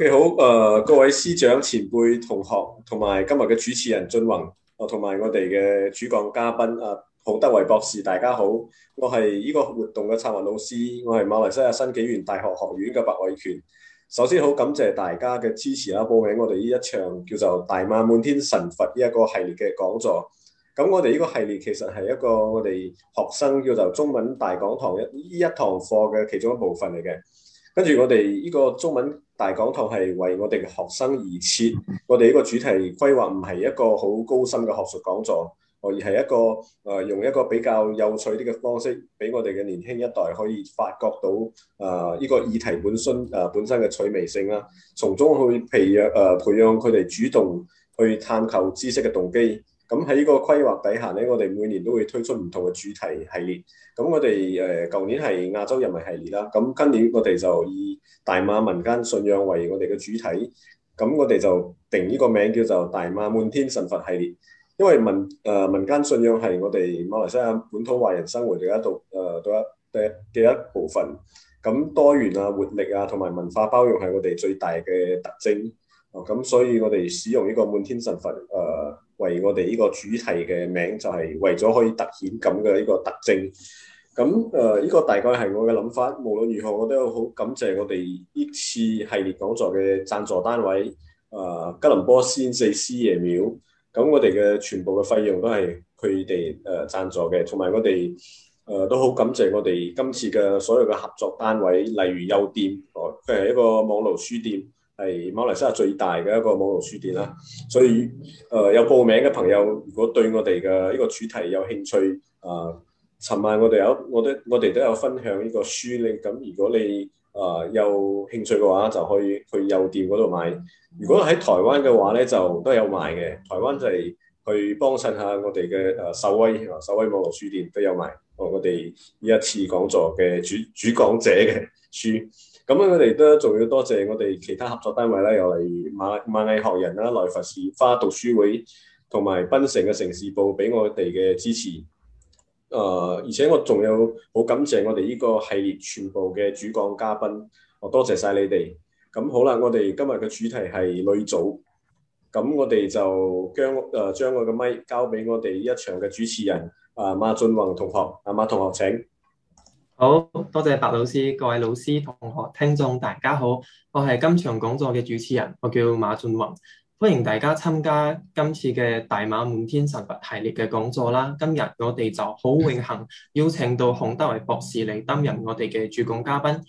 Okay, 好，誒、呃、各位師長、前輩、同學，同埋今日嘅主持人俊泓，同埋我哋嘅主講嘉賓啊，孔德維博士，大家好，我係呢個活動嘅策劃老師，我係馬來西亞新紀元大學學院嘅白偉權。首先好感謝大家嘅支持啦，報名我哋呢一場叫做《大馬滿天神佛》呢、這、一個系列嘅講座。咁我哋呢個系列其實係一個我哋學生叫做中文大講堂一依一堂課嘅其中一部分嚟嘅。跟住我哋呢個中文大講堂係為我哋嘅學生而設，我哋呢個主題規劃唔係一個好高深嘅學術講座，而係一個誒、呃、用一個比較有趣啲嘅方式，俾我哋嘅年輕一代可以發覺到誒依、呃這個議題本身誒、呃、本身嘅趣味性啦，從中去培養誒、呃、培養佢哋主動去探求知識嘅動機。咁喺呢個規劃底下咧，我哋每年都會推出唔同嘅主題系列。咁我哋誒舊年係亞洲人民系列啦，咁今年我哋就以大馬民間信仰為我哋嘅主題。咁我哋就定呢個名叫做大馬滿天神佛系列。因為民誒、呃、民間信仰係我哋馬來西亞本土華人生活嘅一度誒嘅一嘅一部分。咁多元啊、活力啊，同埋文化包容係我哋最大嘅特徵。咁、呃、所以我哋使用呢個滿天神佛誒。呃為我哋呢個主題嘅名就係、是、為咗可以突顯咁嘅呢個特徵，咁誒呢個大概係我嘅諗法。無論如何，我都好感謝我哋呢次系列講座嘅贊助單位，誒、呃、吉隆坡仙四師爺廟。咁我哋嘅全部嘅費用都係佢哋誒贊助嘅，同埋我哋誒、呃、都好感謝我哋今次嘅所有嘅合作單位，例如有店，佢、呃、係一個網絡書店。係馬來西亞最大嘅一個網絡書店啦，所以誒、呃、有報名嘅朋友，如果對我哋嘅呢個主題有興趣，誒、呃，尋晚我哋有，我哋我哋都有分享呢個書咧。咁如果你誒有興趣嘅話，就可以去郵店嗰度買。如果喺台灣嘅話咧，就都有賣嘅。台灣就係去幫襯下我哋嘅誒秀威，秀威網絡書店都有賣我哋呢一次講座嘅主主講者嘅書。咁我哋都仲要多謝我哋其他合作單位咧，又例如螞蟻螞蟻學人啦、萊佛士花讀書會同埋檳城嘅城市部俾我哋嘅支持。誒、呃，而且我仲有好感謝我哋呢個系列全部嘅主講嘉賓，我多謝晒你哋。咁好啦，我哋今日嘅主題係呂祖。咁我哋就將誒、呃、將我嘅麥交俾我哋呢一場嘅主持人啊，馬俊泓同學啊，馬同學請。好，多謝白老師、各位老師、同學、聽眾，大家好，我係今場講座嘅主持人，我叫馬俊泓，歡迎大家參加今次嘅大馬滿天神佛系列嘅講座啦。今日我哋就好榮幸邀請到孔德維博士嚟擔任我哋嘅主講嘉賓。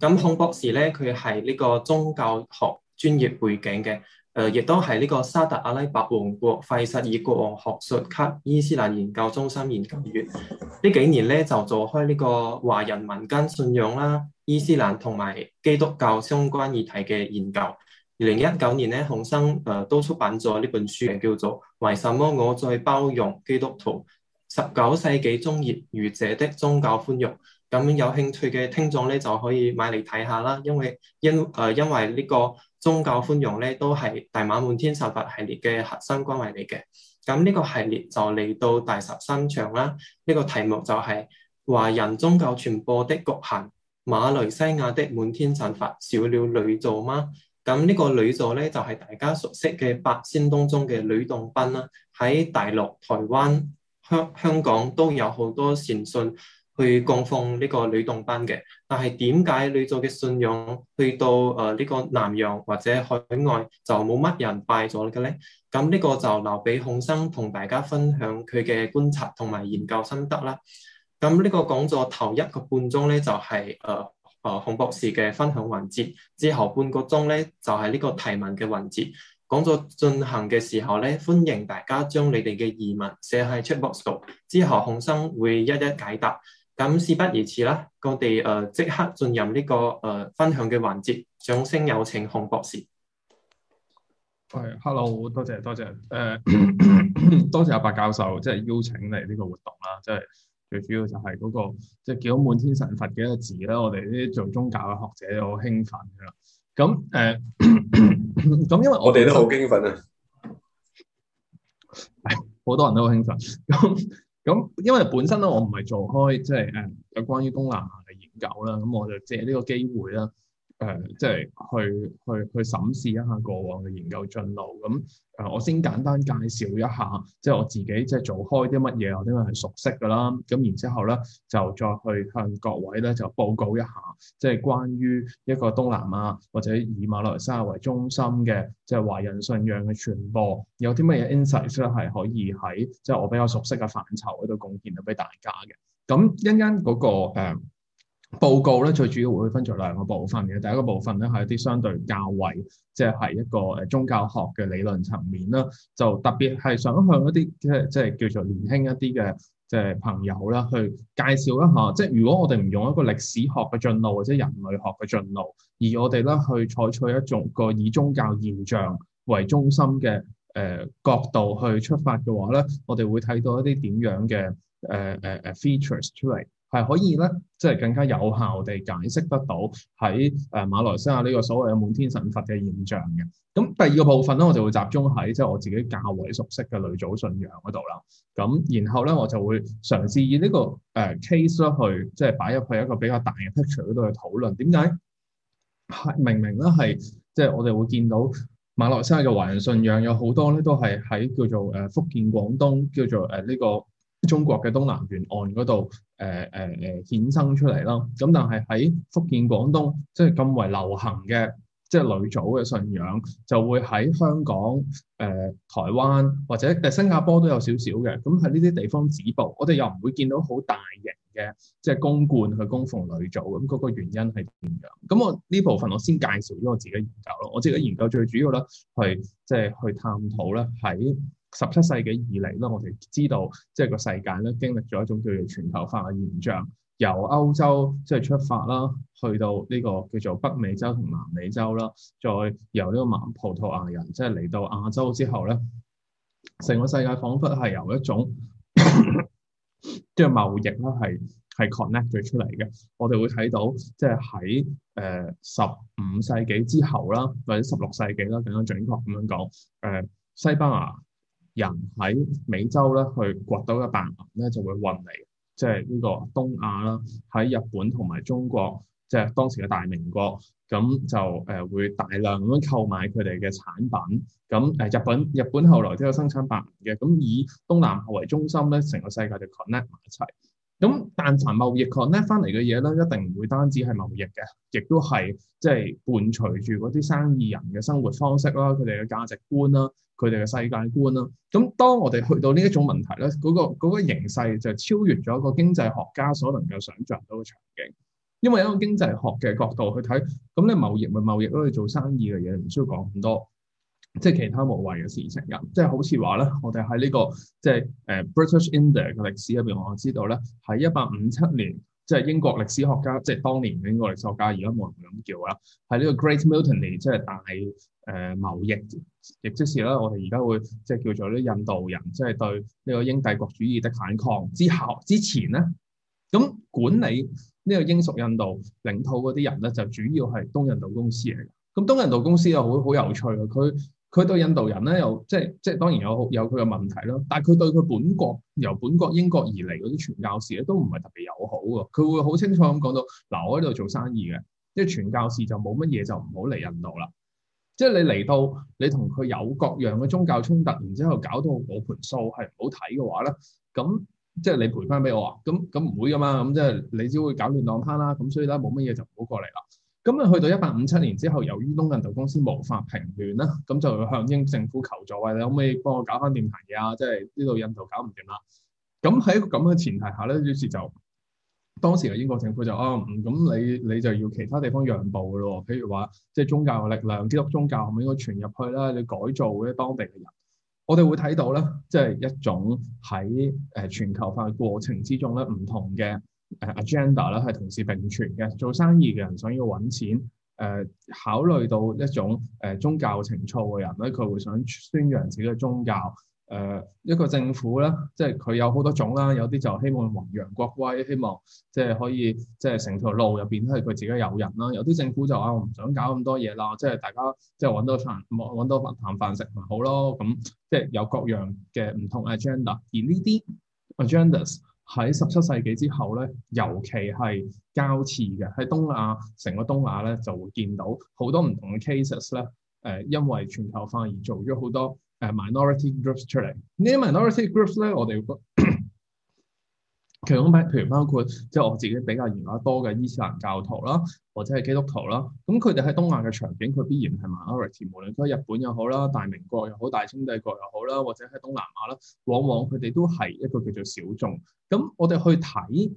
咁孔博士咧，佢係呢個宗教學專業背景嘅。誒，亦都係呢個沙特阿拉伯王國費薩爾國王學術及伊斯蘭研究中心研究員，呢幾年咧就做開呢個華人民間信仰啦、伊斯蘭同埋基督教相關議題嘅研究。二零一九年咧，孔生誒都出版咗呢本書，叫做《為什麼我最包容基督徒？十九世紀中葉儒者的宗教寬容》。咁有興趣嘅聽眾咧就可以買嚟睇下啦，因為因誒、呃、因為呢個宗教寬容咧都係大馬滿天神佛系列嘅核心關懷嚟嘅。咁呢個系列就嚟到第十三場啦，呢、這個題目就係、是、華人宗教傳播的局限，馬來西亞的滿天神佛少了呂祖嗎？咁呢個呂祖咧就係、是、大家熟悉嘅八仙當中嘅呂洞賓啦，喺大陸、台灣、香香港都有好多善信，去供奉呢個呂洞賓嘅，但係點解呂祖嘅信仰去到誒呢、呃這個南洋或者海外就冇乜人拜咗嘅咧？咁呢個就留俾孔生同大家分享佢嘅觀察同埋研究心得啦。咁呢個講座頭一個半鐘咧就係誒誒孔博士嘅分享環節，之後半個鐘咧就係、是、呢個提問嘅環節。講座進行嘅時候咧，歡迎大家將你哋嘅疑問寫喺 check box 度，之後孔生會一一解答。咁事不宜遲啦，我哋誒即刻進入呢個誒分享嘅環節。掌聲有請孔博士。係，hello，多謝多謝，誒、呃， 多謝阿白教授即係邀請嚟呢個活動啦，即係最主要就係嗰、那個即係叫滿天神佛嘅一個字啦，我哋呢啲做宗教嘅學者都好興奮㗎啦。咁誒，咁、呃、 因為我哋都好興奮啊，好多人都好興奮。咁因為本身咧，我唔係做開即係誒，有關於東南亞嘅研究啦，咁我就借呢個機會啦。誒、呃，即係去去去審視一下過往嘅研究進路。咁誒、呃，我先簡單介紹一下，即係我自己即係做開啲乜嘢，我啲咪係熟悉噶啦。咁然之後咧，就再去向各位咧就報告一下，即係關於一個東南亞或者以馬來西亞為中心嘅即係華人信仰嘅傳播，有啲乜嘢 insights 咧，係可以喺即係我比較熟悉嘅範疇喺度貢獻到俾大家嘅。咁啱啱嗰個、呃報告咧，最主要會分咗兩個部分嘅，第一個部分咧係一啲相對較為，即係一個誒宗教學嘅理論層面啦。就特別係想向一啲即係即係叫做年輕一啲嘅即係朋友啦，去介紹一下。即係如果我哋唔用一個歷史學嘅進路或者人類學嘅進路，而我哋咧去採取一種個以宗教現象為中心嘅誒角度去出發嘅話咧，我哋會睇到一啲點樣嘅誒誒誒 features 出嚟。係可以咧，即係更加有效地解釋得到喺誒、呃、馬來西亞呢個所謂嘅滿天神佛嘅現象嘅。咁第二個部分咧，我就會集中喺即係我自己較為熟悉嘅呂祖信仰嗰度啦。咁然後咧，我就會嘗試以、這個呃、呢個誒 case 咧去即係擺入去一個比較大嘅 picture 嗰度去討論。點解係明明咧係即係我哋會見到馬來西亞嘅華人信仰有好多咧都係喺叫做誒、呃、福建、廣東叫做誒呢、呃這個，中國嘅東南沿岸嗰度，誒誒誒衍生出嚟咯。咁但係喺福建、廣東，即係咁為流行嘅，即係呂祖嘅信仰，就會喺香港、誒、呃、台灣或者新加坡都有少少嘅。咁喺呢啲地方止步，我哋又唔會見到好大型嘅，即係宮觀去供奉呂祖。咁嗰個原因係點樣？咁我呢部分我先介紹咗我自己研究咯。我自己研究最主要咧，係即係去探討咧喺。十七世紀以嚟咯，我哋知道即係、就是、個世界咧經歷咗一種叫做全球化嘅現象，由歐洲即係、就是、出發啦，去到呢、這個叫做北美洲同南美洲啦，再由呢個南葡萄牙人即係嚟到亞洲之後咧，成個世界彷彿係由一種即係、 就是、貿易啦係係 connect 咗出嚟嘅。我哋會睇到即係喺誒十五世紀之後啦，或者十六世紀啦更加準確咁樣講，誒、呃、西班牙。人喺美洲咧去掘到嘅白銀咧就會運嚟，即係呢個東亞啦，喺日本同埋中國，即係當時嘅大明國，咁就誒會大量咁樣購買佢哋嘅產品。咁誒日本日本後來都有生產白銀嘅，咁以東南亞為中心咧，成個世界就 connect 埋一齊。咁但凡貿易 connect 翻嚟嘅嘢咧，一定唔會單止係貿易嘅，亦都係即係伴隨住嗰啲生意人嘅生活方式啦、佢哋嘅價值觀啦、佢哋嘅世界觀啦。咁當我哋去到呢一種問題咧，嗰個嗰個形勢就超越咗一個經濟學家所能夠想像到嘅場景。因為一個經濟學嘅角度去睇，咁你貿易咪貿易咯，做生意嘅嘢唔需要講咁多。即係其他無謂嘅事情啊！即係好似話咧，我哋喺呢個即係誒、uh, British India 嘅歷史入邊，我知道咧喺一八五七年，即係英國歷史學家，即係當年英國歷史學家，而家冇人噉叫啦。喺呢個 Great Mutiny，即係大誒、呃、貿易亦即是啦。我哋而家會即係叫做啲印度人，即係對呢個英帝國主義的反抗之後之前咧，咁管理呢個英屬印度領土嗰啲人咧，就主要係東印度公司嚟嘅。咁東印度公司又好好有趣嘅，佢。佢對印度人咧，又即係即係當然有有佢嘅問題咯。但係佢對佢本國由本國英國而嚟嗰啲傳教士咧，都唔係特別友好㗎。佢會好清楚咁講到，嗱，我喺度做生意嘅，即係傳教士就冇乜嘢就唔好嚟印度啦。即係你嚟到，你同佢有各樣嘅宗教衝突，然之後搞到我盤數係唔好睇嘅話咧，咁即係你賠翻俾我啊？咁咁唔會㗎嘛？咁即係你只會搞亂檔攤啦。咁所以咧冇乜嘢就唔好過嚟啦。咁啊，去到一八五七年之後，由於東印度公司無法平亂啦，咁就向英政府求助啊！你可唔可以幫我搞翻掂乜嘢啊？即係呢度印度搞唔掂啦。咁喺咁嘅前提下咧，於是就當時嘅英國政府就啊，咁，哦，你你就要其他地方讓步咯。譬如話，即係宗教嘅力量，基督宗教係咪應該傳入去啦，你改造啲當地嘅人。我哋會睇到咧，即係一種喺誒全球化過程之中咧唔同嘅。誒，agenda 咧係同時並存嘅。做生意嘅人想要搵錢，誒、呃，考慮到一種誒、呃、宗教情操嘅人咧，佢會想宣揚自己嘅宗教。誒、呃，一個政府咧，即係佢有好多種啦，有啲就希望弘揚國威，希望即係可以即係成條路入邊都係佢自己有人啦。有啲政府就話唔想搞咁多嘢啦，即係大家即係搵到飯搵到啖飯食咪好咯。咁即係有各樣嘅唔同 agenda，而呢啲 agendas。喺十七世紀之後咧，尤其係膠次嘅，喺東亞，成個東亞咧就會見到好多唔同嘅 cases 咧，誒、呃、因為全球化而做咗好多誒 minority groups 出嚟。呢啲 minority groups 咧，我哋其中譬如包括，即係我自己比較言話多嘅伊斯蘭教徒啦，或者係基督徒啦。咁佢哋喺東亞嘅場景，佢必然係 minority。無論喺日本又好啦，大明國又好，大清帝國又好啦，或者喺東南亞啦，往往佢哋都係一個叫做小眾。咁我哋去睇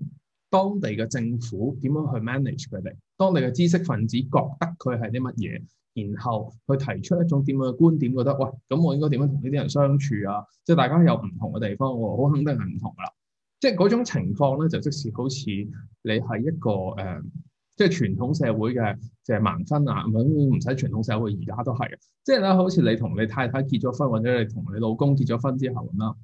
當地嘅政府點樣去 manage 佢哋，當地嘅知識分子覺得佢係啲乜嘢，然後去提出一種點樣嘅觀點，覺得喂，咁我應該點樣同呢啲人相處啊？即係大家有唔同嘅地方，好肯定係唔同噶啦。即係嗰種情況咧，就即使好似你係一個誒、呃，即係傳統社會嘅就係盲婚啊，咁唔使傳統社會而家都係嘅。即係咧，好似你同你太太結咗婚，或者你同你老公結咗婚之後咁啦，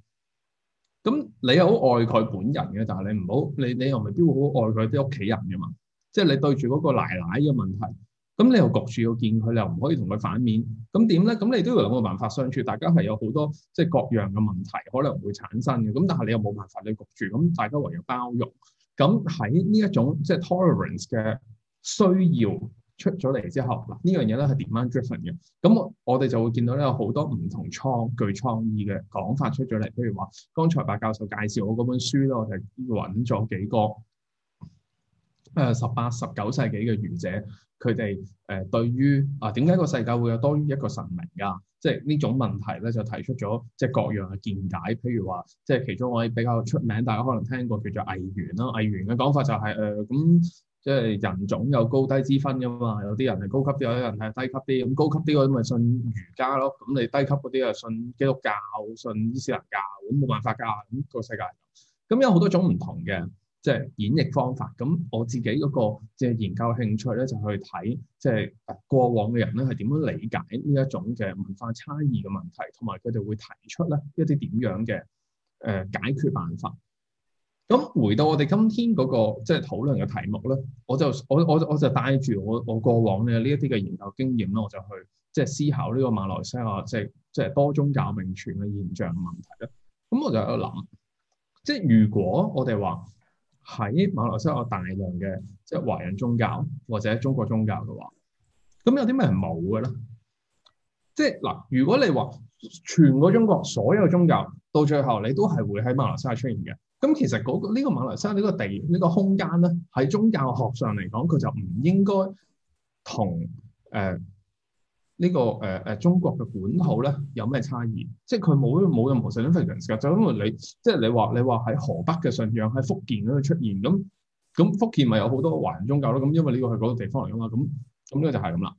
咁你，你，你，你又好愛佢本人嘅，但係你唔好你你又未必會好愛佢啲屋企人嘅嘛。即係你對住嗰個奶奶嘅問題。咁你又焗住要見佢，你又唔可以同佢反面，咁點咧？咁你都要諗個辦法相處，大家係有好多即係各樣嘅問題可能會產生嘅，咁但係你又冇辦法去焗住，咁大家唯有包容。咁喺呢一種即係、就是、tolerance 嘅需要出咗嚟之後，嗱，呢樣嘢咧係 demand driven 嘅。咁我哋就會見到咧，有好多唔同創具創意嘅講法出咗嚟，譬如話剛才白教授介紹我嗰本書咧，我哋揾咗幾個。誒十八、十九世紀嘅儒者，佢哋誒對於啊點解個世界會有多於一個神明㗎？即係呢種問題咧，就提出咗即係各樣嘅見解。譬如話，即係其中一個比較出名，大家可能聽過叫做魏源啦。魏源嘅講法就係誒，咁即係人種有高低之分㗎嘛。有啲人係高級啲，有啲人係低級啲。咁高級啲嗰啲咪信儒家咯。咁你低級嗰啲啊信基督教、信伊斯蘭教。咁冇辦法㗎，咁個世界咁有好多種唔同嘅。即係演繹方法咁，我自己嗰個即係研究興趣咧，就去睇即係過往嘅人咧，係點樣理解呢一種嘅文化差異嘅問題，同埋佢哋會提出咧一啲點樣嘅誒解決辦法。咁回到我哋今天嗰個即係討論嘅題目咧，我就我我我就帶住我我過往嘅呢一啲嘅研究經驗咧，我就去即係思考呢個馬來西亞即係即係多宗教名傳嘅現象嘅問題咧。咁我就喺度諗，即係如果我哋話。喺馬來西亞大量嘅即係華人宗教或者中國宗教嘅話，咁有啲咩係冇嘅咧？即係嗱，如果你話全個中國所有宗教到最後你都係會喺馬來西亞出現嘅，咁其實嗰個呢個馬來西亞呢個地呢個空間咧，喺宗教學上嚟講，佢就唔應該同誒、呃呢、這個誒誒、呃、中國嘅本土咧有咩差異？即係佢冇冇任何 significance 嘅，就因為你即係你話你話喺河北嘅信仰喺福建嗰度出現，咁咁福建咪有好多華人宗教咯？咁因為呢個係嗰個地方嚟㗎嘛，咁咁呢個就係咁啦。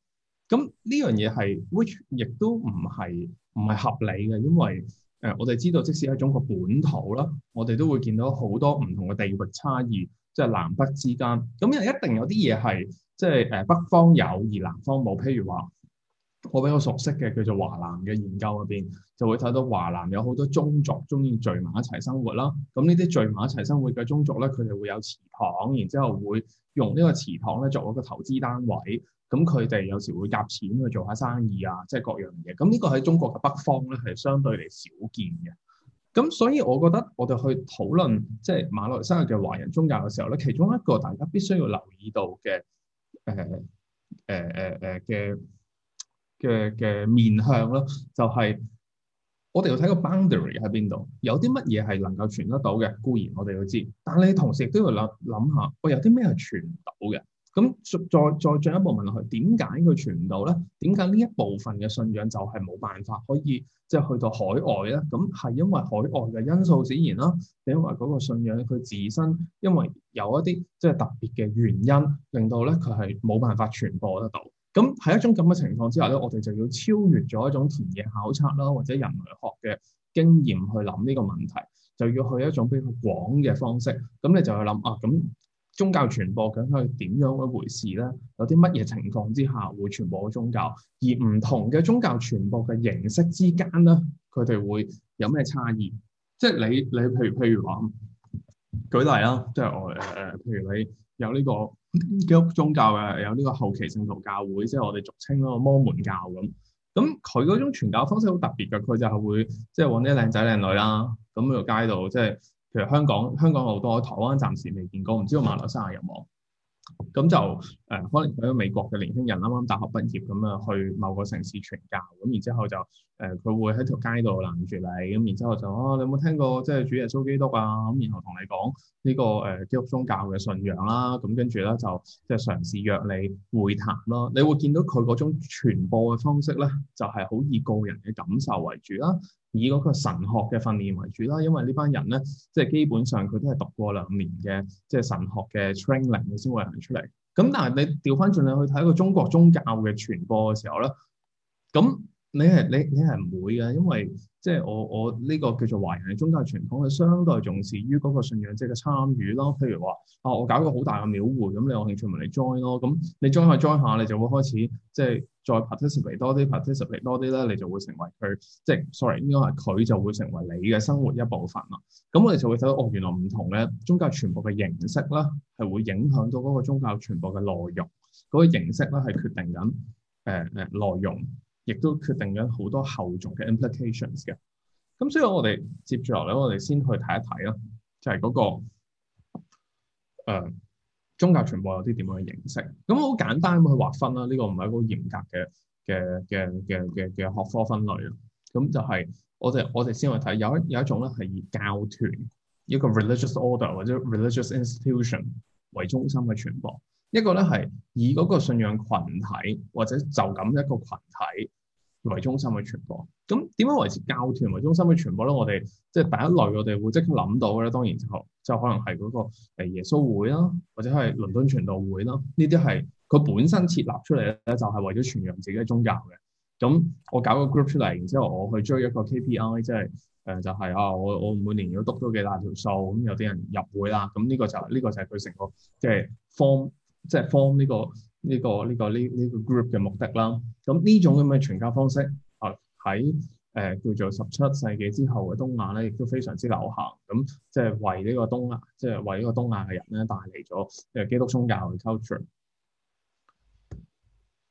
咁呢樣嘢係，which 亦都唔係唔係合理嘅，因為誒、呃、我哋知道，即使係中國本土啦，我哋都會見到好多唔同嘅地域差異，即係南北之間，咁一定有啲嘢係即係誒北方有而南方冇，譬如話。我比較熟悉嘅，叫做華南嘅研究入邊，就會睇到華南有好多宗族，中意聚埋一齊生活啦。咁呢啲聚埋一齊生活嘅宗族咧，佢哋會有祠堂，然之後會用呢個祠堂咧作一個投資單位。咁佢哋有時會夾錢去做下生意啊，即係各樣嘢。咁呢個喺中國嘅北方咧係相對嚟少見嘅。咁所以我覺得我哋去討論即係馬來西亞嘅華人宗教嘅時候咧，其中一個大家必須要留意到嘅，誒誒誒誒嘅。呃呃嘅嘅面向啦，就係我哋要睇個 boundary 喺邊度，有啲乜嘢係能夠傳得到嘅，固然我哋要知，但你同時亦都要諗諗下，喂，有啲咩係傳唔到嘅？咁再再進一步問落去，點解佢傳唔到咧？點解呢一部分嘅信仰就係冇辦法可以即係去到海外咧？咁係因為海外嘅因素，自然啦，你因為嗰個信仰佢自身，因為有一啲即係特別嘅原因，令到咧佢係冇辦法傳播得到。咁喺一種咁嘅情況之下咧，我哋就要超越咗一種田野考察啦，或者人類學嘅經驗去諗呢個問題，就要去一種比較廣嘅方式。咁你就去諗啊，咁宗教傳播究竟係點樣一回事咧？有啲乜嘢情況之下會傳播宗教？而唔同嘅宗教傳播嘅形式之間咧，佢哋會有咩差異？即係你你譬如譬如話，舉例啦，即係我誒誒、呃，譬如你。有呢個基督教宗教嘅，有呢個後期聖徒教會，即係我哋俗稱嗰個摩門教咁。咁佢嗰種傳教方式好特別嘅，佢就係會即係搵啲靚仔靚女啦，咁喺度街度即係其實香港香港好多，台灣暫時未見過，唔知道馬來西亞有冇？咁就誒、呃，可能佢喺美國嘅年輕人啱啱大學畢業咁啊，去某個城市傳教咁，然之後就誒，佢、呃、會喺條街度攔住你，咁然之後就啊，你有冇聽過即係、呃、主耶穌基督啊？咁然後同你講呢、這個誒、呃、基督宗教嘅信仰啦，咁跟住咧就即係、呃、嘗試約你會談咯。你會見到佢嗰種傳播嘅方式咧，就係、是、好以個人嘅感受為主啦。以嗰個神學嘅訓練為主啦，因為呢班人咧，即係基本上佢都係讀過兩年嘅，即係神學嘅 training，你先會行出嚟。咁但係你調翻轉嚟去睇個中國宗教嘅傳播嘅時候咧，咁你係你你係唔會嘅，因為。即係我我呢個叫做華人嘅宗教傳統係相對重視於嗰個信仰者嘅參與咯。譬如話啊，我搞一個好大嘅廟會，咁你有興趣咪嚟 join 咯。咁、嗯、你 join 下 join 下，你就會開始即係再 participate 多啲，participate 多啲咧，你就會成為佢即係 sorry，應該係佢就會成為你嘅生活一部分啦。咁我哋就會睇到哦，原來唔同咧，宗教傳播嘅形式啦，係會影響到嗰個宗教傳播嘅內容，嗰、那個形式咧係決定緊誒誒內容。亦都決定咗好多後續嘅 implications 嘅，咁所以我哋接住落嚟我哋先去睇一睇咯，就係嗰個，呃，宗教傳播有啲點樣嘅形式。咁好簡單咁去劃分啦，呢個唔係一個嚴格嘅嘅嘅嘅嘅嘅學科分類。咁就係我哋我哋先去睇，有一有一種咧係以教團一個 religious order 或者 religious institution 為中心嘅傳播，一個咧係以嗰個信仰群體或者就咁一個群體為中心去傳播，咁點樣維持教團為中心去傳播咧？我哋即係第一類，我哋會即刻諗到咧。當然就即係可能係嗰個誒耶穌會啦，或者係倫敦傳道會啦。呢啲係佢本身設立出嚟咧，就係為咗傳揚自己嘅宗教嘅。咁我搞個 group 出嚟，然之後我去追一個 KPI，即係誒就係、是呃就是、啊，我我每年要督到幾大條數，咁有啲人入會啦。咁呢個就呢、這個就係佢成個即係 form，即係 form 呢個。就是 form，呢、個呢個呢呢個 group 嘅目的啦，咁呢種咁嘅傳教方式，啊喺誒叫做十七世紀之後嘅東亞咧，亦都非常之流行，咁即係為呢個東亞，即係為呢個東亞嘅人咧帶嚟咗誒基督宗教嘅 culture。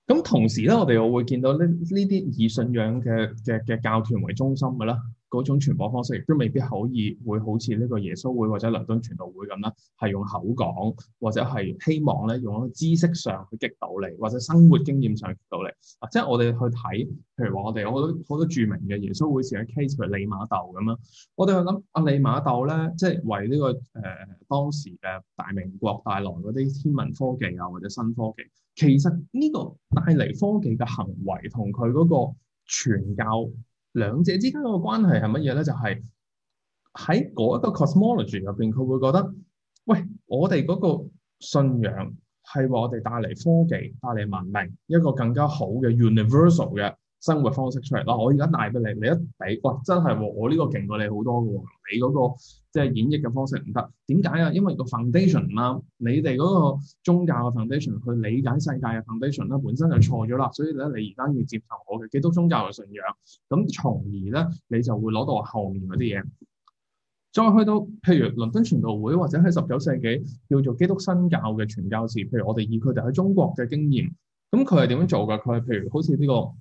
咁同時咧，我哋又會見到呢呢啲以信仰嘅嘅嘅教團為中心嘅啦。嗰種傳播方式亦都未必可以會好似呢個耶穌會或者倫敦傳道會咁啦，係用口講或者係希望咧用嗰個知識上去激到你，或者生活經驗上去激到你。啊，即係我哋去睇，譬如話我哋好多好多著名嘅耶穌會士嘅 case，譬如利瑪竇咁啦。我哋去諗阿利瑪竇咧，即係為呢、這個誒、呃、當時嘅大明國帶來嗰啲天文科技啊，或者新科技。其實呢個帶嚟科技嘅行為同佢嗰個傳教。兩者之間個關係係乜嘢咧？就係，喺一個 cosmology 入邊，佢會覺得，喂，我哋個信仰係話我哋帶嚟科技、帶嚟文明，一個更加好嘅 universal 嘅。生活方式出嚟啦，我而家帶俾你，你一比哇，真係我呢個勁過你好多噶喎！你嗰個即係演繹嘅方式唔得，點解啊？因為個 foundation 啦，你哋嗰個宗教嘅 foundation 去理解世界嘅 foundation 咧，本身就錯咗啦，所以咧你而家要接受我嘅基督宗教嘅信仰，咁從而咧你就會攞到我後面嗰啲嘢。再去到譬如倫敦傳道會或者喺十九世紀叫做基督新教嘅傳教士，譬如我哋以佢哋喺中國嘅經驗，咁佢係點樣做噶？佢係譬如好似呢個。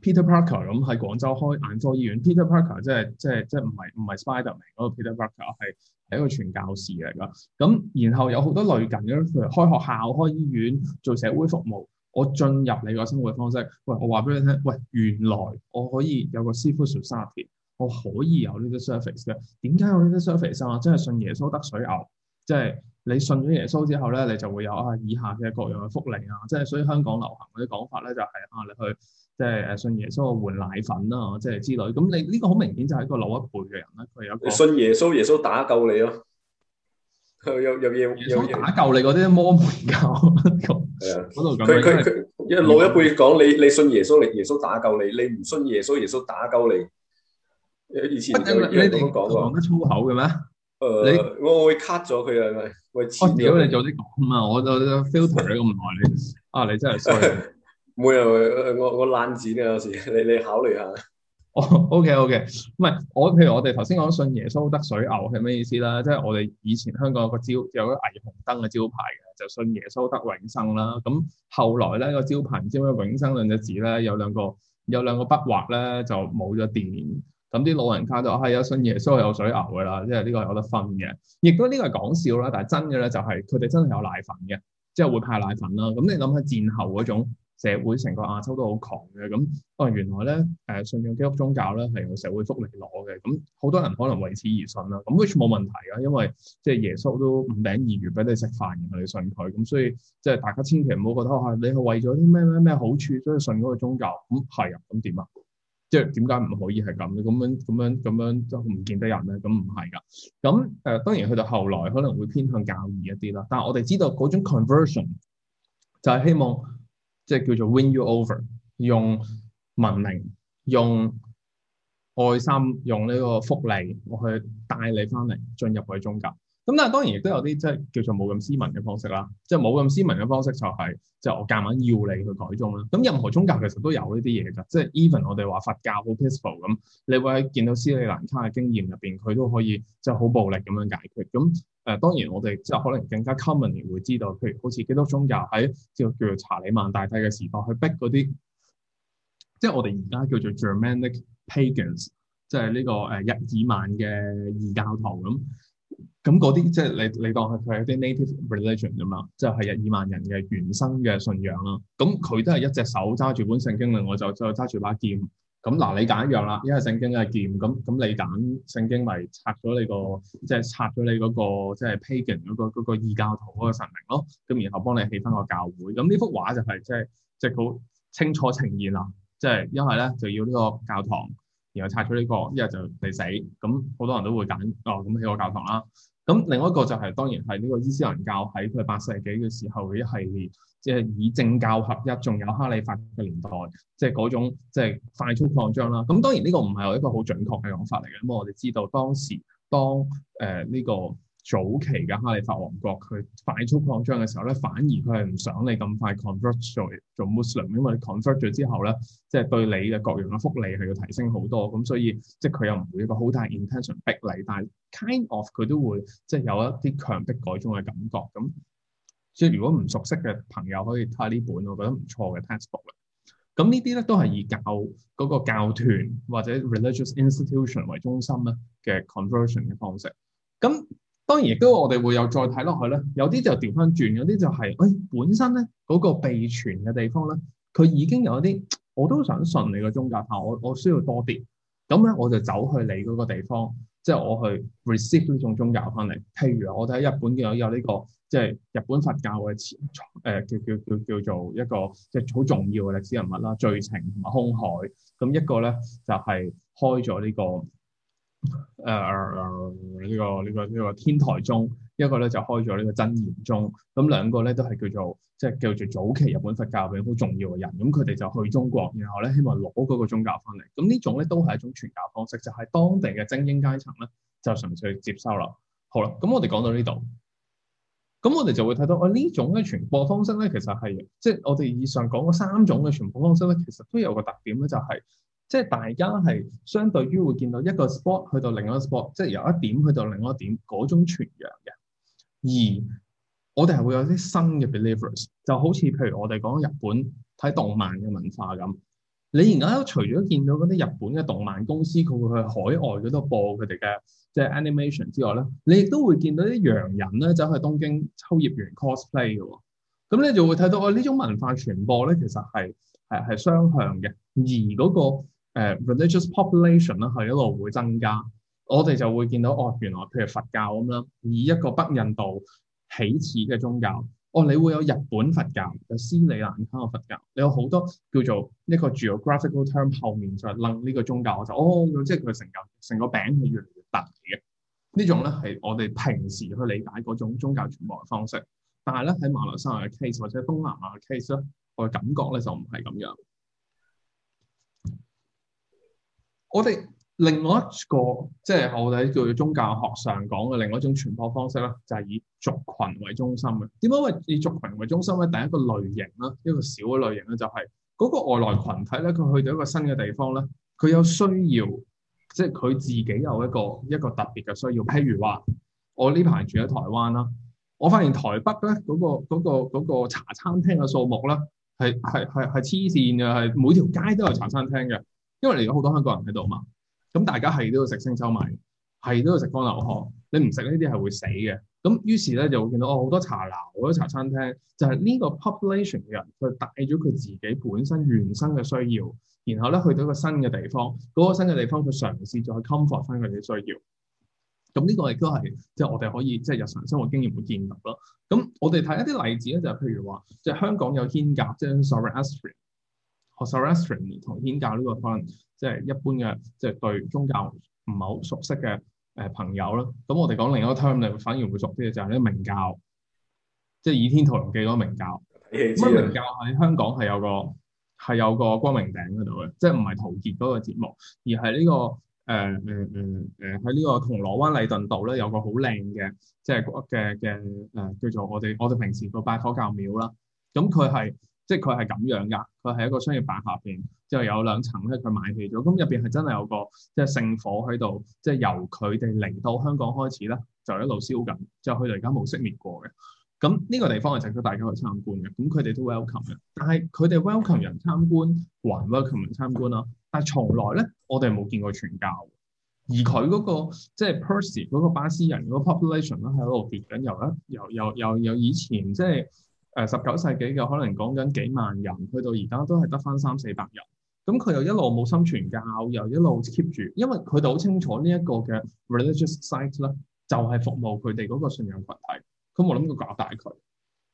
Peter Parker 咁喺廣州開眼科醫院，Peter Parker 即係即係即係唔係唔係 Spider Man 嗰個 Peter Parker 係係一個傳教士嚟㗎。咁然後有好多類近嘅，譬如開學校、開醫院、做社會服務。我進入你個生活方式，喂，我話俾你聽，喂，原來我可以有個 civil society，我可以有,個有個呢啲 service 㗎。點解有呢啲 service 啊？我真係信耶穌得水牛，即係你信咗耶穌之後咧，你就會有啊以下嘅各樣嘅福利啊。即係所以香港流行嗰啲講法咧，就係啊，你去。即係誒，信耶穌換奶粉啦，即係之類。咁你呢、這個好明顯就係一個老一輩嘅人啦。佢有信耶穌，耶穌打救你咯。 有有，有耶穌打救你嗰啲摩門教，度咁佢因為老一輩講你，你信耶穌，耶穌打救你；你唔信耶穌，耶穌打救你。以前但你嘢講講得粗口嘅咩？誒你，我會 cut 咗佢啊！喂，遲屌你早啲講啊，我就 filter 咗咁耐你。 啊，你真係衰。冇日我我爛剪啊，有時你你考慮下。哦，OK OK，唔係我，譬如我哋頭先講信耶穌得水牛係咩意思啦？即係我哋以前香港有個招，有個霓虹燈嘅招牌嘅，就信耶穌得永生啦。咁後來咧個招牌，知唔知永生兩隻字咧有兩個有兩個筆畫咧就冇咗電，咁啲老人家就係有、哎、信耶穌有水牛噶啦，即係呢個有得分嘅。亦都呢個係講笑啦，但係真嘅咧就係佢哋真係有奶粉嘅，即係會派奶粉啦。咁你諗下戰後嗰種。社會成個亞洲都好窮嘅，咁，哦原來咧誒，信奉基督宗教咧係用社會福利攞嘅，咁好多人可能為此而信啦，咁 which 冇問題㗎，因為即係耶穌都五餅二魚俾你食飯，然後你信佢，咁所以即係大家千祈唔好覺得、哎、你係為咗啲咩咩咩好處所以信嗰個宗教，咁係啊，咁點啊？即係點解唔可以係咁？咁樣咁樣咁樣就唔見得人咧，咁唔係㗎。咁誒、呃，當然去到後來可能會偏向教義一啲啦，但係我哋知道嗰種 conversion 就係希望。即係叫做 win you over，用文明、用愛心、用呢個福利，我去帶你翻嚟進入佢宗教。咁但係當然亦都有啲即係叫做冇咁斯文嘅方式啦，即係冇咁斯文嘅方式就係即係我夾硬要你去改宗啦。咁任何宗教其實都有呢啲嘢㗎，即係 even 我哋話佛教好 peaceful 咁，你會喺見到斯里蘭卡嘅經驗入邊，佢都可以即係好暴力咁樣解決。咁誒、呃、當然我哋即係可能更加 commonly 會知道，譬如好似基督宗教喺叫叫做查理曼大帝嘅時代去逼嗰啲，即係我哋而家叫做 Germanic pagans，即係呢、這個誒日耳曼嘅異教徒咁。咁嗰啲即係你你當佢係啲 native religion 咁嘛，即係係日耳曼人嘅原生嘅信仰啦。咁佢都係一隻手揸住本聖經，咧我就就揸住把劍。咁嗱，你揀一樣啦，一係聖經，一係劍。咁咁你揀聖經咪拆咗你個，即係拆咗你嗰個即係 pagan 嗰個嗰個異教徒嗰個神明咯。咁然後幫你起翻個教會。咁呢幅畫就係即係即係好清楚呈現啦。即係因為咧就要呢個教堂，然後拆咗呢個，一係就你死。咁好多人都會揀哦，咁起個教堂啦。咁另外一個就係、是、當然係呢個伊斯蘭教喺佢八世紀嘅時候嘅一系列，即係以政教合一，仲有哈里發嘅年代，即係嗰種即係、就是、快速擴張啦。咁當然呢個唔係一個好準確嘅講法嚟嘅。咁我哋知道當時當誒呢、呃這個。早期嘅哈利法王國，佢快速擴張嘅時候咧，反而佢係唔想你咁快 convert 做做 Muslim，因為 convert 咗之後咧，即係對你嘅各樣嘅福利係要提升好多，咁所以即係佢又唔會有一個好大 intention 逼你，但係 kind of 佢都會即係有一啲強迫改宗嘅感覺。咁即係如果唔熟悉嘅朋友可以睇下呢本，我覺得唔錯嘅 textbook。咁呢啲咧都係以教嗰個教團或者 religious institution 為中心咧嘅 conversion 嘅方式。咁當然亦都我哋會有再睇落去咧，有啲就調翻轉，有啲就係、是，誒、哎、本身咧嗰、那個秘傳嘅地方咧，佢已經有一啲我都想順你嘅宗教下，我我需要多啲，咁咧我就走去你嗰個地方，即、就、係、是、我去 receive 呢種宗教翻嚟。譬如我哋喺日本嘅有呢、這個，即、就、係、是、日本佛教嘅前、呃、叫叫叫叫做一個即係好重要嘅歷史人物啦，最澄同埋空海。咁一個咧就係、是、開咗呢、這個。誒，呢、呃呃這個呢、這個呢、這個天台宗，一個咧就開咗呢個真言宗，咁兩個咧都係叫做即係、就是、叫做早期日本佛教嘅好重要嘅人，咁佢哋就去中國，然後咧希望攞嗰個宗教翻嚟，咁呢種咧都係一種傳教方式，就係、是、當地嘅精英階層咧就純粹接收啦。好啦，咁我哋講到呢度，咁我哋就會睇到我、啊、呢種嘅傳播方式咧，其實係即係我哋以上講嘅三種嘅傳播方式咧，其實都有個特點咧，就係、是。即係大家係相對於會見到一個 sport 去到另一個 sport，即係由一點去到另一個點嗰種傳揚嘅。而我哋係會有啲新嘅 believers，就好似譬如我哋講日本睇動漫嘅文化咁。你而家除咗見到嗰啲日本嘅動漫公司佢會去海外嗰度播佢哋嘅即係 animation 之外咧，你亦都會見到啲洋人咧走去東京秋葉原 cosplay 喎、哦。咁你就會睇到我呢、哦、種文化傳播咧其實係係係雙向嘅，而嗰、那個。誒、uh, religious population 咧，係一路會增加，我哋就會見到哦，原來譬如佛教咁樣，以一個北印度起始嘅宗教，哦，你會有日本佛教，就斯里蘭卡嘅佛教，你有好多叫做一個 geographical term 後面就諗呢個宗教，我就哦，即係佢成嚿成個餅係越嚟越大嘅。呢種咧，係我哋平時去理解嗰種宗教傳播嘅方式，但係咧喺馬來西亞嘅 case 或者東南亞嘅 case 咧，我感覺咧就唔係咁樣。我哋另外一個即係我哋喺叫做宗教學上講嘅另外一種傳播方式咧，就係以族群為中心嘅。點解會以族群為中心咧？第一個類型啦，一個小嘅類型咧，就係嗰個外來群體咧，佢去到一個新嘅地方咧，佢有需要，即係佢自己有一個一個特別嘅需要。譬如話，我呢排住喺台灣啦，我發現台北咧嗰個嗰個嗰個茶餐廳嘅數目咧，係係係係黐線嘅，係每條街都有茶餐廳嘅。因為嚟咗好多香港人喺度嘛，咁大家係都要食星洲炒米，係都要食乾炒牛河，你唔食呢啲係會死嘅。咁於是咧就會見到哦，好多茶樓，好多茶餐廳，就係、是、呢個 population 嘅人，佢帶咗佢自己本身原生嘅需要，然後咧去到一個新嘅地方，嗰、那個新嘅地方佢嘗試再 comfort 翻佢哋嘅需要。咁呢個亦都係即係我哋可以即係、就是、日常生活經驗會見到咯。咁我哋睇一啲例子咧，就是、譬如話，即、就、係、是、香港有擎天，即 Sorrento 學薩拉斯特尼同天教呢個可能即係一般嘅，即、就、係、是、對宗教唔係好熟悉嘅誒朋友啦。咁、呃呃、我哋講另一個 term，你反而會熟悉嘅就係啲明教，即係《倚天屠龍記》嗰個明教。乜明 教喺香港係有個係有個光明頂嗰度嘅，即係唔係陶傑嗰個節目，而係、這個呃呃、呢個誒誒誒誒喺呢個銅鑼灣禮頓道咧有個好靚嘅，即係嘅嘅誒叫做我哋我哋平時個拜火教廟啦。咁佢係。即係佢係咁樣㗎，佢係一個商業辦下邊，就有兩層咧佢買起咗，咁入邊係真係有個即係聖火喺度，即係由佢哋嚟到香港開始咧，就一路燒緊，之後佢哋而家冇熄滅過嘅。咁呢個地方係值得大家去參觀嘅，咁佢哋都 welcome 嘅，但係佢哋 welcome 人參觀，還 welcome 人參觀啦、啊。但係從來咧，我哋冇見過傳教，而佢嗰、那個即係 Persia 嗰個巴斯人嗰個 population 咧，係一路跌緊，由一由由由由,由以前即係。誒十九世紀嘅，可能講緊幾萬人，去到而家都係得返三四百人。咁佢又一路冇心傳教，又一路 keep 住，因為佢哋好清楚呢一個嘅 religious site 咧，就係服務佢哋嗰個信仰群體，佢冇諗過搞大佢。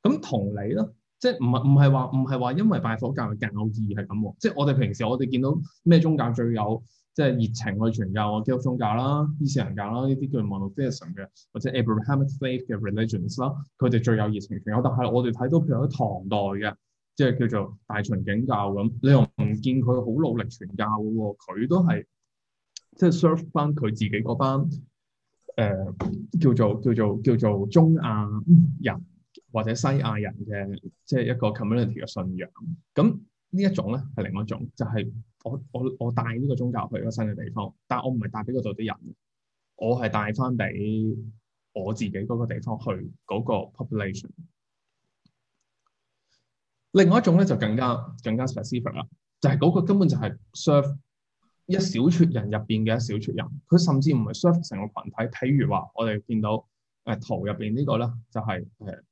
咁同理啦，即係唔係唔係話唔係話因為拜火教嘅教義係咁，即係我哋平時我哋見到咩宗教最有？即係熱情去傳教啊，基督宗教啦、伊斯蘭教啦，呢啲叫 monotheism 嘅，或者 Abrahamite Faith 嘅 religions 啦，佢哋最有熱情。但係我哋睇到譬如喺唐代嘅，即係叫做大秦景教咁，你又唔見佢好努力傳教嘅喎？佢都係即係 serve 翻佢自己嗰班誒叫做叫做叫做，叫做中亞人或者西亞人嘅，即係一個 community 嘅信仰咁。呢一種咧係另外一種，就係我我我帶呢個宗教去一個新嘅地方，但我唔係帶俾嗰度啲人，我係帶翻俾我自己嗰個地方去嗰個 population。另外一種咧就更加更加 specific 啦，就係嗰個根本就係 serve 一小撮人入邊嘅一小撮人，佢甚至唔係 serve 成個群體。譬如話我哋見到誒圖入邊呢個咧，就係誒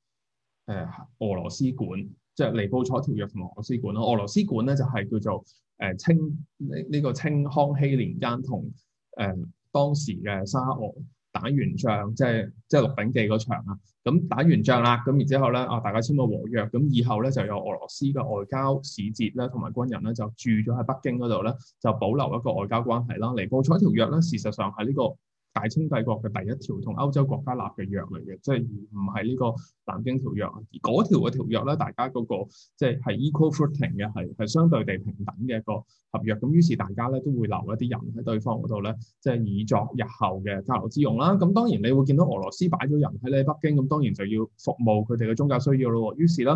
誒俄羅斯館。即係《尼布楚條約》同俄羅斯館咯，俄羅斯館咧就係、是、叫做誒、呃、清呢呢、呢個清康熙年間同誒當時嘅沙俄打完仗，即係即係《鹿鼎記》嗰場啊，咁打完仗啦，咁然之後咧，哦大家簽咗和約，咁以後咧就有俄羅斯嘅外交使節咧同埋軍人咧就住咗喺北京嗰度咧，就保留一個外交關係啦，《尼布楚條約》呢咧事實上係呢、呢個。大清帝國嘅第一條同歐洲國家立嘅約嚟嘅，即係唔係呢個南京條約啊？嗰條嘅條約咧，大家嗰個即係係 equal footing 嘅，係係相對地平等嘅一個合約。咁於是大家咧都會留一啲人喺對方嗰度咧，即係以作日後嘅交流之用啦。咁當然你會見到俄羅斯擺咗人喺你北京，咁當然就要服務佢哋嘅宗教需要咯。於是咧，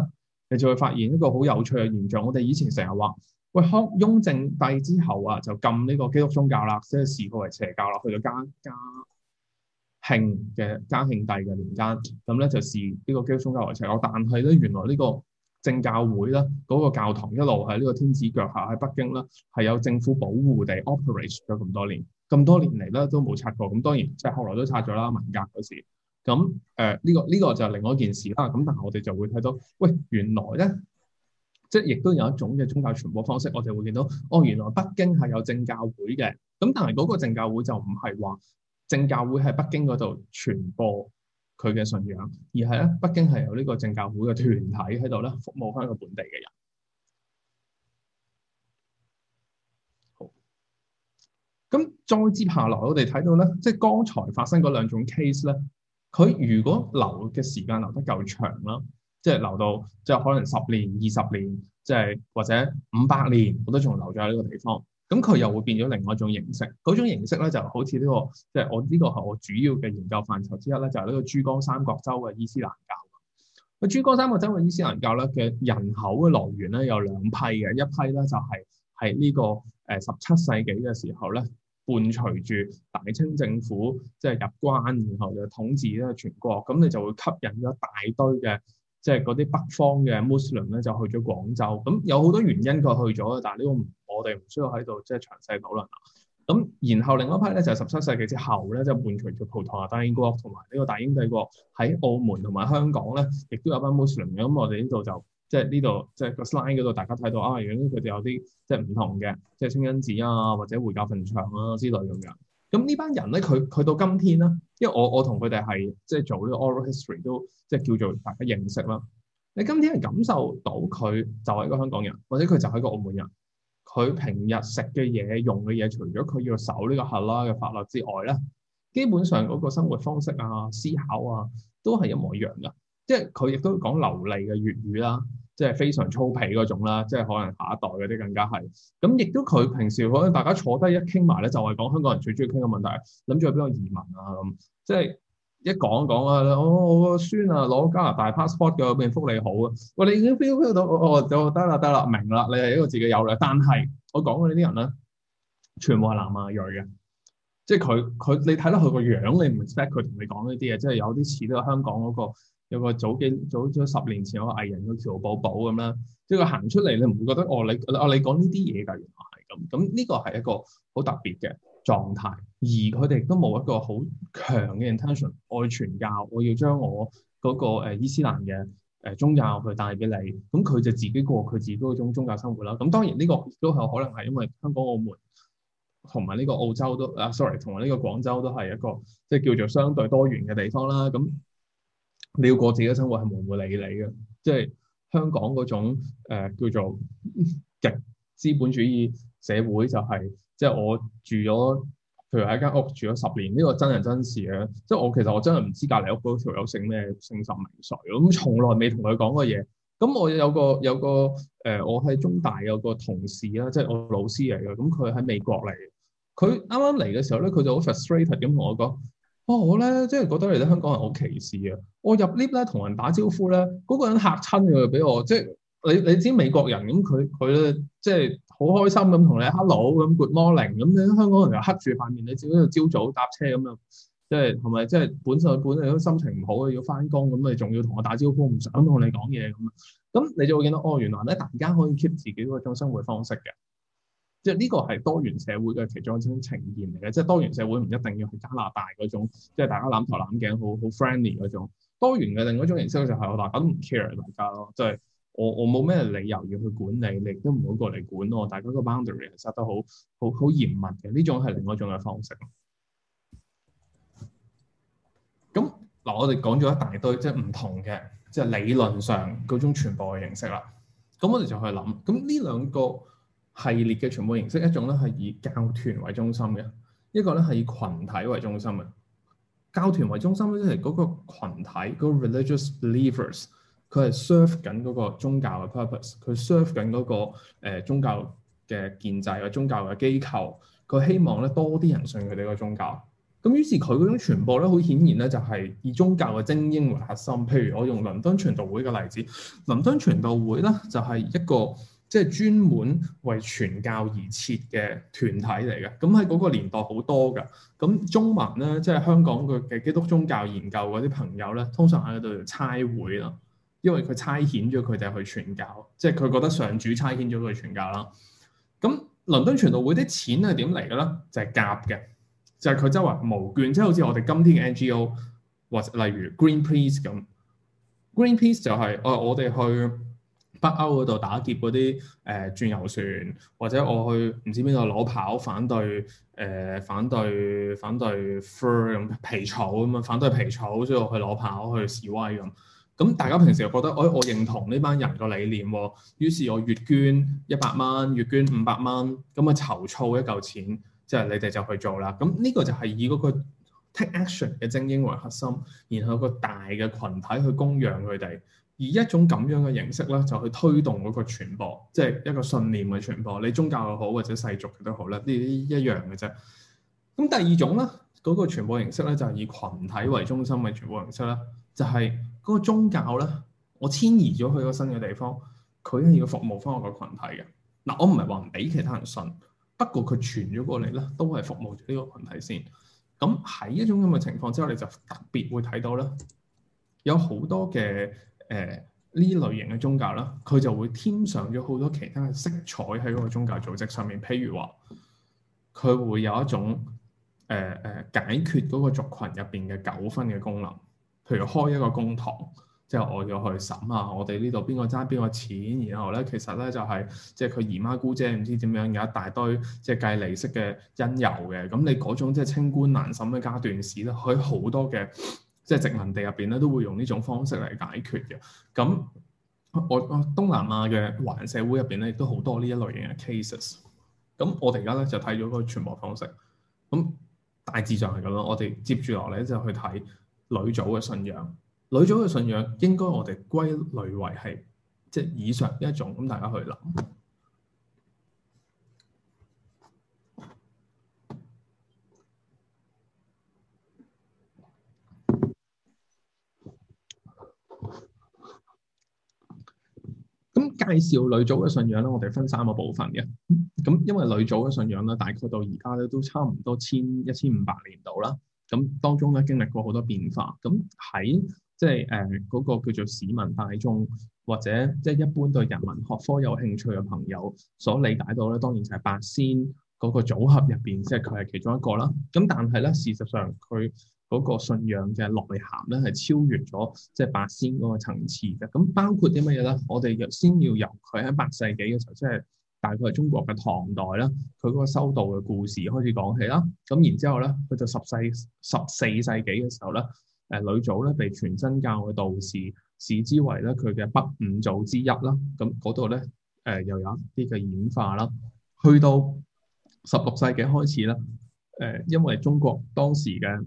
你就會發現一個好有趣嘅現象。我哋以前成日話。喂，康雍正帝之後啊，就禁呢個基督宗教啦，即係視佢為邪教啦。去到嘉嘉慶嘅嘉慶帝嘅年間，咁咧就視呢個基督宗教為邪教。但係咧，原來呢個正教會咧，嗰、那個教堂一路喺呢個天子腳下喺北京咧，係有政府保護地 operate 咗咁多年，咁多年嚟咧都冇拆過。咁當然即係後來都拆咗啦，文革嗰時。咁誒，呢、呃這個呢、這個就係另外一件事啦。咁但係我哋就會睇到，喂，原來咧。即係亦都有一種嘅宗教傳播方式，我哋會見到哦，原來北京係有政教會嘅，咁但係嗰個政教會就唔係話政教會喺北京嗰度傳播佢嘅信仰，而係咧北京係有呢個政教會嘅團體喺度咧服務翻個本地嘅人。好，咁再接下來我哋睇到咧，即係剛才發生嗰兩種 case 咧，佢如果留嘅時間留得夠長啦。即係留到即係可能十年、二十年，即係或者五百年，我都仲留咗喺呢個地方。咁佢又會變咗另外一種形式。嗰種形式咧就好似呢個，即係我呢個係我主要嘅研究範疇之一咧，就係呢個珠江三角洲嘅伊斯蘭教。咁珠江三角洲嘅伊斯蘭教咧嘅人口嘅來源咧有兩批嘅，一批咧就係喺呢個誒十七世紀嘅時候咧，伴隨住大清政府即係入關，然後就統治咧全國，咁你就會吸引咗大堆嘅。即係嗰啲北方嘅穆斯林咧，就去咗廣州咁，有好多原因佢去咗，但係呢個我哋唔需要喺度即係詳細討論啦。咁然後另一批咧就係十七世紀之後咧，就伴隨住葡萄牙大英國同埋呢個大英帝國喺澳門同埋香港咧，亦都有班穆斯林咁。我哋呢度就即係呢度即係個 slide 嗰度，大家睇到啊，原來佢哋有啲即係唔同嘅，即係清真寺啊，或者回教墳場啊之類咁樣。咁呢班人咧，佢佢到今天咧，因為我我同佢哋係即係做呢個 oral history 都即係叫做大家認識啦。你今天係感受到佢就係一個香港人，或者佢就係一個澳門人，佢平日食嘅嘢、用嘅嘢，除咗佢要守呢個《克拉》嘅法律之外咧，基本上嗰個生活方式啊、思考啊，都係一模一樣噶，即係佢亦都講流利嘅粵語啦、啊。即係非常粗鄙嗰種啦，即係可能下一代嗰啲更加係。咁亦都佢平時可能大家坐低一傾埋咧，就係講香港人最中意傾嘅問題，諗住去邊度移民啊咁。即係一講講、哦、啊，我我個孫啊攞加拿大 passport 嘅咩福利好啊，我你已經 feel 到我我得啦得啦明啦，你係一個自己有嘅。但係我講嘅呢啲人咧，全部係南亞裔嘅，即係佢佢你睇到佢個樣，你唔 expect 佢同你講呢啲嘢，即係有啲似到香港嗰、那個。有個早幾早咗十年前，有個藝人叫喬寶寶咁啦，即係佢行出嚟，你唔會覺得哦，你啊、哦、你講呢啲嘢㗎，原來係咁。咁呢個係一個好特別嘅狀態，而佢哋都冇一個好強嘅 intention 愛傳教，我要將我嗰個伊斯蘭嘅誒宗教去帶俾你。咁佢就自己過佢自己嗰種宗教生活啦。咁當然呢個都係可能係因為香港、澳門同埋呢個澳洲都啊，sorry，同埋呢個廣州都係一個即係、就是、叫做相對多元嘅地方啦。咁你要過自己嘅生活係冇人理你嘅，即係香港嗰種、呃、叫做極資本主義社會就係、是，即係我住咗，譬如喺間屋住咗十年，呢、這個真人真事嘅、啊，即係我其實我真係唔知隔離屋嗰條友姓咩，姓十名誰，咁從來未同佢講過嘢。咁、嗯、我有個有個誒、呃，我喺中大有個同事啦，即係我老師嚟嘅，咁佢喺美國嚟，佢啱啱嚟嘅時候咧，佢就好 frustrated 咁同我講。哦、我咧即係覺得嚟到香港人好歧視啊！我入 lift 咧同人打招呼咧，嗰、嗰個人嚇親佢俾我，即係你你知美國人咁，佢佢咧即係好開心咁同你 hello 咁 good morning 咁、嗯、你香港人又黑住塊面，你自己度朝早搭車咁樣，即係係咪即係本身佢本身都心情唔好，要翻工咁，你仲要同我打招呼，唔想同你講嘢咁樣？咁你就會見到哦，原來咧大家可以 keep 自己個種生活方式嘅。即係呢個係多元社會嘅其中一種呈現嚟嘅，即係多元社會唔一定要去加拿大嗰種，即係大家攬頭攬頸好好 friendly 嗰種。多元嘅另外一種形式就係、是、大家都唔 care 大家咯，即、就、係、是、我我冇咩理由要去管理你，都唔好過嚟管我。大家個 boundary set 得好好好嚴密嘅，呢種係另外一種嘅方式。咁嗱， 我哋講咗一大堆，即係唔同嘅，即、就、係、是、理論上嗰種全部嘅形式啦。咁我哋就去諗，咁呢兩個。系列嘅傳播形式一種咧係以教團為中心嘅，一個咧係以群體為中心嘅。教團為中心咧，即係嗰個羣體，嗰、那個、religious believers，佢係 serve 緊嗰個宗教嘅 purpose，佢 serve 緊嗰個、呃、宗教嘅建制或者宗教嘅機構，佢希望咧多啲人信佢哋個宗教。咁於是佢嗰種傳播咧，好顯然咧就係以宗教嘅精英為核心。譬如我用倫敦傳道會嘅例子，倫敦傳道會咧就係、是、一個。即係專門為傳教而設嘅團體嚟嘅，咁喺嗰個年代好多㗎。咁中文咧，即係香港嘅基督宗教研究嗰啲朋友咧，通常喺嗰度就差會啦，因為佢差遣咗佢哋去傳教，即係佢覺得上主差遣咗佢去傳教啦。咁倫敦傳道會啲錢係點嚟嘅咧？就係夾嘅，就係、是、佢周圍募捐，即、就、係、是、好似我哋今天嘅 NGO 或例如 Greenpeace 咁，Greenpeace 就係、是、啊、哎，我哋去。北歐嗰度打劫嗰啲誒轉遊船，或者我去唔知邊度攞跑反對誒、呃、反對反對 fur，皮草咁啊，反對皮草，所以我去攞跑去示威咁。咁大家平時又覺得，哎，我認同呢班人個理念喎，於是，我月捐一百蚊，月捐五百蚊，咁啊籌措一嚿錢，即係你哋就去做啦。咁呢個就係以嗰個 take action 嘅精英為核心，然後個大嘅群體去供養佢哋。以一種咁樣嘅形式咧，就去、是、推動嗰個傳播，即係一個信念嘅傳播。你宗教又好，或者世俗嘅都好咧，呢啲一樣嘅啫。咁第二種咧，嗰、那個傳播形式咧，就係、是、以群體為中心嘅傳播形式咧，就係、是、嗰個宗教咧，我遷移咗去個新嘅地方，佢係要服務翻我個群體嘅。嗱，我唔係話唔俾其他人信，不過佢傳咗過嚟咧，都係服務呢個群體先。咁喺一種咁嘅情況之後，你就特別會睇到咧，有好多嘅。誒呢、呃、類型嘅宗教啦，佢就會添上咗好多其他嘅色彩喺嗰個宗教組織上面。譬如話，佢會有一種誒誒、呃呃、解決嗰個族群入邊嘅糾紛嘅功能。譬如開一個公堂，即係我要去審下、啊、我哋呢度邊個爭邊個錢。然後咧，其實咧就係、是、即係佢姨媽姑姐唔知點樣有一大堆即係計利息嘅因由嘅。咁你嗰種即係清官難審嘅家庭事咧，佢好多嘅。即係殖民地入邊咧，都會用呢種方式嚟解決嘅。咁我我東南亞嘅華人社會入邊咧，亦都好多呢一類型嘅 cases。咁我哋而家咧就睇咗個傳播方式。咁大致上係咁咯。我哋接住落嚟就去睇呂祖嘅信仰。呂祖嘅信仰應該我哋歸類為係即係以上一種。咁大家去諗。介紹呂祖嘅信仰咧，我哋分三個部分嘅。咁 因為呂祖嘅信仰咧，大概到而家咧都差唔多千一千五百年度啦。咁當中咧經歷過好多變化。咁喺即係誒嗰個叫做市民大眾或者即係、就是、一般對人文學科有興趣嘅朋友所理解到咧，當然就係八仙嗰個組合入邊，即係佢係其中一個啦。咁但係咧，事實上佢嗰個信仰嘅內涵咧，係超越咗即係八仙嗰個層次嘅。咁包括啲乜嘢咧？我哋先要由佢喺八世紀嘅時候，即係大概係中國嘅唐代啦，佢嗰個修道嘅故事開始講起啦。咁然之後咧，佢就十世十四世紀嘅時候咧，誒呂祖咧被全真教嘅道士視之為咧佢嘅北五祖之一啦。咁嗰度咧誒又有一啲嘅演化啦。去到十六世紀開始咧，誒因為中國當時嘅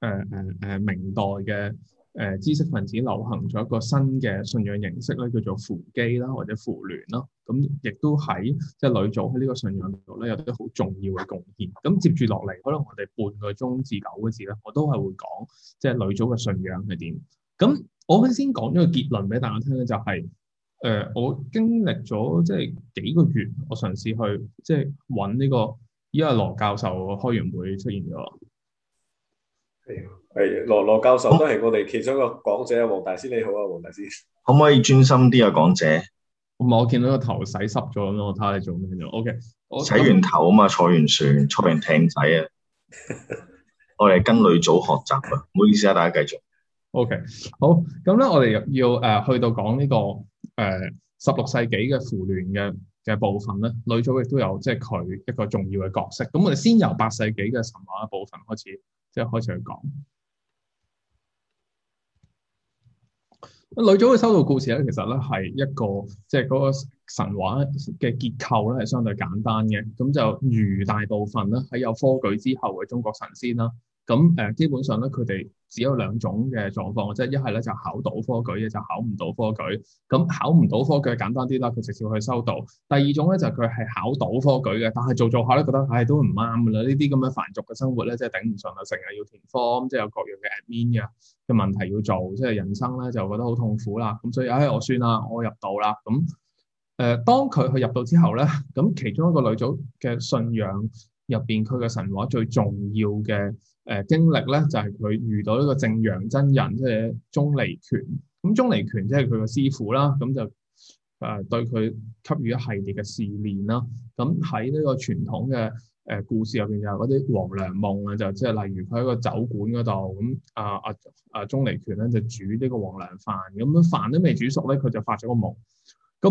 誒誒誒，明代嘅誒、呃、知識分子流行咗一個新嘅信仰形式咧，叫做扶乩啦，或者扶鸞啦。咁、嗯、亦都喺即係呂祖喺呢個信仰度咧，有啲好重要嘅貢獻。咁、嗯、接住落嚟，可能我哋半個鐘至九個字咧，我都係會講即係呂祖嘅信仰係點。咁、嗯、我先講咗個結論俾大家聽咧，就係、是、誒、呃，我經歷咗即係幾個月，我嘗試去即係揾呢個，因為羅教授開完會出現咗。係，係羅羅教授都係我哋其中一個講者啊，黃、嗯、大師你好啊，黃大師，可唔可以專心啲啊？講者，唔我見到個頭洗濕咗咁，我睇下你做咩 OK，洗完頭啊嘛，嗯、坐完船，出完艇仔啊， 我哋跟呂祖學習啊，唔好意思啊，大家繼續。O、okay, K，好，咁咧我哋要誒、呃、去到講呢、這個誒十六世紀嘅扶鸞嘅嘅部分咧，呂祖亦都有即係佢一個重要嘅角色。咁我哋先由八世紀嘅神話部分開始。即係開始去講，呂祖嘅修道故事咧，其實咧係一個即係嗰個神話嘅結構咧，係相對簡單嘅，咁就如大部分啦，喺有科舉之後嘅中國神仙啦。咁誒、呃，基本上咧，佢哋只有兩種嘅狀況，即係一係咧就考到科舉嘅，就考唔到科舉。咁、嗯、考唔到科舉，簡單啲啦，佢直接去修道。第二種咧就佢、是、係考到科舉嘅，但係做著做下咧覺得唉、哎、都唔啱噶啦。呢啲咁嘅凡俗嘅生活咧，真係頂唔順啦。成日要填 form，即係有各樣嘅 admin 嘅嘅問題要做，即係人生咧就覺得好痛苦啦。咁所以唉、哎，我算啦，我入道啦。咁誒、呃，當佢去入道之後咧，咁其中一個呂祖嘅信仰入邊，佢嘅神話最重要嘅。誒、呃、經歷咧就係、是、佢遇到一個正陽真人，即係鍾離權。咁、嗯、鍾離權即係佢個師傅啦，咁就誒、呃、對佢給予一系列嘅試練啦。咁喺呢個傳統嘅誒、呃、故事入邊，就係嗰啲黃粱夢啊，就即係例如佢喺個酒館嗰度，咁、嗯呃、啊啊啊鍾離權咧就煮呢個黃粱飯，咁、嗯、樣飯都未煮熟咧，佢就發咗個夢。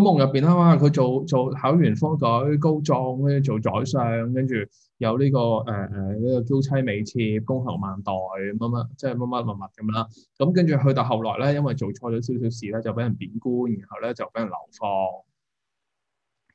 個夢入邊啦，佢做做，做考完科舉高中，跟住做宰相，跟住有呢個誒誒呢個嬌妻美妾，公侯萬代乜乜，即係乜乜乜物咁啦。咁跟住去到後來咧，因為做錯咗少少事咧，就俾人貶官，然後咧就俾人流放。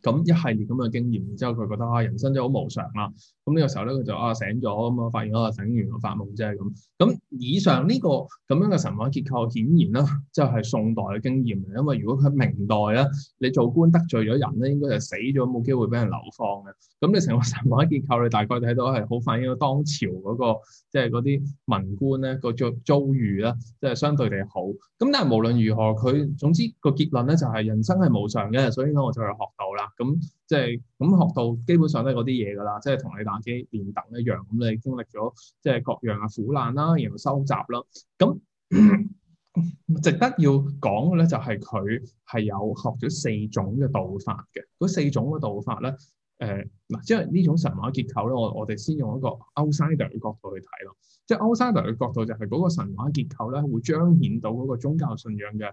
咁一系列咁嘅經驗，然之後佢覺得啊人生真係好無常啦、啊。咁、這、呢個時候咧，佢就啊醒咗咁啊，發現嗰、啊、醒完個發夢啫係咁。咁以上呢、這個咁樣嘅神話結構，顯然啦，即係宋代嘅經驗。因為如果佢明代咧，你做官得罪咗人咧，應該就死咗，冇機會俾人流放嘅。咁你成個神話結構，你大概睇到係好反映到當朝嗰、那個即係嗰啲文官咧、那個遭遭遇啦，即、就、係、是、相對地好。咁但係無論如何，佢總之個結論咧就係人生係無常嘅，所以咧我就係學到啦。咁、嗯、即係咁、嗯、學到基本上都係嗰啲嘢㗎啦，即係同你打機練等一樣。咁你經歷咗即係各樣嘅苦難啦，然後收集啦。咁 值得要講嘅咧，就係佢係有學咗四種嘅道法嘅。嗰四種嘅道法咧，誒、呃、嗱，即係呢種神話結構咧，我我哋先用一個 outsider 嘅角度去睇咯。即係 outsider 嘅角度就係嗰個神話結構咧，會彰顯到嗰個宗教信仰嘅。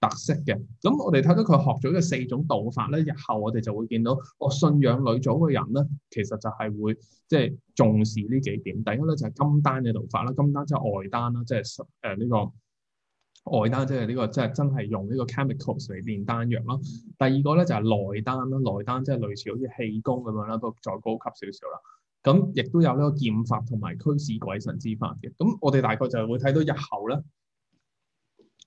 特色嘅，咁我哋睇到佢學咗嘅四種道法咧，日後我哋就會見到，我信仰呂祖嘅人咧，其實就係會即係、就是、重視呢幾點。第一咧就係、是、金丹嘅道法啦，金丹即係外丹啦，即係誒呢個外丹，即係呢個即係、這個就是、真係用呢個 chemicals 嚟煉丹藥咯。第二個咧就係、是、內丹啦，內丹即係類似好似氣功咁樣啦，都再高級少少啦。咁亦都有呢個劍法同埋驅使鬼神之法嘅。咁我哋大概就係會睇到日後咧。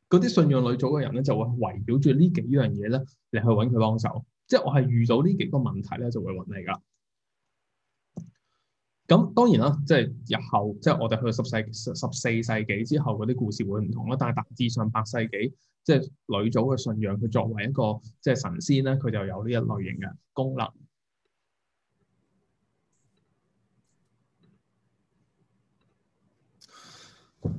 嗰啲信仰呂祖嘅人咧，就會圍繞住呢幾樣嘢咧，嚟去揾佢幫手。即係我係遇到呢幾個問題咧，就會揾你噶。咁當然啦，即係日後，即係我哋去到十世十十四世紀之後嗰啲故事會唔同啦。但係大致上八世紀，即係呂祖嘅信仰，佢作為一個即係神仙咧，佢就有呢一類型嘅功能。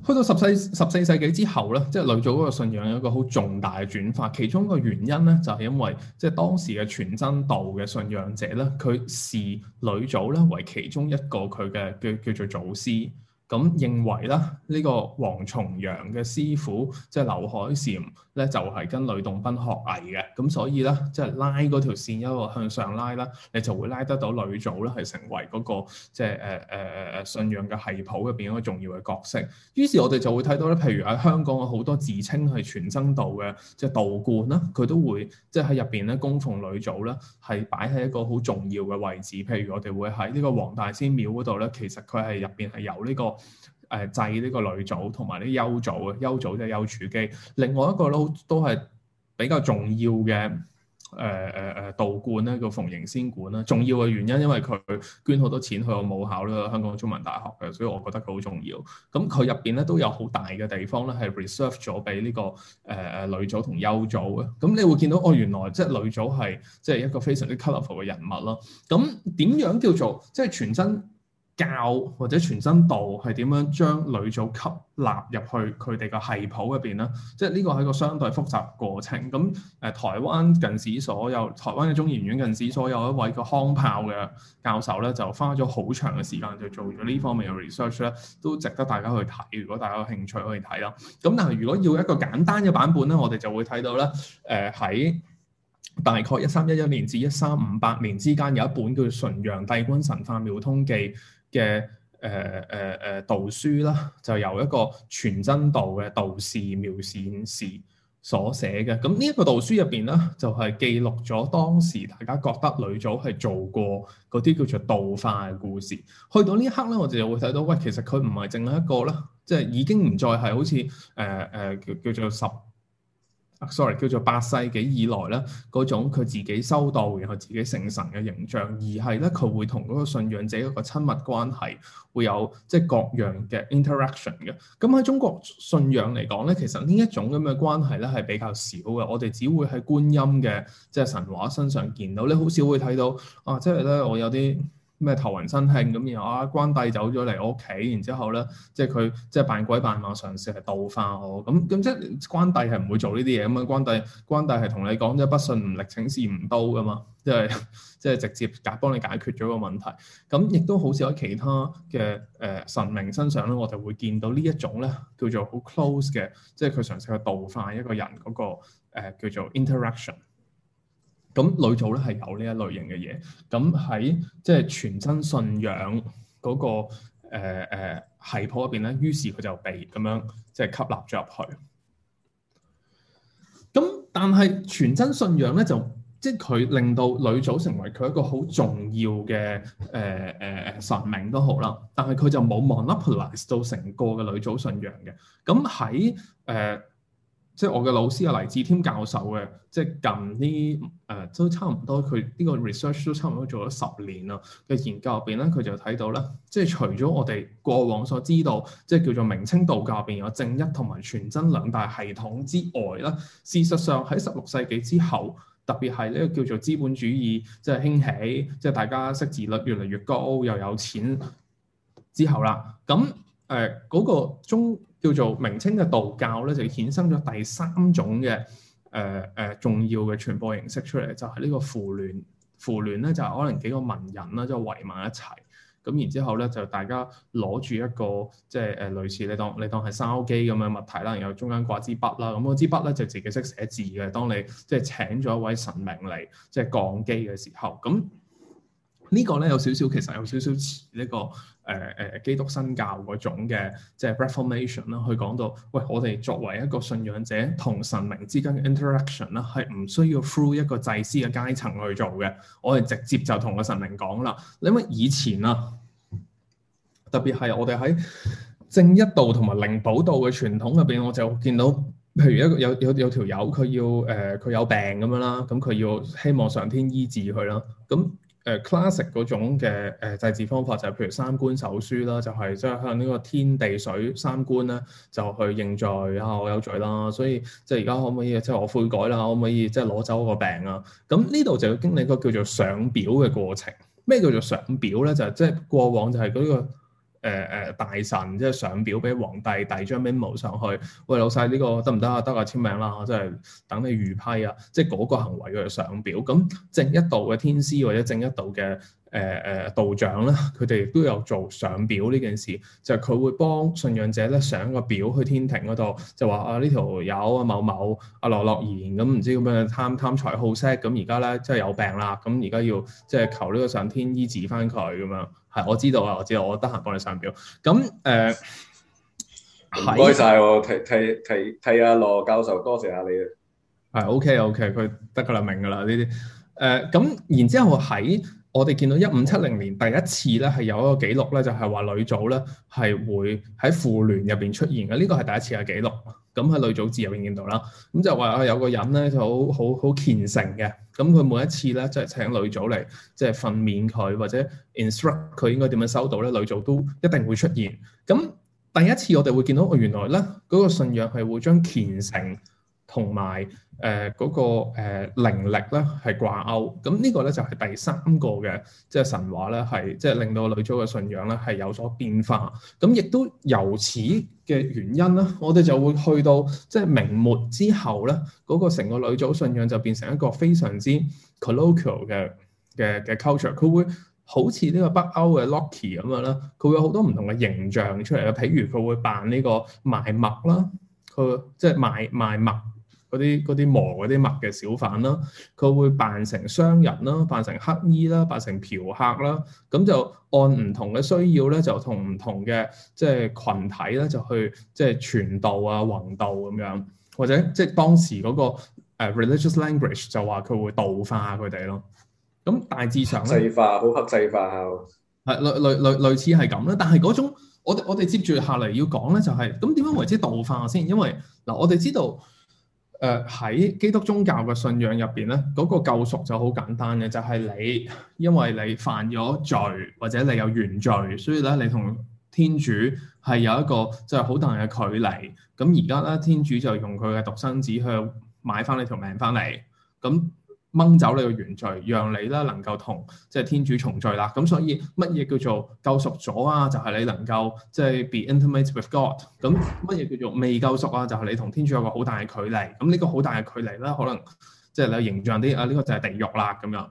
去到十四十四世紀之後咧，即係呂祖嗰個信仰有一個好重大嘅轉化，其中一個原因咧就係因為即係當時嘅全真道嘅信仰者咧，佢視呂祖咧為其中一個佢嘅叫叫做祖師。咁、嗯、認為啦、這個，呢個王重陽嘅師傅即係劉海蟾咧，就係、是、跟呂洞賓學藝嘅。咁所以咧，即係拉嗰條線一路向上拉啦，你就會拉得到呂祖咧，係成為嗰、那個即係誒誒誒誒信仰嘅系譜入邊一個重要嘅角色。於是，我哋就會睇到咧，譬如喺香港有好多自稱係全真道嘅，即係道觀啦，佢都會即係喺入邊咧供奉呂祖咧，係擺喺一個好重要嘅位置。譬如我哋會喺呢個黃大仙廟嗰度咧，其實佢係入邊係有呢、這個。誒祭呢個呂祖同埋啲丘祖啊，丘祖即係丘處機。另外一個都都係比較重要嘅誒誒誒道觀咧，叫蓬瀛仙館啦。重要嘅原因因為佢捐好多錢去我母校啦，香港中文大學嘅，所以我覺得佢好重要。咁佢入邊咧都有好大嘅地方咧，係 reserve 咗俾呢個誒、呃、誒、呃、呂祖同丘祖嘅。咁你會見到哦，原來即係呂祖係即係一個非常之 colorful 嘅人物咯。咁點樣叫做即係、就是、全真教或者全真道係點樣將呂祖吸納入去佢哋嘅系譜入邊咧？即係呢個係一個相對複雜過程。咁誒，台灣近史所有台灣嘅中研院近史所有一位個康豹嘅教授咧，就花咗好長嘅時間就做咗呢方面嘅 research 咧，都值得大家去睇。如果大家有興趣可以睇啦。咁但係如果要一個簡單嘅版本咧，我哋就會睇到咧，誒、呃、喺大概一三一一年至一三五八年之間有一本叫做《純陽帝君神化妙通記》。嘅誒誒誒道書啦，就由一個全真道嘅道士苗善時所寫嘅。咁呢一個道書入邊咧，就係、是、記錄咗當時大家覺得呂祖係做過嗰啲叫做道化嘅故事。去到呢一刻咧，我哋就會睇到，喂，其實佢唔係淨係一個啦，即係已經唔再係好似誒誒叫叫做十。sorry，叫做八世紀以來咧嗰種佢自己修道然後自己成神嘅形象，而係咧佢會同嗰個信仰者一個親密關係，會有即係各樣嘅 interaction 嘅。咁喺中國信仰嚟講咧，其實呢一種咁嘅關係咧係比較少嘅。我哋只會喺觀音嘅即係神話身上見到，你好少會睇到啊，即係咧我有啲。咩頭暈身興咁、啊、然後啊關帝走咗嚟我屋企，然之後咧即係佢即係扮鬼扮馬嘗試嚟導化我，咁咁即係關帝係唔會做呢啲嘢咁啊。關帝關帝係同你講即係不信唔力、請示唔到㗎嘛，即係即係直接解幫你解決咗個問題。咁亦都好似喺其他嘅誒、呃、神明身上咧，我就會見到呢一種咧叫做好 close 嘅，即係佢嘗試去導化一個人嗰、那個、呃、叫做 interaction。咁呂祖咧係有呢一類型嘅嘢，咁喺即係全真信仰嗰、那個誒、呃啊、系譜入邊咧，於是佢就被咁樣即係、就是、吸納咗入去。咁但係全真信仰咧就即係佢令到呂祖成為佢一個好重要嘅誒誒神明都好啦，但係佢就冇 monopolize 到成個嘅呂祖信仰嘅。咁喺誒。呃即係我嘅老師係，黎志添教授嘅，即係近呢誒、呃、都差唔多，佢呢個 research 都差唔多做咗十年啦，佢研究入邊咧，佢就睇到咧，即係除咗我哋過往所知道，即係叫做明清道教入邊有正一同埋全真兩大系統之外啦，事實上喺十六世紀之後，特別係呢個叫做資本主義即係、就是、興起，即係大家識字率越嚟越高，又有錢之後啦，咁誒嗰個中。叫做明清嘅道教咧，就衍生咗第三種嘅誒誒重要嘅傳播形式出嚟，就係、是、呢個扶鸞。扶鸞咧就係、是、可能幾個文人啦，即係圍埋一齊，咁然之後咧就大家攞住一個即係誒、呃、類似你當你當係筲箕咁嘅物體啦，然後中間掛支筆啦，咁嗰支筆咧就自己識寫字嘅。當你即係請咗一位神明嚟即係降乩嘅時候，咁。呢個咧有少少，其實有少少似呢個誒誒、呃、基督新教嗰種嘅，即係 Reformation 啦，去講到喂，我哋作為一個信仰者同神明之間嘅 interaction 啦，係唔需要 through 一個祭司嘅階層去做嘅，我哋直接就同個神明講啦。你為以前啊，特別係我哋喺正一道同埋靈寶道嘅傳統入邊，我就見到譬如一個有有有條友佢要誒佢、呃、有病咁樣啦，咁佢要希望上天醫治佢啦，咁。誒、uh, classic 嗰種嘅誒祭祀方法就係，是，譬如三觀手書啦，就係即係向呢個天地水三觀咧，就去認罪啊，我有罪啦，所以即係而家可唔可以即係，就是，我悔改啦？可唔可以即係攞走個病啊？咁呢度就要經歷一個叫做上表嘅過程。咩叫做上表咧？就係即係過往就係嗰，這個。誒誒、呃、大臣即係上表俾皇帝，遞張 memo 上去。喂，老細呢、呢個得唔得啊？得啊，簽名啦，我真係等你預批啊！即係嗰個行為叫做上表。咁正一道嘅天師或者正一道嘅誒誒道長咧，佢哋亦都有做上表呢件事，就係、是、佢會幫信仰者咧上個表去天庭嗰度，就話啊呢條友啊某某阿羅樂然咁唔知咁樣貪貪財好色，咁而家咧即係有病啦，咁而家要即係求呢個上天醫治翻佢咁樣。係，我知道啊，我知道，我得閒幫你上表。咁誒，唔該晒，我提提提提阿羅教授，多謝阿你。係 OK OK，佢得㗎啦，明㗎啦呢啲。誒，咁、呃、然之後喺我哋見到一五七零年第一次咧係有一個記錄咧，就係話呂祖咧係會喺扶鸞入邊出現嘅，呢個係第一次嘅記錄。咁喺呂祖字入面見到啦，咁就話啊有個人咧就好好好虔誠嘅，咁佢每一次咧即係請呂祖嚟即係訓勉佢或者 instruct 佢應該點樣收到咧，呂祖都一定會出現。咁第一次我哋會見到，原來咧嗰、那個信仰係會將虔誠同埋誒嗰個誒、呃、靈力咧係掛鈎。咁呢個咧就係、是、第三個嘅即係神話咧，係即係令到呂祖嘅信仰咧係有所變化。咁亦都由此。嘅原因啦，我哋就會去到即係明末之後咧，嗰個成個呂祖信仰就變成一個非常之 colloquial 嘅嘅嘅 culture。佢會好似呢個北歐嘅 Loki 咁樣啦，佢會有好多唔同嘅形象出嚟嘅，譬如佢會扮呢個賣墨啦，佢即係賣賣墨，嗰啲啲磨嗰啲墨嘅小販啦，佢會扮成商人啦，扮成乞衣啦，扮成嫖客啦，咁就按唔同嘅需要咧，就同唔同嘅即係群體咧，就去即係傳道啊、弘道咁樣，或者即係、就是、當時嗰個 religious language 就話佢會道化佢哋咯。咁大致上咧細化好克制化，係類類類類似係咁啦。但係嗰種我我哋接住下嚟要講咧、就是，就係咁點樣為之道化先？因為嗱，我哋知道。誒喺、呃、基督宗教嘅信仰入邊咧，嗰、那個救贖就好簡單嘅，就係、是、你因為你犯咗罪或者你有原罪，所以咧你同天主係有一個即係好大嘅距離。咁而家咧天主就用佢嘅獨生子去買翻你條命翻嚟，咁。掹走你個原罪，讓你咧能夠同即係天主重聚啦。咁所以乜嘢叫做救贖咗啊？就係、是、你能夠即係 be intimate with God。咁乜嘢叫做未救贖啊？就係、是、你同天主有個好大嘅距離。咁呢個好大嘅距離啦，可能即係、就是、你形象啲啊，呢、這個就係地獄啦咁樣。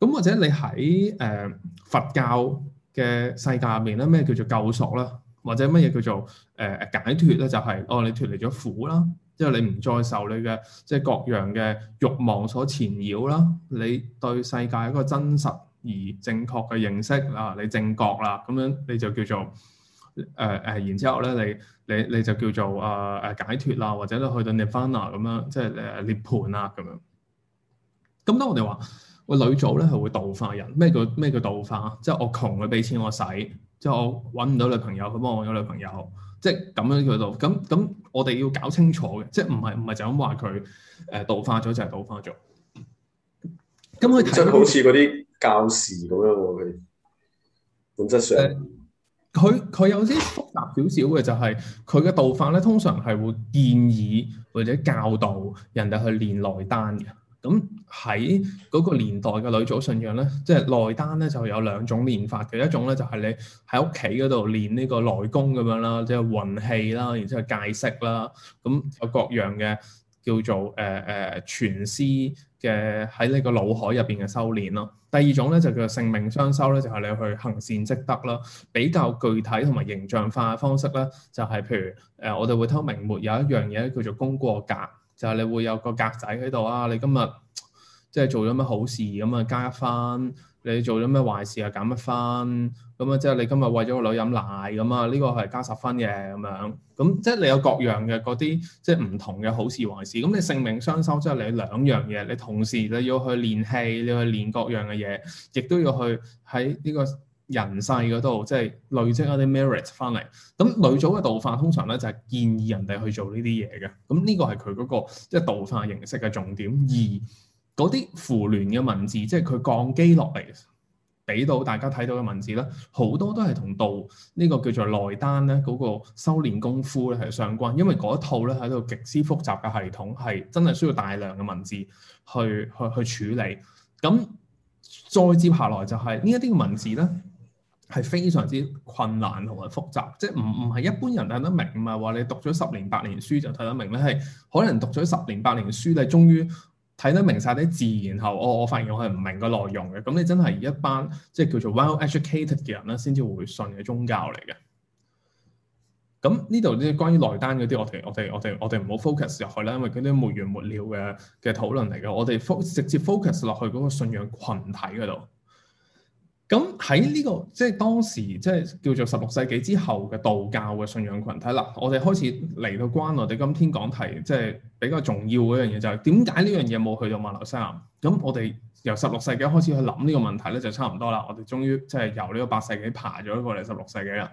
咁或者你喺誒、呃、佛教嘅世界入面咧，咩叫做救贖啦？或者乜嘢叫做誒、呃、解脫咧？就係、是、哦，你脫離咗苦啦。即係你唔再受你嘅即係各樣嘅慾望所纏繞啦，你對世界一個真實而正確嘅認識啊，你正覺啦，咁樣你就叫做誒誒、呃，然之後咧，你你你就叫做誒誒、呃、解脱啦，或者你去到涅槃啊，咁樣即係誒涅槃啊，咁樣。咁當、呃、我哋話喂，呂祖咧係會度化人咩，叫咩叫度化？即、就、係、是、我窮佢俾錢我使，即、就、係、是、我揾唔到女朋友，咁幫我揾女朋友，即係咁樣叫做咁咁。我哋要搞清楚嘅，即係唔係唔係就咁話佢誒道化咗就係道化咗。咁佢就好似嗰啲教士咁樣喎、啊，佢本質上，佢佢、呃、有啲複雜少少嘅，就係佢嘅道法咧，通常係會建議或者教導人哋去練內丹嘅。咁喺嗰個年代嘅呂祖信仰咧，即係內丹咧就有兩種練法嘅，一種咧就係、是、你喺屋企嗰度練呢個內功咁樣啦，即係運氣啦，然之後戒色啦，咁有各樣嘅叫做誒誒、呃呃、存思嘅喺呢個腦海入邊嘅修練咯。第二種咧就叫做性命雙修咧，就係、是、你去行善積德啦，比較具體同埋形象化嘅方式咧，就係、是、譬如誒、呃、我哋會偷明末有一樣嘢叫做功過格。就係你會有個格仔喺度啊！你今日即係做咗乜好事咁啊加一分，你做咗咩壞事啊減一分咁啊！即係你今日為咗、這個女飲奶咁啊，呢個係加十分嘅咁樣，咁即係你有各樣嘅嗰啲即係唔同嘅好事壞事，咁你性命雙修即係你兩樣嘢，你同時你要去練氣，你要去練各樣嘅嘢，亦都要去喺呢、這個人世嗰度即係累積一啲 merit 翻嚟，咁呂祖嘅道法通常咧就係、是、建議人哋去做呢啲嘢嘅，咁呢個係佢嗰個即係、就是、道法形式嘅重點。而嗰啲扶鸞嘅文字，即係佢降乩落嚟俾到大家睇到嘅文字咧，好多都係同道呢、這個叫做內丹咧嗰、那個修練功夫咧係相關，因為嗰一套咧喺度極之複雜嘅系統，係真係需要大量嘅文字去去去，去處理。咁再接下來就係呢一啲文字咧。係非常之困難同埋複雜，即係唔唔係一般人睇得明。唔係話你讀咗十年八年書就睇得明咧，係可能讀咗十年八年嘅書，你終於睇得明晒啲字，然後我、哦、我發現我係唔明個內容嘅。咁你真係一班即係叫做 well educated 嘅人咧，先至會信嘅宗教嚟嘅。咁呢度啲關於內丹嗰啲，我哋我哋我哋我哋唔好 focus 入去啦，因為嗰啲沒完沒了嘅嘅討論嚟嘅。我哋 focus 直接 focus 落去嗰個信仰群體嗰度。咁喺呢個即係當時即係叫做十六世紀之後嘅道教嘅信仰群體啦，我哋開始嚟到關我哋今天講題，即係比較重要嗰樣嘢就係點解呢樣嘢冇去到馬來西亞？咁我哋由十六世紀開始去諗呢個問題咧，就差唔多啦。我哋終於即係由呢個八世紀爬咗過嚟十六世紀啦。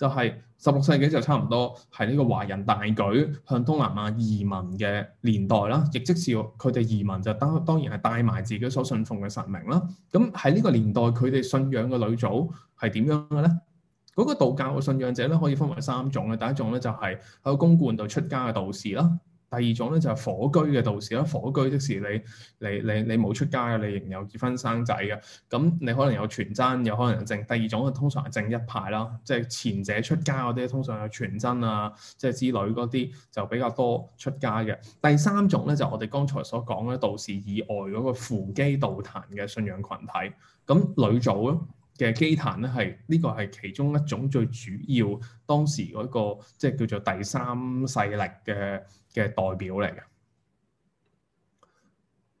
就係十六世紀就差唔多係呢個華人大舉向東南亞移民嘅年代啦，亦即是佢哋移民就當當然係帶埋自己所信奉嘅神明啦。咁喺呢個年代佢哋信仰嘅呂祖係點樣嘅咧？嗰、那個道教嘅信仰者咧，可以分為三種咧，第一種咧就係喺宮觀度出家嘅道士啦。第二種咧就係、是、火居嘅道士啦，火居即係你你你你冇出家嘅，你仍然有結婚生仔嘅，咁你可能有全真，有可能有正。第二種通常係正一派啦，即係前者出家嗰啲，通常有全真啊，即係之類嗰啲就比較多出家嘅。第三種咧就是、我哋剛才所講嘅道士以外嗰個扶乩道壇嘅信仰群體，咁呂祖嘅乩壇咧係呢、這個係其中一種最主要當時嗰、那個即係、就是、叫做第三勢力嘅，嘅代表嚟嘅，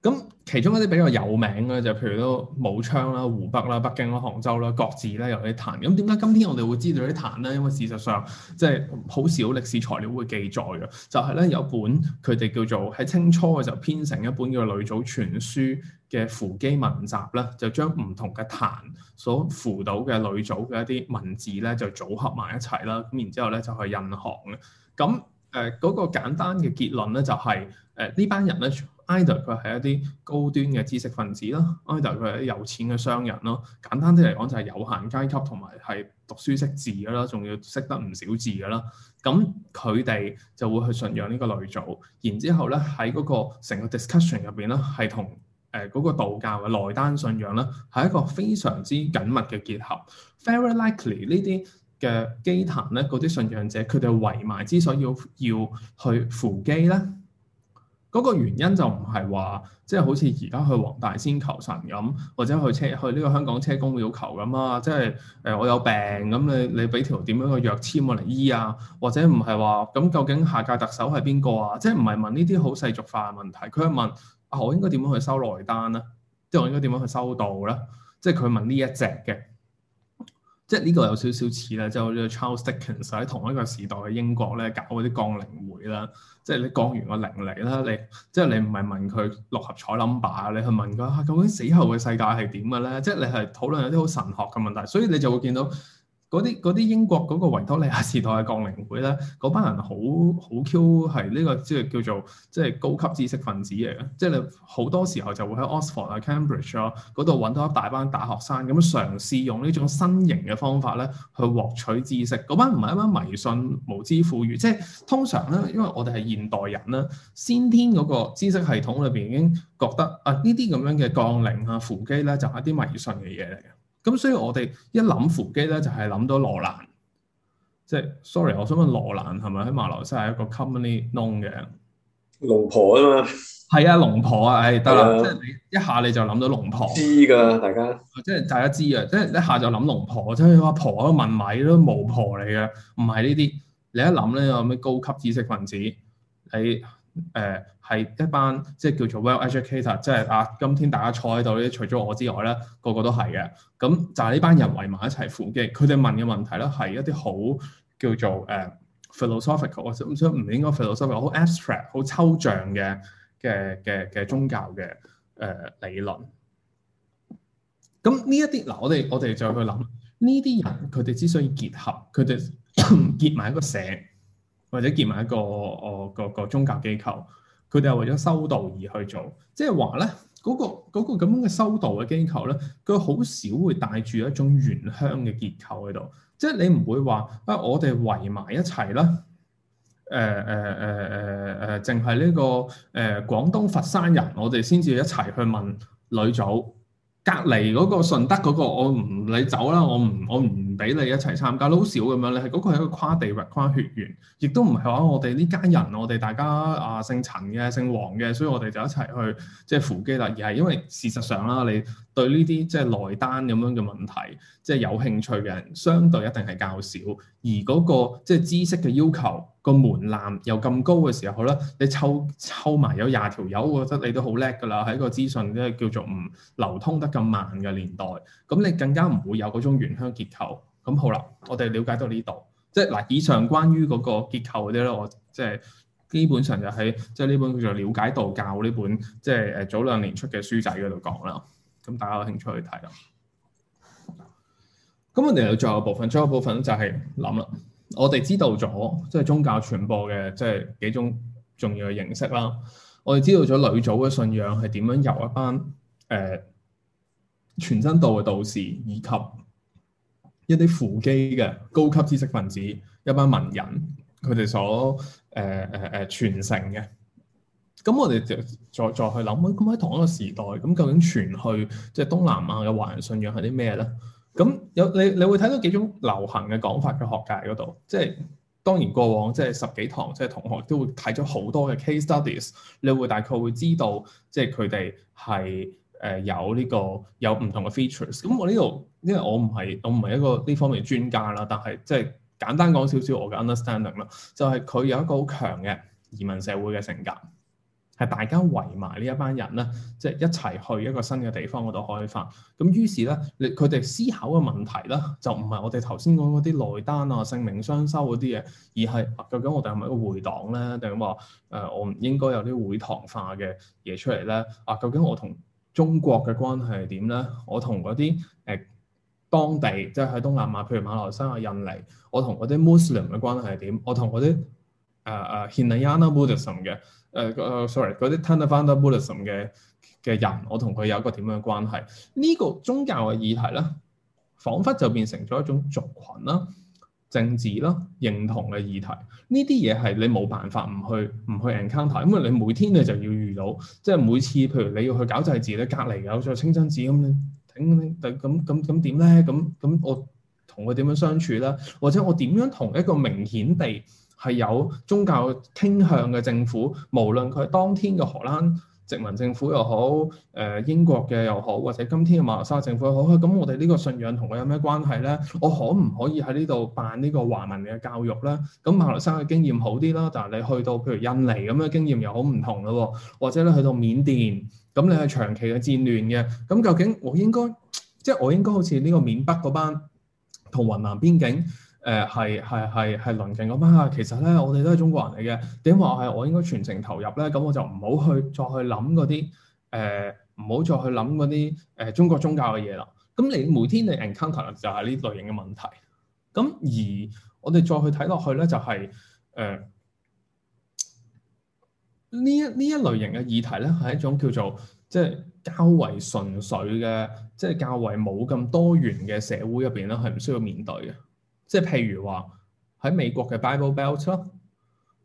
咁其中一啲比較有名嘅，就係、譬如都武昌啦、湖北啦、北京啦、杭州啦，各自咧有啲壇。咁點解今天我哋會知道啲壇咧？因為事實上即係好少歷史材料會記載嘅，就係、是、咧有本佢哋叫做喺清初嘅時候編成一本叫《呂祖全書》嘅扶乩文集咧，就將唔同嘅壇所扶到嘅呂祖嘅一啲文字咧，就組合埋一齊啦。咁然之後咧就去印行嘅，咁。誒嗰、呃那個簡單嘅結論咧就係、是，誒、呃、呢班人咧 either 佢係一啲高端嘅知識分子啦 either 佢係一啲有錢嘅商人咯。簡單啲嚟講就係有閒階級同埋係讀書識，識字㗎啦，仲要識得唔少字㗎啦。咁佢哋就會去信仰呢個呂祖，然之後咧喺嗰個成個 discussion 入邊咧係同誒嗰個道教嘅內丹信仰咧係一個非常之緊密嘅結合。 Very likely 呢啲。嘅乩壇咧，嗰啲信仰者，佢哋圍埋之所以要要去扶乩咧，嗰、那個原因就唔係話即係好似而家去黃大仙求神咁，或者去車去呢個香港車公廟求咁啊，即係誒、呃、我有病咁，你你俾條點樣嘅藥籤我嚟醫啊，或者唔係話咁究竟下屆特首係邊個啊？即係唔係問呢啲好世俗化嘅問題。佢係問啊，我應該點樣去修內丹咧？即係我應該點樣去修道咧？即係佢問呢一隻嘅。即係呢個有少少似啦，即我呢似 Charles Dickens 喺同一個時代嘅英國咧，搞嗰啲降靈會啦，即係你降完個靈嚟啦，你即係你唔係問佢六合彩 number 啊，你去問佢啊究竟死後嘅世界係點嘅咧？即係你係討論有啲好神學嘅問題，所以你就會見到。嗰啲嗰啲英國嗰個維多利亞時代嘅降靈會咧，嗰班人好好 Q，係呢個即係叫做即係高級知識分子嚟嘅。即係你好多時候就會喺 Oxford 啊、Cambridge 啊嗰度揾到一大班大學生，咁嘗試用呢種新型嘅方法咧去獲取知識。嗰班唔係一班迷信無知腐儒，即係通常咧，因為我哋係現代人啦，先天嗰個知識系統裏邊已經覺得啊呢啲咁樣嘅降靈啊扶乩咧就係一啲迷信嘅嘢嚟嘅。咁所以我哋一諗扶乩咧，就係諗到羅蘭。即係，sorry，我想問羅蘭係咪喺馬來西亞一個 commonly known 嘅龍婆啊嘛？係啊，龍婆啊，誒得啦。嗯、即係你一下你就諗到龍婆。知噶，大家即係大家知啊，即係一下就諗龍婆，即係阿婆都問米都巫婆嚟嘅，唔係呢啲。你一諗咧，有咩高級知識分子？你誒？呃係一班即係叫做 well-educated，即係啊，今天大家坐喺度呢，除咗我之外咧，個個都係嘅。咁就係呢班人圍埋一齊扶乩，佢哋問嘅問題咧係一啲好叫做誒 philosophical，我想唔應該 philosophical，好 abstract，好抽象嘅嘅嘅嘅宗教嘅誒、呃、理論。咁呢一啲嗱，我哋我哋就去諗呢啲人佢哋之所以結合佢哋 結埋一個社或者結埋一個哦個個，個宗教機構。佢哋係為咗修道而去做，即係話咧，嗰個嗰個咁樣嘅修道嘅機構咧，佢好少會帶住一種原鄉嘅結構喺度，即係你唔會話啊，我哋圍埋一齊啦，誒誒誒誒誒，淨係呢個誒廣東佛山人，我哋先至一齊去問女祖，隔離嗰個順德嗰個，我唔你走啦，我唔我唔。俾你一齊參加都好少咁樣，你係嗰個係一個跨地域、跨血緣，亦都唔係話我哋呢間人，我哋大家啊、呃、姓陳嘅、姓黃嘅，所以我哋就一齊去即係扶乩啦。而係因為事實上啦，你對呢啲即係內丹咁樣嘅問題，即係有興趣嘅人，相對一定係較少。而嗰、嗰個即係知識嘅要求個門檻又咁高嘅時候咧，你抽抽埋有廿條友，我覺得你都好叻㗎啦。喺個資訊即係叫做唔流通得咁慢嘅年代，咁你更加唔會有嗰種原鄉結構。咁好啦，我哋了解到呢度，即係嗱，以上關於嗰個結構嗰啲咧，我即係基本上就喺即係呢本叫做《了解道教》呢本，即係誒早兩年出嘅書仔嗰度講啦。咁大家有興趣去睇啦。咁我哋又最後部分，最後部分就係諗啦。我哋知道咗即係宗教傳播嘅即係幾種重要嘅形式啦。我哋知道咗呂祖嘅信仰係點樣由一班誒全真道嘅道士以及。一啲扶乩嘅高級知識分子，一班文人，佢哋所誒誒誒傳承嘅。咁我哋就再再去諗，咁喺同一個時代，咁究竟傳去即係東南亞嘅華人信仰係啲咩咧？咁有你你會睇到幾種流行嘅講法嘅學界嗰度，即係當然過往即係十幾堂即係同學都會睇咗好多嘅 case studies，你會大概會知道即係佢哋係誒有呢個有唔同嘅 features。咁我呢度。因為我唔係我唔係一個呢方面嘅專家啦，但係即係簡單講少少我嘅 understanding 啦，就係佢有一個好強嘅移民社會嘅性格，係大家圍埋呢、就是、一班人咧，即係一齊去一個新嘅地方嗰度開發。咁於是咧，你佢哋思考嘅問題咧，就唔係我哋頭先講嗰啲內丹啊、性命雙修嗰啲嘢，而係究竟我哋係咪一個會黨咧，定話誒我唔應該有啲會堂化嘅嘢出嚟咧？啊，究竟我同、呃啊、中國嘅關係係點咧？我同嗰啲誒。呃當地即係喺東南亞，譬如馬來西亞、印尼，我同嗰啲 Muslim 嘅關係係點？我同嗰啲誒誒 Hinayana Buddhist 嘅誒誒，sorry 嗰啲 Theravada Buddhist 嘅嘅人，我同佢有一個點樣嘅關係？呢個宗教嘅議題咧，彷彿就變成咗一種族群啦、啊、政治啦、啊、認同嘅議題。呢啲嘢係你冇辦法唔去唔去 encounter，因為你每天你就要遇到，即係每次譬如你要去搞祭祀，你隔離有咗清真寺咁。咁咁咁咁點咧？咁咁我同佢點樣相處咧？或者我點樣同一個明顯地係有宗教傾向嘅政府，無論佢係當天嘅荷蘭殖民政府又好，誒、呃、英國嘅又好，或者今天嘅馬來沙馬來西亞政府又好，咁、啊、我哋呢個信仰同佢有咩關係咧？我可唔可以喺呢度辦呢個華文嘅教育咧？咁馬來西亞嘅經驗好啲啦，但係你去到譬如印尼咁嘅經驗又好唔同咯，或者咧去到緬甸。咁你係長期嘅戰亂嘅，咁究竟我應該，即係我應該好似呢個緬北嗰班同雲南邊境，誒係係係係鄰近嗰班啊，其實咧我哋都係中國人嚟嘅，點話係我應該全程投入咧？咁我就唔好去再去諗嗰啲，誒唔好再去諗嗰啲誒中國宗教嘅嘢啦。咁你每天你 encounter 就係呢類型嘅問題。咁而我哋再去睇落去咧，就係、是、誒。呃呢一呢一類型嘅議題咧，係一種叫做即係、就是、較為純粹嘅，即、就、係、是、較為冇咁多元嘅社會入邊咧，係唔需要面對嘅。即係譬如話喺美國嘅 Bible Belt 啦，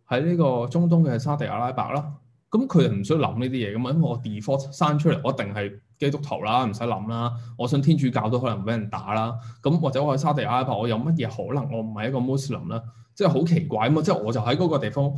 喺呢個中東嘅沙特阿拉伯啦，咁佢哋唔需要諗呢啲嘢咁啊，因為我 default 生出嚟，我一定係。基督徒啦，唔使諗啦。我相信天主教都可能唔俾人打啦。咁或者我去沙地阿拉伯，我有乜嘢可能我唔係一個穆斯林啦，即係好奇怪嘛。即係我就喺嗰個地方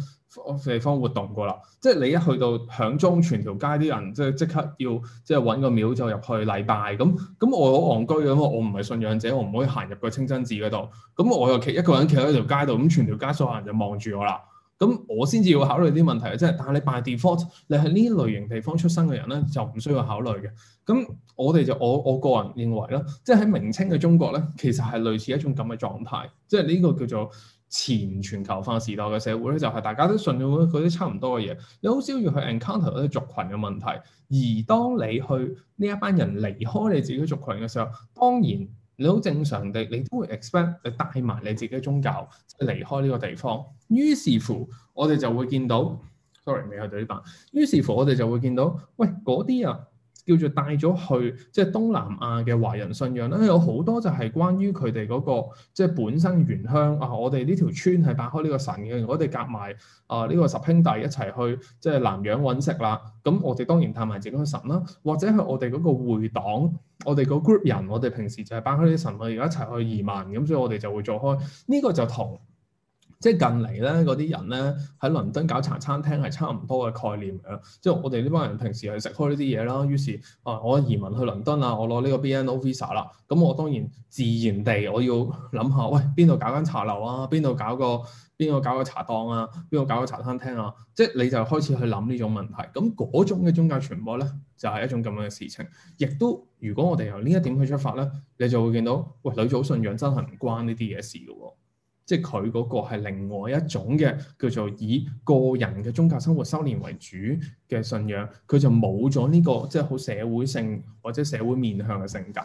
地方活動過啦。即係你一去到響中，全條街啲人即係即刻要即係揾個廟就入去禮拜咁。咁我好戇居咁，我唔係信仰者，我唔可以行入個清真寺嗰度。咁我又企一個人企喺條街度，咁全條街所有人就望住我啦。咁我先至要考慮啲問題，即係，但係你 by default 你係呢類型地方出生嘅人咧，就唔需要考慮嘅。咁我哋就我我個人認為啦，即係喺明清嘅中國咧，其實係類似一種咁嘅狀態，即係呢個叫做前全球化時代嘅社會咧，就係、是、大家都信咗嗰啲差唔多嘅嘢，你好少要去 encounter 嗰啲族群嘅問題。而當你去呢一班人離開你自己嘅族群嘅時候，當然。你好正常地，你都會 expect 你帶埋你自己嘅宗教離開呢個地方。於是乎，我哋就會見到 ，sorry，未去到呢度。於是乎，我哋就會見到，喂，嗰啲啊叫做帶咗去即係東南亞嘅華人信仰啦、哎。有好多就係關於佢哋嗰個即係本身原鄉啊。我哋呢條村係拜開呢個神嘅，如果我哋夾埋啊呢、呢個十兄弟一齊去即係南洋揾食啦。咁我哋當然帶埋自己個神啦、啊，或者係我哋嗰個會黨。我哋個 group 人，我哋平時就係班開啲神去而家一齊去移民，咁所以我哋就會做開呢、呢個就同。即係近嚟咧，嗰啲人咧喺倫敦搞茶餐廳係差唔多嘅概念㗎。即係我哋呢班人平時係食開呢啲嘢啦，於是啊，我移民去倫敦啊，我攞呢個 BNO Visa 啦，咁我當然自然地我要諗下，喂邊度搞緊茶樓啊，邊度搞個邊個搞個茶檔啊，邊個搞個茶餐廳啊？即係你就開始去諗呢種問題。咁嗰種嘅宗教傳播咧，就係、是、一種咁樣嘅事情。亦都如果我哋由呢一點去出發咧，你就會見到，喂，呂祖信仰真係唔關呢啲嘢事㗎喎。即係佢嗰個係另外一種嘅叫做以個人嘅宗教生活修煉為主嘅信仰，佢就冇咗呢個即係好社會性或者社會面向嘅性格。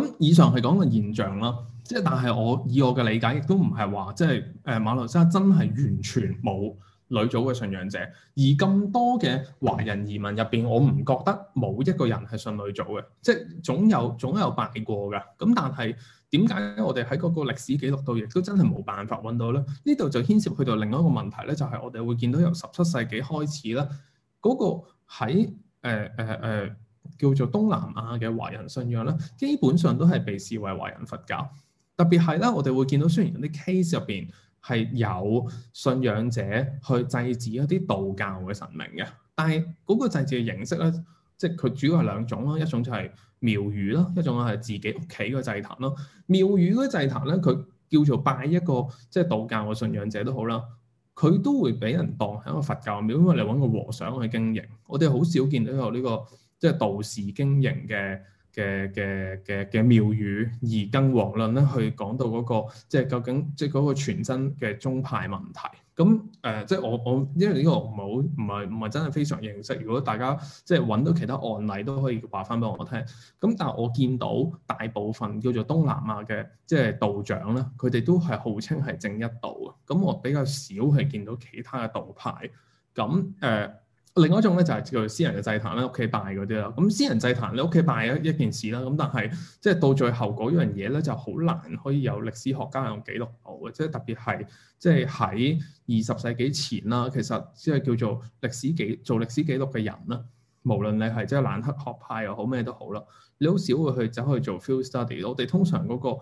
咁以上係講嘅現象啦，即係但係我以我嘅理解亦都唔係話即係誒馬來西亞真係完全冇呂祖嘅信仰者，而咁多嘅華人移民入邊，我唔覺得冇一個人係信呂祖嘅，即係總有總有拜過㗎。咁但係。點解我哋喺嗰個歷史記錄度，亦都真係冇辦法揾到咧？呢度就牽涉去到另外一個問題咧，就係、是、我哋會見到由十七世紀開始咧，嗰、那個喺誒誒誒叫做東南亞嘅華人信仰咧，基本上都係被視為華人佛教。特別係咧，我哋會見到雖然啲 case 入邊係有信仰者去祭祀一啲道教嘅神明嘅，但係嗰個祭祀嘅形式咧。即係佢主要係兩種啦，一種就係廟宇啦，一種係自己屋企個祭壇咯。廟宇嗰個祭壇咧，佢叫做拜一個即係道教嘅信仰者都好啦，佢都會俾人當係一個佛教廟咁嚟揾個和尚去經營。我哋好少見到有、這、呢個即係、就是、道士經營嘅。嘅嘅嘅嘅妙語而更遑論咧，去講到嗰、那個即係究竟即係嗰個全真嘅宗派問題。咁誒、呃，即係我我因為呢個唔係好唔係唔係真係非常認識。如果大家即係揾到其他案例都可以話翻俾我聽。咁，但我見到大部分叫做東南亞嘅即係道長咧，佢哋都係號稱係正一道啊。咁我比較少係見到其他嘅道派。咁誒。呃另外一種咧就係、是、叫做私人嘅祭壇啦，屋企拜嗰啲啦。咁私人祭壇你屋企拜，一一件事啦。咁但係即係到最後嗰樣嘢咧，就好難可以有歷史學家有記錄到嘅。即係特別係即係喺二十世紀前啦，其實即係叫做歷史記做歷史記錄嘅人啦，無論你係即係蘭克學派又好咩都好啦，你好少會去走去做 field study。我哋通常嗰、那個。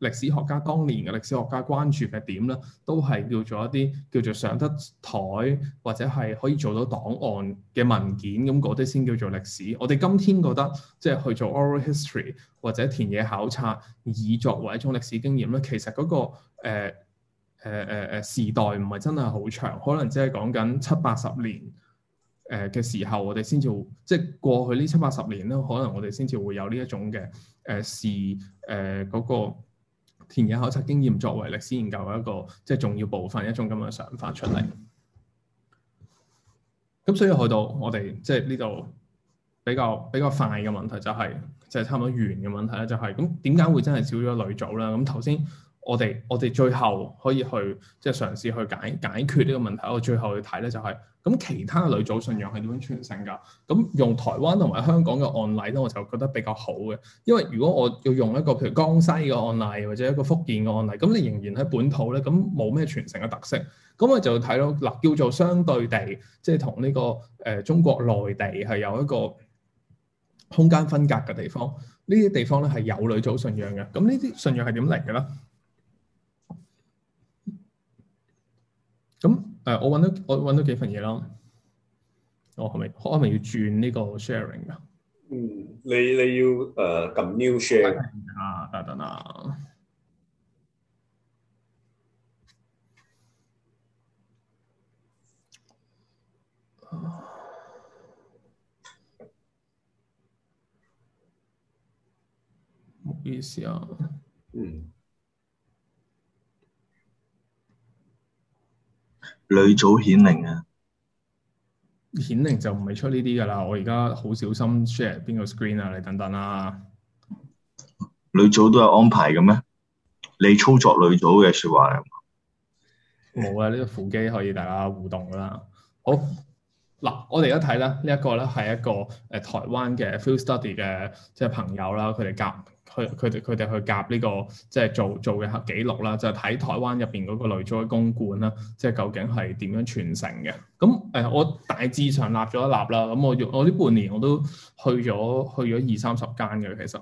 歷史學家當年嘅歷史學家關注嘅點咧，都係叫做一啲叫做上得台或者係可以做到檔案嘅文件咁，嗰啲先叫做歷史。我哋今天覺得即係去做 oral history 或者田野考察，以作為一種歷史經驗咧，其實嗰、那個誒誒誒誒時代唔係真係好長，可能只係講緊七八十年誒嘅、呃、時候我，我哋先至即係過去呢七八十年咧，可能我哋先至會有呢一種嘅誒、呃、時誒嗰、呃那個田野考察經驗作為歷史研究嘅一個即係、就是、重要部分，一種咁嘅想法出嚟。咁所以去到我哋即係呢度比較比較快嘅問題、就是，就係就係差唔多圓嘅問題啦、就是。就係咁點解會真係少咗呂祖咧？咁頭先。我哋我哋最後可以去即係、就是、嘗試去解解決呢個問題。我最後去睇咧就係、是、咁，其他呂祖信仰係點樣傳承㗎？咁用台灣同埋香港嘅案例咧，我就覺得比較好嘅。因為如果我要用一個譬如江西嘅案例或者一個福建嘅案例，咁你仍然喺本土咧，咁冇咩傳承嘅特色。咁我就睇到嗱，叫做相對地，即係同呢個誒、呃、中國內地係有一個空間分隔嘅地方。呢啲地方咧係有呂祖信仰嘅。咁呢啲信仰係點嚟嘅咧？咁誒，我揾到我揾到幾份嘢啦、哦。我係咪我係咪要轉呢個 sharing 噶？嗯，你你要誒撳、uh, new share 啊！得啦得啦。唔、啊、 好意思啊。嗯。呂祖顯靈啊！顯靈就唔係出呢啲㗎喇，我而家好小心 share 邊個 screen 啊，你等等啦。呂祖都有安排嘅咩？你操作呂祖嘅說話係冇、嗯、啊？呢、這個扶乩可以大家互動啦。好嗱，我哋而家睇啦。呢、這個、一個咧係一個誒台灣嘅 field study 嘅即係朋友啦，佢哋夾。佢佢哋佢哋去夾呢個即係做做嘅記錄啦，就係睇台灣入邊嗰個呂祖公館啦，即係究竟係點樣傳承嘅？咁誒，我大致上立咗一立啦。咁我我呢半年我都去咗去咗二三十間嘅，其實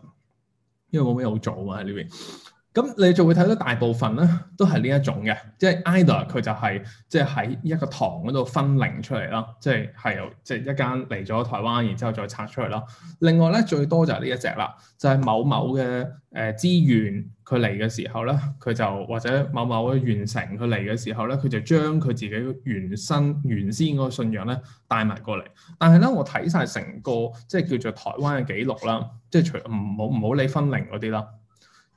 因為冇咩好做啊嘛喺呢邊。咁你就會睇到大部分咧，都係呢一種嘅，即係 Either 佢就係即係喺一個堂嗰度分靈出嚟啦，即係係由即係、就是、一間嚟咗台灣，然之後再拆出嚟啦。另外咧，最多就係呢一隻啦，就係、是、某某嘅誒、呃、資源佢嚟嘅時候咧，佢就或者某某嘅完成佢嚟嘅時候咧，佢就將佢自己原生原先嗰個信仰咧帶埋過嚟。但係咧，我睇晒成個即係叫做台灣嘅記錄啦，即係除唔好唔好理分靈嗰啲啦。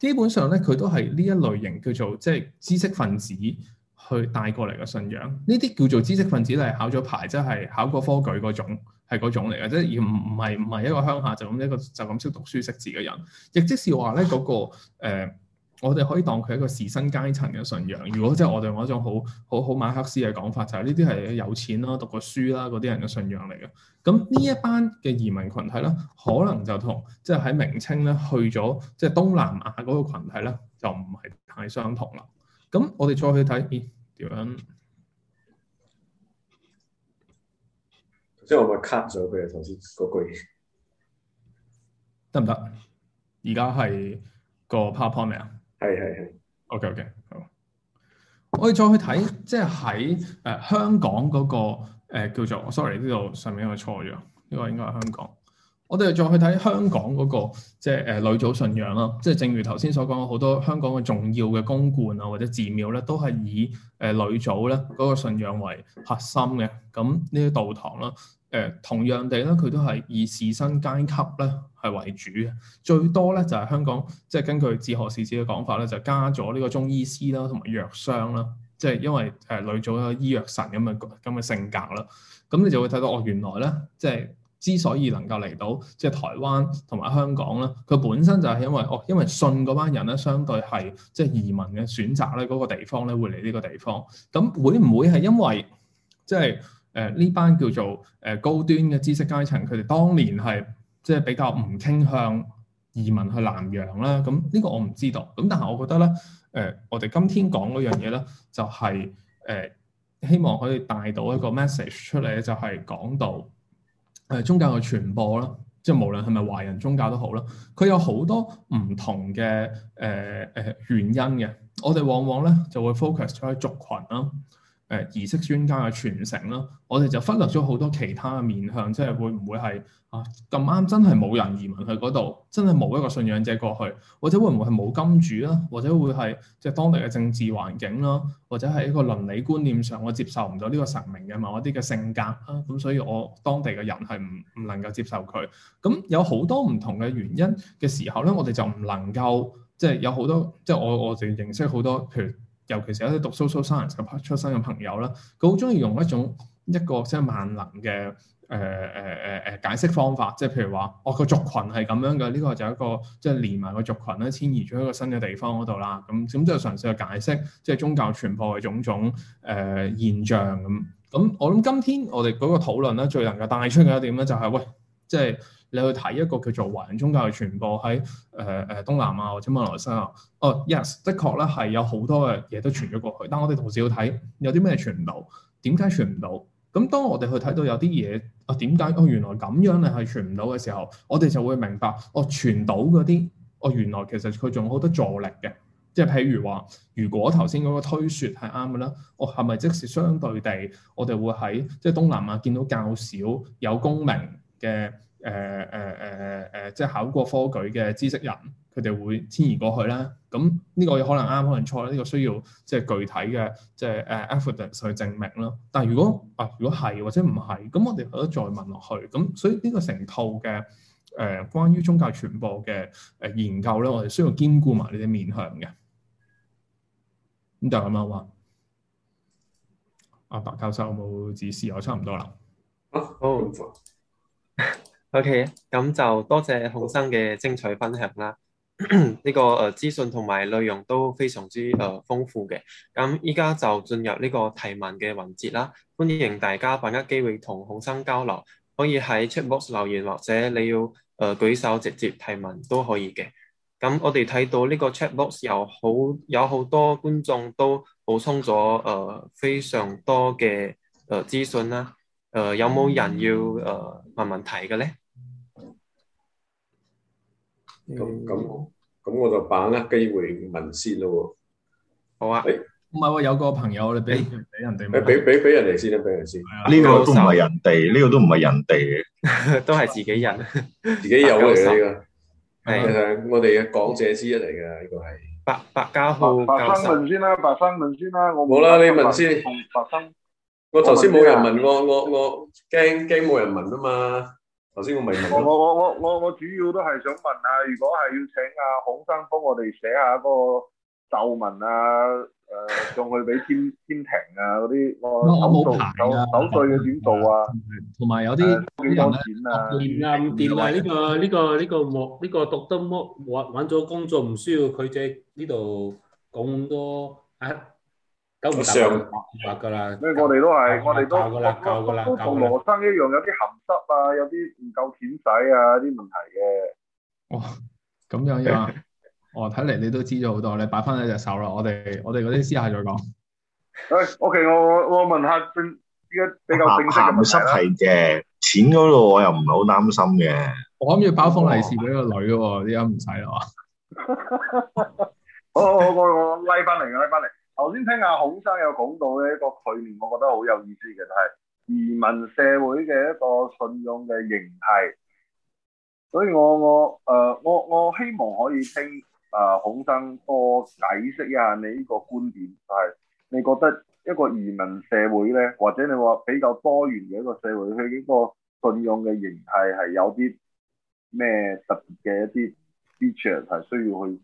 基本上咧，佢都係呢一類型叫做即係知識分子去帶過嚟嘅信仰，呢啲叫做知識分子，就係考咗牌，即係考過科舉嗰種，係嗰種嚟嘅，即係而唔唔係唔係一個鄉下就咁一個就咁識讀書識字嘅人，亦即是話咧嗰個、呃我哋可以當佢係一個士紳階層嘅信仰。如果即係我哋用一種好好好馬克思嘅講法，就係呢啲係有錢咯、讀過書啦嗰啲人嘅信仰嚟嘅。咁呢一班嘅移民群體咧，可能就同即係喺明清咧去咗即係東南亞嗰個羣體咧，就唔係太相同啦。咁我哋再去睇欸、點樣？頭先我咪 cut 咗佢啊！頭先嗰句得唔得？而家係個 PowerPoint 啊？係係係，OK OK，好。我哋再去睇，即係喺誒香港嗰、那個叫做，sorry，呢度上面我錯咗，呢個應該係香港、那個。我哋再去睇香港嗰個即係誒呂祖信仰咯，即係正如頭先所講，好多香港嘅重要嘅宮觀啊，或者寺廟咧，都係以誒、呃、呂祖咧嗰、那個信仰為核心嘅，咁呢啲道堂咯。誒同樣地咧，佢都係以士紳階級咧係為主嘅，最多咧就係香港，即係根據《治學士志》嘅講法咧，就加咗呢個中醫師啦，同埋藥商啦，即係因為誒呂、呃、祖有醫藥神咁嘅咁嘅性格啦，咁你就會睇到哦，原來咧，即係之所以能夠嚟到即係台灣同埋香港咧，佢本身就係因為哦，因為信嗰班人咧，相對係即係移民嘅選擇咧，嗰個地方咧會嚟呢個地方，咁會唔會係因為即係？誒呢、呃、班叫做誒、呃、高端嘅知識階層，佢哋當年係即係比較唔傾向移民去南洋啦。咁、嗯、呢、這個我唔知道。咁但係我覺得咧，誒、呃、我哋今天講嗰樣嘢咧，就係、是、誒、呃、希望可以帶到一個 message 出嚟，就係、是、講到誒、呃、宗教嘅傳播啦。即係無論係咪華人宗教都好啦，佢有好多唔同嘅誒誒原因嘅。我哋往往咧就會 focus 喺族群啦、啊。誒、呃、儀式專家嘅傳承啦，我哋就忽略咗好多其他嘅面向，即係會唔會係啊咁啱真係冇人移民去嗰度，真係冇一個信仰者過去，或者會唔會係冇金主啦，或者會係即係當地嘅政治環境啦，或者係一個倫理觀念上我接受唔到呢個神明嘅某一啲嘅性格啊，咁所以我當地嘅人係唔唔能夠接受佢，咁有好多唔同嘅原因嘅時候咧，我哋就唔能夠即係有好多即係我我哋認識好多譬如。尤其是有啲讀 social science 嘅出生嘅朋友啦，佢好中意用一種一個即係萬能嘅誒誒誒誒解釋方法，即係譬如話，哦、這個族群係咁樣嘅，呢、這個就一個即係、就是、連埋個族群咧遷移咗一個新嘅地方嗰度啦，咁咁都係嘗試去解釋即係宗教傳播嘅種種誒、呃、現象咁。咁我諗今天我哋嗰個討論咧，最能夠帶出嘅一點咧、就是，就係喂，即係。你去睇一個叫做華人宗教嘅傳播喺誒誒東南亞或者馬來西亞哦，oh，yes，的確咧係有好多嘅嘢都傳咗過去。但係我哋同時要睇有啲咩傳唔到，點解傳唔到？咁當我哋去睇到有啲嘢啊，點解哦原來咁樣咧係傳唔到嘅時候，我哋就會明白哦，傳到嗰啲哦原來其實佢仲有好多助力嘅，即係譬如話，如果頭先嗰個推說係啱嘅咧，我係咪即使相對地我哋會喺即係東南亞見到較少有功名嘅？誒誒誒誒，即係考過科舉嘅知識人，佢哋會遷移過去啦。咁呢個可能啱可能錯啦，呢、這個需要即係具體嘅即係誒 evidence 去證明咯。但係如果啊，如果係或者唔係，咁我哋可以再問落去。咁所以呢個成套嘅誒、呃、關於宗教傳播嘅誒研究咧，我哋需要兼顧埋呢啲面向嘅。咁就咁樣話。阿白教授有冇指示我差唔多啦？啊，好 O.K. 咁就多謝孔生嘅精彩分享啦，呢、 呢個誒、呃、資訊同埋內容都非常之誒豐、呃、富嘅。咁依家就進入呢個提問嘅環節啦，歡迎大家把握機會同孔生交流，可以喺 chat box 留言或者你要誒、呃、舉手直接提問都可以嘅。咁我哋睇到呢個 chat box 有好有好多觀眾都補充咗誒、呃、非常多嘅誒、呃、資訊啦。誒、呃、有冇人要誒、呃、問，問問題嘅咧？咁咁咁，我就把握機會問先咯。好啊，唔係我有個朋友你俾俾人哋，誒，俾俾俾人哋先啦，俾人先。呢個都唔係人哋，呢個都唔係人哋嘅，都係自己人，自己有嚟嘅。係啊，我哋嘅講者之一嚟嘅呢個係白白嘉浩白生文先啦，白生文先啦，我冇啦，你問先。白生，我頭先冇人問我，我我驚驚冇人問啊嘛。頭先我明，我我我我我主要都係想問下，如果係要請阿孔生幫我哋寫下嗰個咒文啊，誒、呃，送去俾天天庭啊嗰啲，我冇到手手碎嘅點做啊？同埋有啲幾多錢啊？啱啲，因為呢個呢個呢個莫呢個獨得莫搵搵咗工作，唔需要佢借呢度咁多啊。都唔上落噶啦，所以、嗯、我哋都係，我哋都，了都同羅了生一樣，了有啲鹹濕啊，有啲唔夠錢使啊，啲問題嘅。哇，咁樣樣，哦，睇嚟你都知咗好多，你擺翻喺隻手啦，我哋我哋嗰啲私下再講。誒、哎 okay,，我其實我我問下正，依家比較正式嘅。鹹鹹濕係嘅，錢嗰度我又唔係好擔心嘅。我諗住包封利是俾個女喎，依家唔使啦。我我我拉翻嚟，拉翻嚟。頭先聽阿孔生有講到呢一個概念，我覺得好有意思嘅就係移民社會嘅一個信用嘅形態，所以我我誒我我希望可以聽啊孔生多解釋一下你呢個觀點，就係你覺得一個移民社會咧，或者你話比較多元嘅一個社會，佢呢個信用嘅形態係有啲咩特別嘅一啲 feature 係需要去？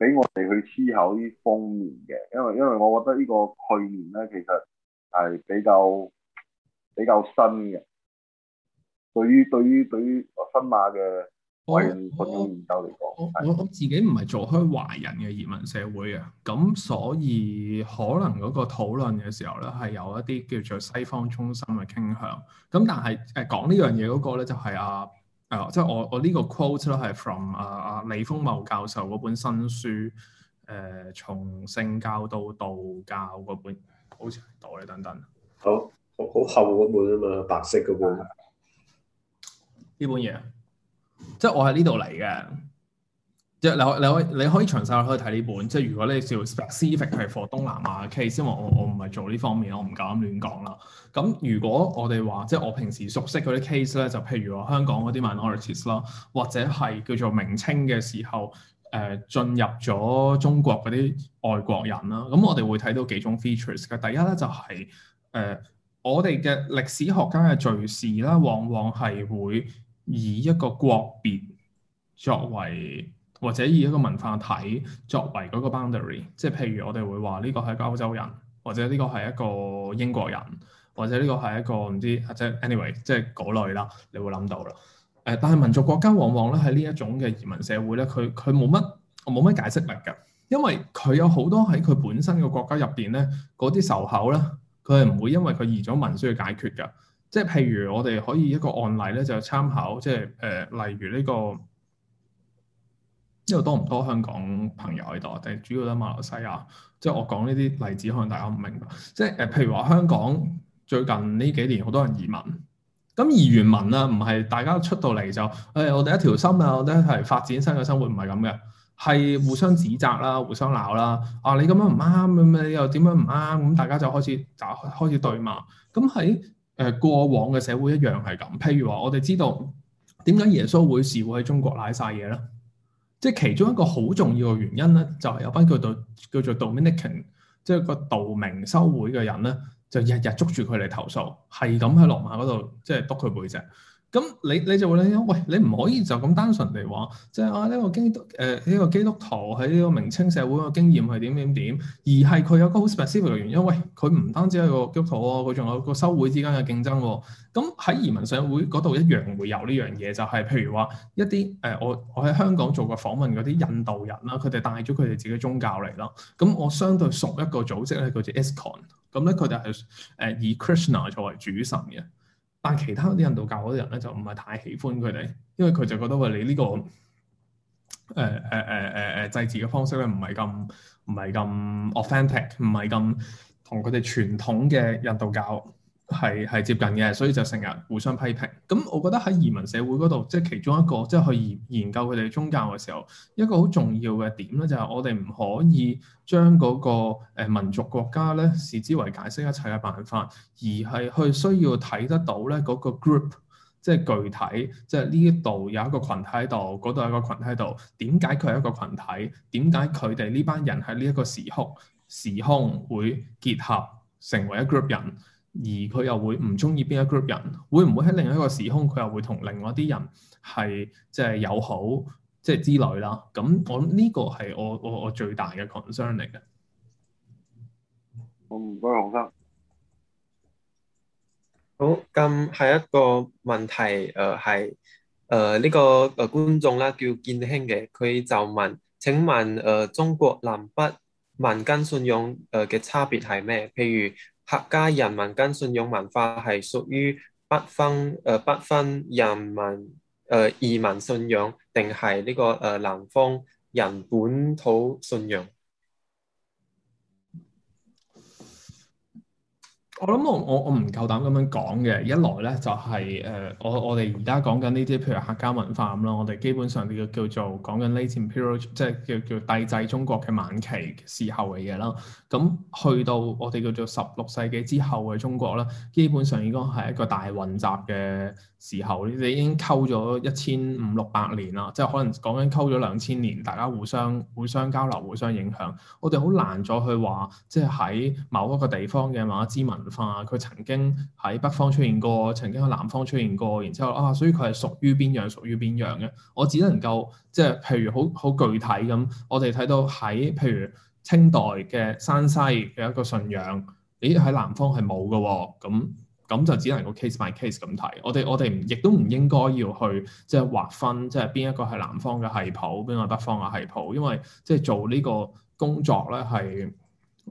俾我哋去思考呢方面嘅。因為因為我覺得呢個概念咧其實係比較比較新嘅，對於對於對於新馬嘅華人研究嚟講，我是我，我，我，我自己唔係做開華人嘅移民社會啊，咁所以可能嗰個討論嘅時候咧係有一啲叫做西方中心嘅傾向，咁但係誒講呢樣嘢嗰個咧就係、是、啊。誒，即係、哦、我我呢個 quote 咧係 from 阿阿李豐茂教授嗰本新書，誒、呃、從聖教到道教嗰本，好似係道理等等。好、哦，好好厚嗰本啊嘛，白色嗰本。呢、啊、本嘢，即係我喺呢度嚟嘅。即係你可你可你可以詳細去睇呢本，即係如果你要 specific 係 for 東南亞 case，因為我我唔係做呢方面，我唔敢亂講啦。咁如果我哋話，即係我平時熟悉嗰啲 case 咧，就譬如話香港嗰啲 minorities 啦，或者係叫做明清嘅時候，誒、呃、進入咗中國嗰啲外國人啦，咁我哋會睇到幾種 features 嘅，第一咧就係、是、誒、呃、我哋嘅歷史學家嘅敘事啦，往往係會以一個國別作為，或者以一個文化體作為嗰個 boundary，即係譬如我哋會話呢個係個歐洲人，或者呢個係一個英國人，或者呢個係一個唔知或者 anyway 即係嗰類啦，你會諗到啦。誒、呃，但係民族國家往往咧喺呢一種嘅移民社會咧，佢佢冇乜冇乜解釋力㗎，因為佢有好多喺佢本身嘅國家入邊咧嗰啲仇口咧，佢係唔會因為佢移咗民需要解決㗎。即係譬如我哋可以一個案例咧就參考，即係誒、呃、例如呢個。之後多唔多香港朋友喺度，定主要咧馬來西亞？即係我講呢啲例子，可能大家唔明白。即係誒、呃，譬如話香港最近呢幾年好多人移民，咁移完民啦，唔係大家出到嚟就誒、哎，我哋一條心啊，我哋係發展新嘅生活，唔係咁嘅，係互相指責啦、啊，互相鬧啦、啊。啊，你咁樣唔啱，咁你又點樣唔啱？咁大家就開始就開始對罵。咁喺誒過往嘅社會一樣係咁。譬如話我哋知道點解耶穌會時會喺中國瀨晒嘢咧？即係其中一個好重要嘅原因咧，就係、是、有班叫做叫做 Dominican 即係個道明修會嘅人咧，就日日捉住佢嚟投訴，係咁喺羅馬嗰度即係督佢背脊。咁你你就會諗，喂，你唔可以就咁單純嚟話，即係啊呢個基督誒呢個基督徒喺呢個明清社會嘅經驗係點點點，而係佢有個好 specific 嘅原因，喂，佢唔單止係個基督徒，佢仲有個修會之間嘅競爭。咁喺移民社會嗰度一樣會有呢樣嘢，就係譬如話一啲誒我我喺香港做過訪問嗰啲印度人啦，佢哋帶咗佢哋自己宗教嚟啦。咁我相對熟一個組織咧，佢叫 ISKCON，咁咧佢哋係誒以 Krishna 作為主神嘅。但其他啲印度教嗰啲人咧就唔係太喜歡佢哋，因為佢就覺得話你呢個誒誒誒誒誒祭祀嘅方式咧唔係咁唔係咁 authentic，唔係咁同佢哋傳統嘅印度教。係係接近嘅，所以就成日互相批評。咁我覺得喺移民社會嗰度，即係其中一個即係去研研究佢哋宗教嘅時候，一個好重要嘅點咧，就係我哋唔可以將嗰個民族國家咧視之為解釋一切嘅辦法，而係去需要睇得到咧嗰個 group，即係具體，即係呢度有一個群體喺度，嗰度有一個群體喺度。點解佢係一個群體？點解佢哋呢班人喺呢一個時空時空會結合成為一 group 人？而佢又會唔中意邊一 group 人？會唔會喺另一個時空佢又會同另外一啲人，係即係友好即係之類啦？咁我諗呢個係我我我最大嘅 concern 嚟嘅。我唔該黃生。好，咁下一個問題，誒係誒呢個誒觀眾啦，叫建興嘅，佢就問：請問誒、呃、中國南北民間信仰誒嘅、呃、差別係咩？譬如，客家人民跟信仰文化係屬於北方，誒、呃、北方人民誒、呃、移民信仰定係呢個誒、呃、南方人本土信仰？我諗我我唔夠膽咁樣講嘅，一來咧就係、是、誒、呃，我我哋而家講緊呢啲譬如客家文化咁啦、嗯，我哋基本上要叫做講緊 late imperial，即係叫叫帝制中國嘅晚期時候嘅嘢啦。咁去到我哋叫做十六世紀之後嘅中國啦，基本上已經係一個大混雜嘅時候，你已經溝咗一千五六百年啦，即係可能講緊溝咗兩千年，大家互相互相交流、互相影響，我哋好難再去話，即係喺某一個地方嘅某一支民。佢曾經喺北方出現過，曾經喺南方出現過，然之後啊，所以佢係屬於邊樣屬於邊樣嘅？我只能夠即係譬如好好具體咁，我哋睇到喺譬如清代嘅山西嘅一個信仰，咦喺南方係冇嘅喎，咁咁就只能夠 case by case 咁睇。我哋我哋亦都唔應該要去即係劃分，即係邊一個係南方嘅系譜，邊個係北方嘅系譜，因為即係做呢個工作咧係。誒誒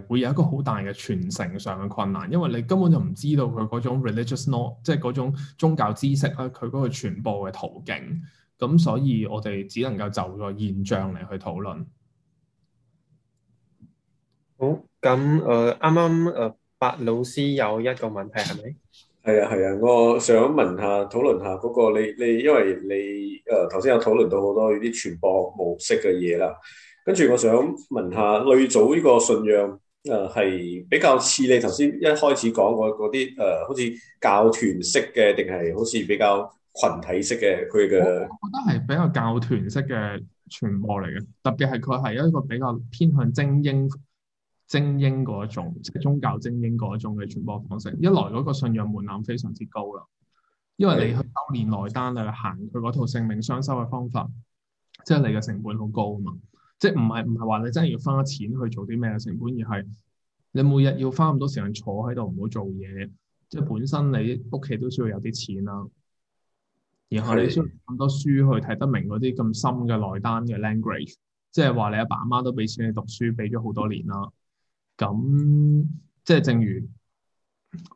誒，會有一個好大嘅傳承上嘅困難，因為你根本就唔知道佢嗰種 religious knowledge，即係嗰種宗教知識啦，佢嗰個傳播嘅途徑，咁所以我哋只能夠就個現象嚟去討論。好，咁誒，啱啱誒，白老師有一個問題係咪？係啊，係啊，我想問下，討論下嗰個你你，因為你誒頭先有討論到好多呢啲傳播模式嘅嘢啦。跟住我想問下呂祖呢個信仰，誒、呃、係比較似你頭先一開始講嗰嗰啲誒，好似教團式嘅，定係好似比較群體式嘅佢嘅？我覺得係比較教團式嘅傳播嚟嘅，特別係佢係一個比較偏向精英精英嗰種，即係宗教精英嗰種嘅傳播方式。一來嗰個信仰門檻非常之高啦，因為你去九年內丹嚟行佢嗰套性命雙修嘅方法，即、就、係、是、你嘅成本好高啊嘛～即係唔係唔係話你真係要花錢去做啲咩成本，而係你每日要花咁多時間坐喺度唔好做嘢。即係本身你屋企都需要有啲錢啦，然後你需要咁多書去睇得明嗰啲咁深嘅內丹嘅 language。即係話你阿爸阿媽都俾錢你讀書，俾咗好多年啦。咁即係正如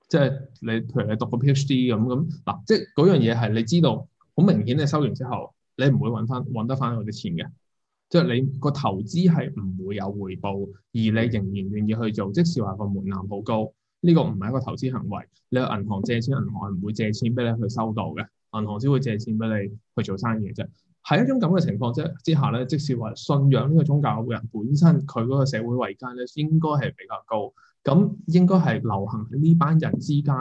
即係你，譬如你讀個 PhD 咁咁嗱，即係嗰樣嘢係你知道好明顯你收完之後你唔會搵翻搵得翻嗰啲錢嘅。即係你個投資係唔會有回報，而你仍然願意去做，即使話個門檻好高，呢、這個唔係一個投資行為。你去銀行借錢，銀行係唔會借錢俾你去收到嘅，銀行先會借錢俾你去做生意啫。喺一種咁嘅情況即之下咧，即使話信仰呢個宗教嘅人本身佢嗰個社會位階咧，應該係比較高，咁應該係流行喺呢班人之間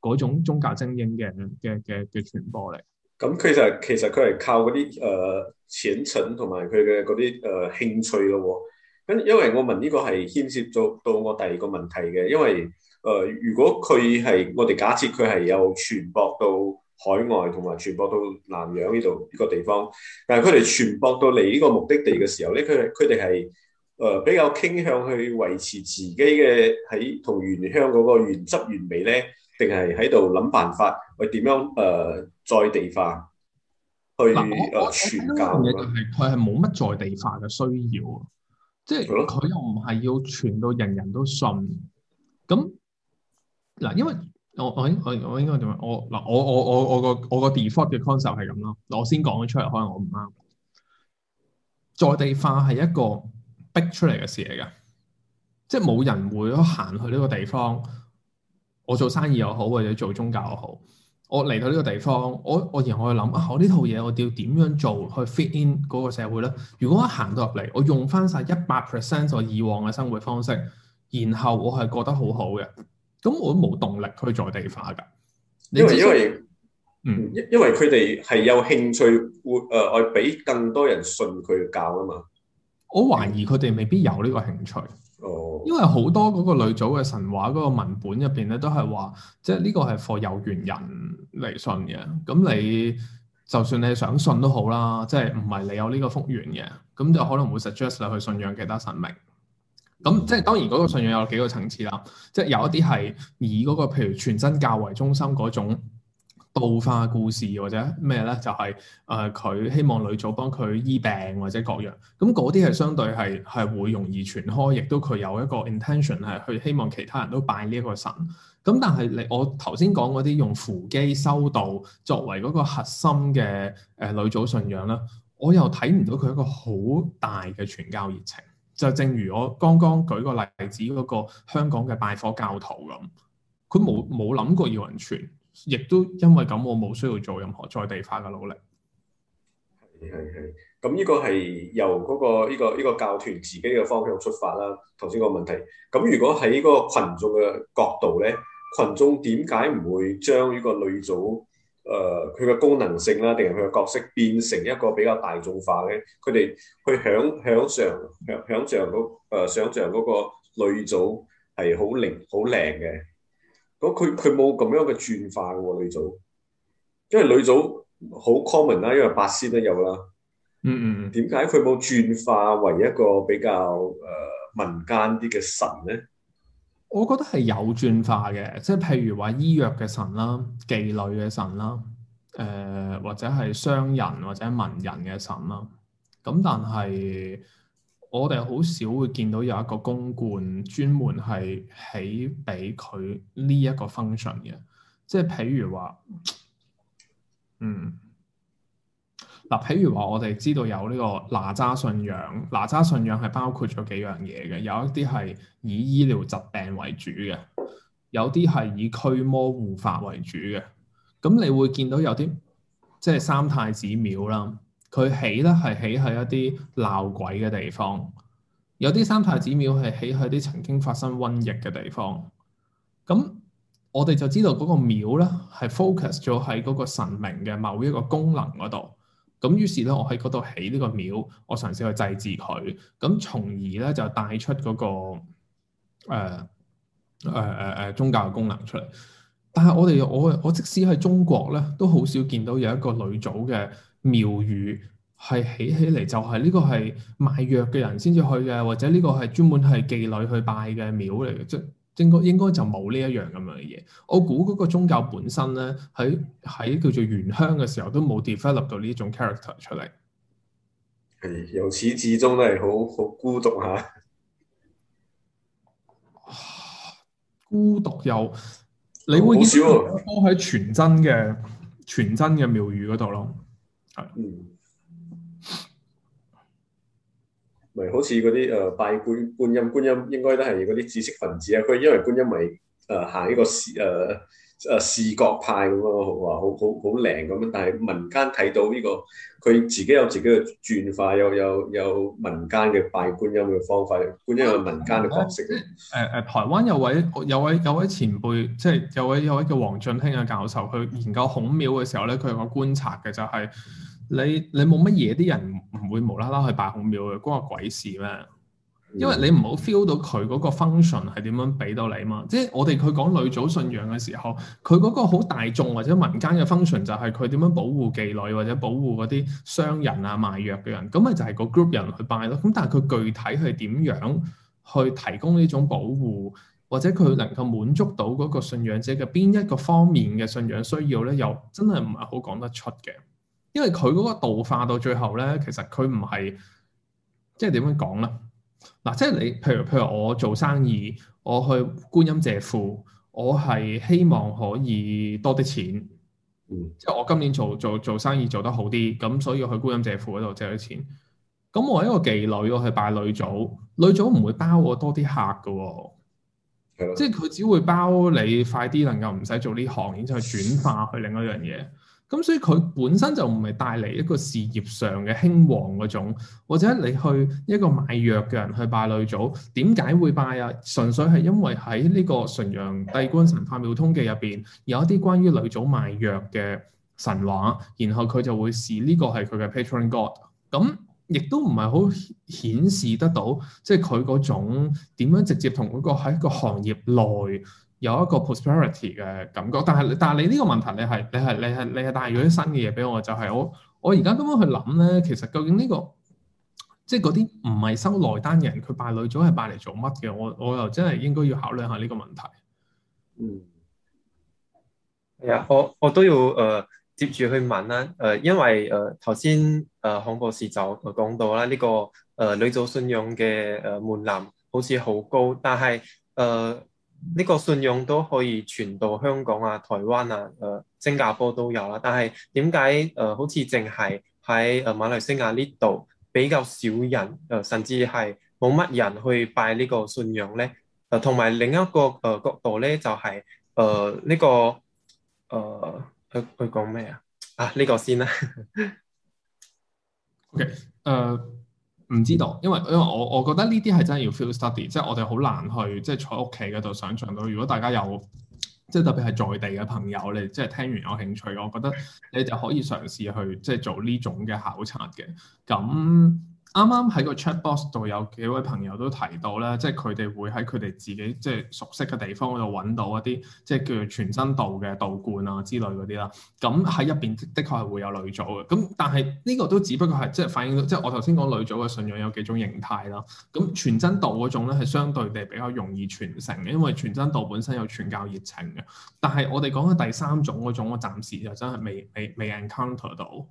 嗰種宗教精英嘅嘅嘅嘅傳播嚟。咁其實其實佢係靠嗰啲誒淺層同埋佢嘅嗰啲誒興趣咯，咁因為我問呢個係牽涉到到我第二個問題嘅，因為誒、呃、如果佢係我哋假設佢係有傳播到海外同埋傳播到南洋呢度呢個地方，但係佢哋傳播到嚟呢個目的地嘅時候咧，佢佢哋係誒比較傾向去維持自己嘅喺同原鄉嗰個原汁原味咧，定係喺度諗辦法，喂點樣誒？呃在地化去誒傳教嘅，但係佢係冇乜在地化嘅需要，即係佢又唔係要傳到人人都信。咁嗱，因為我我我我應該點樣啊？我嗱，我我我我個我個 default 嘅 concept 係咁咯。我先講咗出嚟，可能我唔啱。在地化係一個逼出嚟嘅事嚟噶，即係冇人會行去呢個地方。我做生意又好，或者做宗教又好。我嚟到呢個地方，我我然後我去諗啊，我呢套嘢我要點樣做去 fit in 嗰個社會咧？如果我行到入嚟，我用翻晒一百 percent 我以往嘅生活方式，然後我係覺得好好嘅，咁我冇動力去在地化㗎。因為、嗯、因為嗯，因為佢哋係有興趣會誒、呃，我俾更多人信佢教啊嘛。我懷疑佢哋未必有呢個興趣。哦，因為好多嗰個呂祖嘅神話嗰個文本入邊咧，都係話，即係呢個係 for 有緣人嚟信嘅。咁你就算你想信都好啦，即係唔係你有呢個福緣嘅，咁就可能會 suggest 你去信仰其他神明。咁即係當然嗰個信仰有幾個層次啦，即係有一啲係以嗰個譬如全真教為中心嗰種。道化故事或者咩咧，就係誒佢希望呂祖幫佢醫病或者各樣，咁嗰啲係相對係係會容易傳開。亦都佢有一個 intention 係去希望其他人都拜呢一個神。咁但係你我頭先講嗰啲用扶乩修道作為嗰個核心嘅誒、呃、呂祖信仰咧，我又睇唔到佢一個好大嘅傳教熱情。就正如我剛剛舉個例子嗰、嗰個香港嘅拜火教徒咁，佢冇冇諗過要人傳。亦都因為咁，我冇需要做任何在地化嘅努力。係係係。咁呢、嗰個係由嗰呢個呢、呢個教團自己嘅方向出發啦。頭先個問題，咁如果喺嗰個羣眾嘅角度咧，群眾點解唔會將呢個呂祖誒佢嘅功能性啦，定係佢嘅角色變成一個比較大眾化咧？佢哋去想想像想像嗰、嗰、誒、個呃、想像嗰個呂祖係好靈好靚嘅。咁佢佢冇咁樣嘅轉化嘅喎，呂祖，因為呂祖好 common 啦，因為八仙都有啦。嗯嗯嗯。點解佢冇轉化為一個比較誒、呃、民間啲嘅神咧？我覺得係有轉化嘅，即係譬如話醫藥嘅神啦、妓女嘅神啦、誒、呃、或者係商人或者文人嘅神啦。咁但係。我哋好少會見到有一個公館專門係起俾佢呢一個 function 嘅，即係譬如話，嗯，嗱，譬如話我哋知道有呢個哪吒信仰，哪吒信仰係包括咗幾樣嘢嘅，有一啲係以醫療疾病為主嘅，有啲係以驅魔護法為主嘅，咁你會見到有啲即係三太子廟啦。佢起咧係起喺一啲鬧鬼嘅地方，有啲三太子廟係起喺啲曾經發生瘟疫嘅地方。咁我哋就知道嗰個廟咧係 focus 咗喺嗰個神明嘅某一個功能嗰度。咁於是咧，我喺嗰度起呢個廟，我嘗試去祭祀佢，咁從而咧就帶出嗰個誒誒誒宗教嘅功能出嚟。但係我哋我我即使喺中國咧，都好少見到有一個呂祖嘅。廟宇係起起嚟就係呢個係賣藥嘅人先至去嘅，或者呢個係專門係妓女去拜嘅廟嚟嘅，即係應該應該就冇呢一樣咁樣嘅嘢。我估嗰個宗教本身咧，喺喺叫做原鄉嘅時候都冇 develop 到呢種 character 出嚟。係由始至終都係好好孤獨吓、啊， 孤獨又你會少放喺全真嘅、啊、全真嘅廟宇嗰度咯。嗯，咪好似嗰啲誒拜觀觀音，觀音應該都係嗰啲知識分子啊。佢因為觀音咪誒行一個視誒誒視覺派咁咯，話好好好靈咁樣。但係民間睇到呢、這個佢自己有自己嘅轉化，有有有民間嘅拜觀音嘅方法。觀音有民間嘅角色嘅。誒、呃呃、台灣有位有位有位前輩，即、就、係、是、有位有位叫黃進興嘅教授，佢研究孔廟嘅時候咧，佢有個觀察嘅就係、是。你你冇乜嘢，啲人唔會無啦啦去拜孔廟嘅，關我鬼事咩？因為你唔好 feel 到佢嗰個 function 係點樣俾到你嘛！即係我哋佢講呂祖信仰嘅時候，佢嗰個好大眾或者民間嘅 function 就係佢點樣保護妓女或者保護嗰啲商人啊賣藥嘅人，咁咪就係個 group 人去拜咯。咁但係佢具體係點樣去提供呢種保護，或者佢能夠滿足到嗰個信仰者嘅邊一個方面嘅信仰需要咧，又真係唔係好講得出嘅。因為佢嗰個道化到最後咧，其實佢唔係即係點樣講咧？嗱，即係、啊、你譬如譬如我做生意，我去觀音借庫，我係希望可以多啲錢，即係我今年做做做生意做得好啲，咁所以去觀音借庫嗰度借咗啲錢。咁我係一個妓女，我去拜呂祖，呂祖唔會包我多啲客噶、哦，即係佢只會包你快啲能夠唔使做呢行，然之後轉化去另一樣嘢。咁、嗯、所以佢本身就唔係帶嚟一個事業上嘅興旺嗰種，或者你去一個賣藥嘅人去拜呂祖，點解會拜啊？純粹係因為喺呢個《純陽帝君神化妙通記》入邊有一啲關於呂祖賣藥嘅神話，然後佢就會視呢個係佢嘅 patron god、嗯。咁亦都唔係好顯示得到，即係佢嗰種點樣直接同嗰個喺個行業內。有一個 prosperity 嘅感覺，但係但係你呢個問題你，你係你係你係你係帶咗啲新嘅嘢俾我，就係、是、我我而家咁樣去諗咧，其實究竟呢、這個即係嗰啲唔係收內丹嘅人，佢拜呂祖係拜嚟做乜嘅？我我又真係應該要考慮下呢個問題。嗯，係啊、yeah，我我都要誒、呃、接住去問啦，誒、呃，因為誒頭先誒孔博士就、呃、講到啦，呢、這個誒、呃、呂祖信仰嘅誒門檻好似好高，但係誒，呃呢個信仰都可以傳到香港啊、台灣啊、誒新加坡都有啦，但係點解誒好似淨係喺誒馬來西亞呢度比較少人誒、呃，甚至係冇乜人去拜呢個信仰咧？誒、呃，同埋另一個誒、呃、角度咧，就係誒呢個誒佢佢講咩啊？啊、這、呢個先啦。 O.K. 誒、uh。唔知道，因為因為我我覺得呢啲係真係要 feel study，即係我哋好難去即係坐喺屋企嗰度想象到。如果大家有即係特別係在地嘅朋友，你即係聽完有興趣，我覺得你就可以嘗試去即係做呢種嘅考察嘅。咁。啱啱喺個 chat box 度有幾位朋友都提到咧，即係佢哋會喺佢哋自己即係、就是、熟悉嘅地方嗰度揾到一啲即係叫做全真道嘅道觀啊之類嗰啲啦。咁喺入邊的確係會有呂祖嘅。咁但係呢個都只不過係即係反映到，即、就、係、是、我頭先講呂祖嘅信仰有幾種形態啦。咁全真道嗰種咧係相對地比較容易傳承嘅，因為全真道本身有傳教熱情嘅。但係我哋講嘅第三種嗰種，我暫時就真係未未未 encounter 到。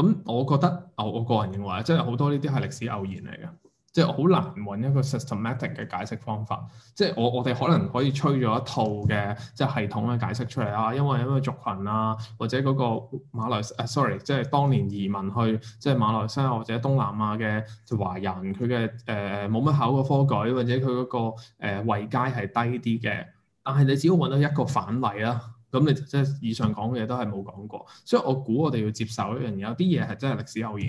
咁、嗯、我覺得啊，我個人認為啊，即係好多呢啲係歷史偶然嚟嘅，即係好難揾一個 systematic 嘅解釋方法。即係我我哋可能可以吹咗一套嘅即係系統嘅解釋出嚟啊，因為因為族群啊，或者嗰個馬來、啊、sorry，即係當年移民去即係馬來西亞或者東南亞嘅華人，佢嘅誒冇乜考過科舉，或者佢嗰、那個、呃、位階係低啲嘅。但係你只要揾到一個反例啦、啊。咁你即係、就是、以上講嘅嘢都係冇講過，所以我估我哋要接受一樣，有啲嘢係真係歷史偶然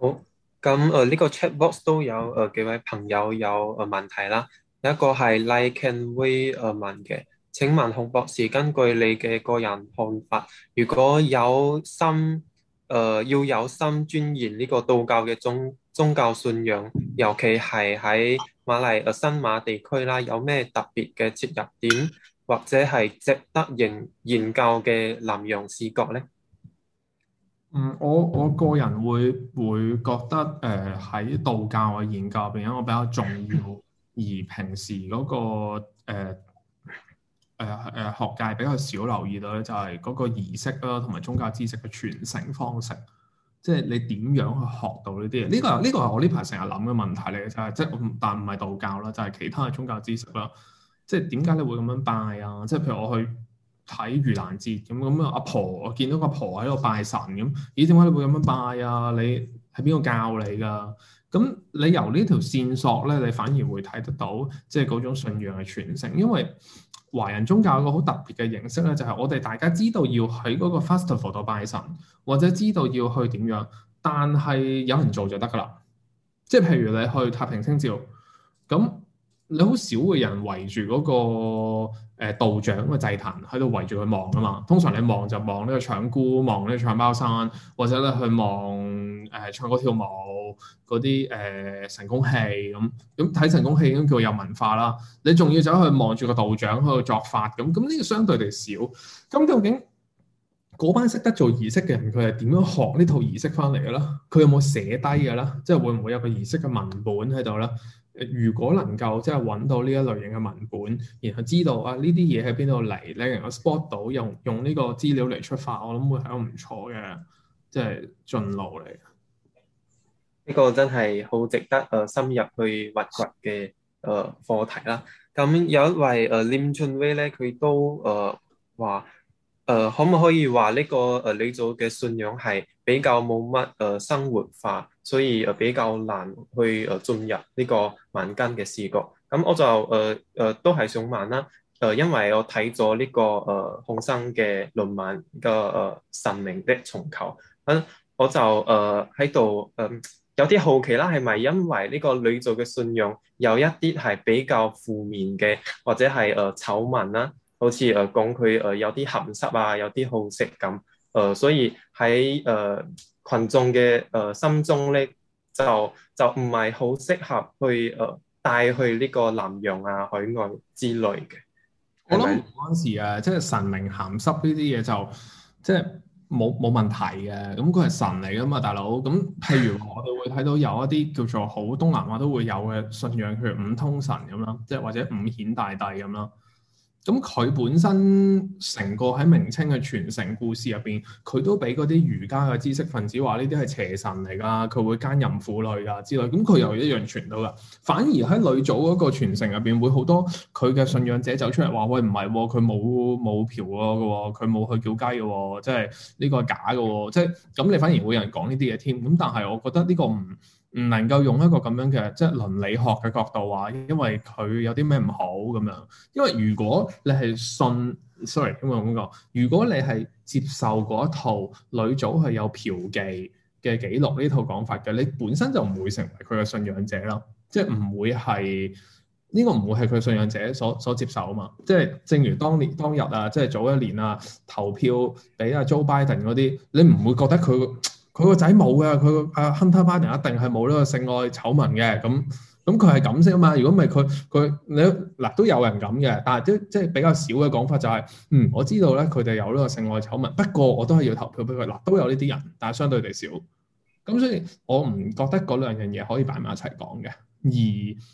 嘅。好，咁誒呢個 chat box 都有誒、呃、幾位朋友有誒、呃、問題啦，有一個係 l i k e a n We 誒、呃、問嘅，請問孔博士根據你嘅個人看法，如果有心誒、呃、要有心鑽研呢個道教嘅宗宗教信仰，尤其係喺馬來誒新馬地區啦，有咩特別嘅切入點？或者係值得研研究嘅南洋視角咧？嗯，我我個人會會覺得誒喺、呃、道教嘅研究入邊，一個比較重要 而平時嗰、那個誒誒誒學界比較少留意到咧，就係嗰個儀式啦、啊，同埋宗教知識嘅傳承方式，即、就、係、是、你點樣去學到呢啲嘢？呢、這個呢個係我呢排成日諗嘅問題嚟嘅，就係即係我唔但唔係道教啦，就係、是、其他嘅宗教知識啦。即係點解你會咁樣拜啊？即係譬如我去睇盂蘭節咁咁啊，阿婆我見到個阿婆喺度拜神咁，咦？點解你會咁樣拜啊？你係邊個教你噶？咁你由呢條線索咧，你反而會睇得到即係嗰種信仰嘅傳承。因為華人宗教有一個好特別嘅形式咧，就係我哋大家知道要喺嗰個 festival 度拜神，或者知道要去點樣，但係有人做就得噶啦。即係譬如你去太平清醮咁。你好少嘅人圍住嗰個誒道長嘅祭壇喺度圍住佢望啊嘛，通常你望就望呢個搶孤，望呢個搶包山，或者你去望誒唱歌跳舞嗰啲誒神功戲咁，咁睇神功戲已經叫有文化啦。你仲要走去望住個道長喺度作法咁，咁呢個相對地少。咁究竟嗰班識得做儀式嘅人，佢係點樣學呢套儀式翻嚟嘅咧？佢有冇寫低嘅咧？即係會唔會有個儀式嘅文本喺度咧？如果能夠即係揾到呢一類型嘅文本，然後知道啊呢啲嘢喺邊度嚟咧，然後 spot 到用用呢個資料嚟出發，我諗會係一個唔錯嘅，即係進路嚟。呢個真係好值得誒、呃、深入去挖掘嘅誒課題啦。咁有一位誒 Lim Chun Wei 咧，佢、呃、都誒話誒可唔可以話呢、這個誒、呃、呂祖嘅信仰係比較冇乜誒生活化？所以誒比較難去誒進入呢個民間嘅視角，咁我就誒誒、呃呃、都係想問啦，誒、呃、因為我睇咗呢個誒孔、呃、生嘅論文嘅誒神明的求」的重構，咁我就誒喺度誒有啲好奇啦，係咪因為呢個呂祖嘅信仰有一啲係比較負面嘅，或者係誒、呃、醜聞啦，好似誒講佢誒有啲鹹濕啊，有啲好色咁，誒、呃、所以喺誒。呃群眾嘅誒心中咧，就就唔係好適合去誒、呃、帶去呢個南洋啊、海外之類嘅。我諗嗰陣時啊，即係神明鹹濕呢啲嘢就即係冇冇問題嘅。咁佢係神嚟㗎嘛，大佬。咁譬如我哋會睇到有一啲叫做好東南亞都會有嘅信仰，譬如五通神咁啦，即係或者五顯大帝咁啦。咁佢本身成個喺明清嘅傳承故事入邊，佢都俾嗰啲儒家嘅知識分子話呢啲係邪神嚟㗎，佢會奸淫婦女啊之類，咁佢又一樣傳到㗎。反而喺呂祖嗰個傳承入邊，會好多佢嘅信仰者走出嚟話：喂，唔係喎，佢冇冇嫖啊嘅喎、哦，佢冇去叫雞嘅喎、哦，即係呢個係假嘅喎、哦，即係咁你反而會有人講呢啲嘢添。咁但係我覺得呢個唔。唔能夠用一個咁樣嘅即係倫理學嘅角度話，因為佢有啲咩唔好咁樣。因為如果你係信 ，sorry，因為咁講，如果你係接受嗰一套呂祖係有嫖妓嘅記錄呢套講法嘅，你本身就唔會成為佢嘅信仰者咯。即係唔會係呢、呢個唔會係佢信仰者所所接受啊嘛。即係正如當年當日啊，即係早一年啊，投票俾阿 Joe Biden 嗰啲，你唔會覺得佢。佢個仔冇噶，佢阿 Hunter Biden 一定係冇呢個性愛醜聞嘅。咁咁佢係咁先啊嘛。如果唔係佢佢你嗱都有人咁嘅，但係都即係比較少嘅講法就係、是，嗯，我知道咧佢哋有呢個性愛醜聞，不過我都係要投票俾佢。嗱都有呢啲人，但係相對地少。咁所以我唔覺得嗰兩樣嘢可以擺埋一齊講嘅。而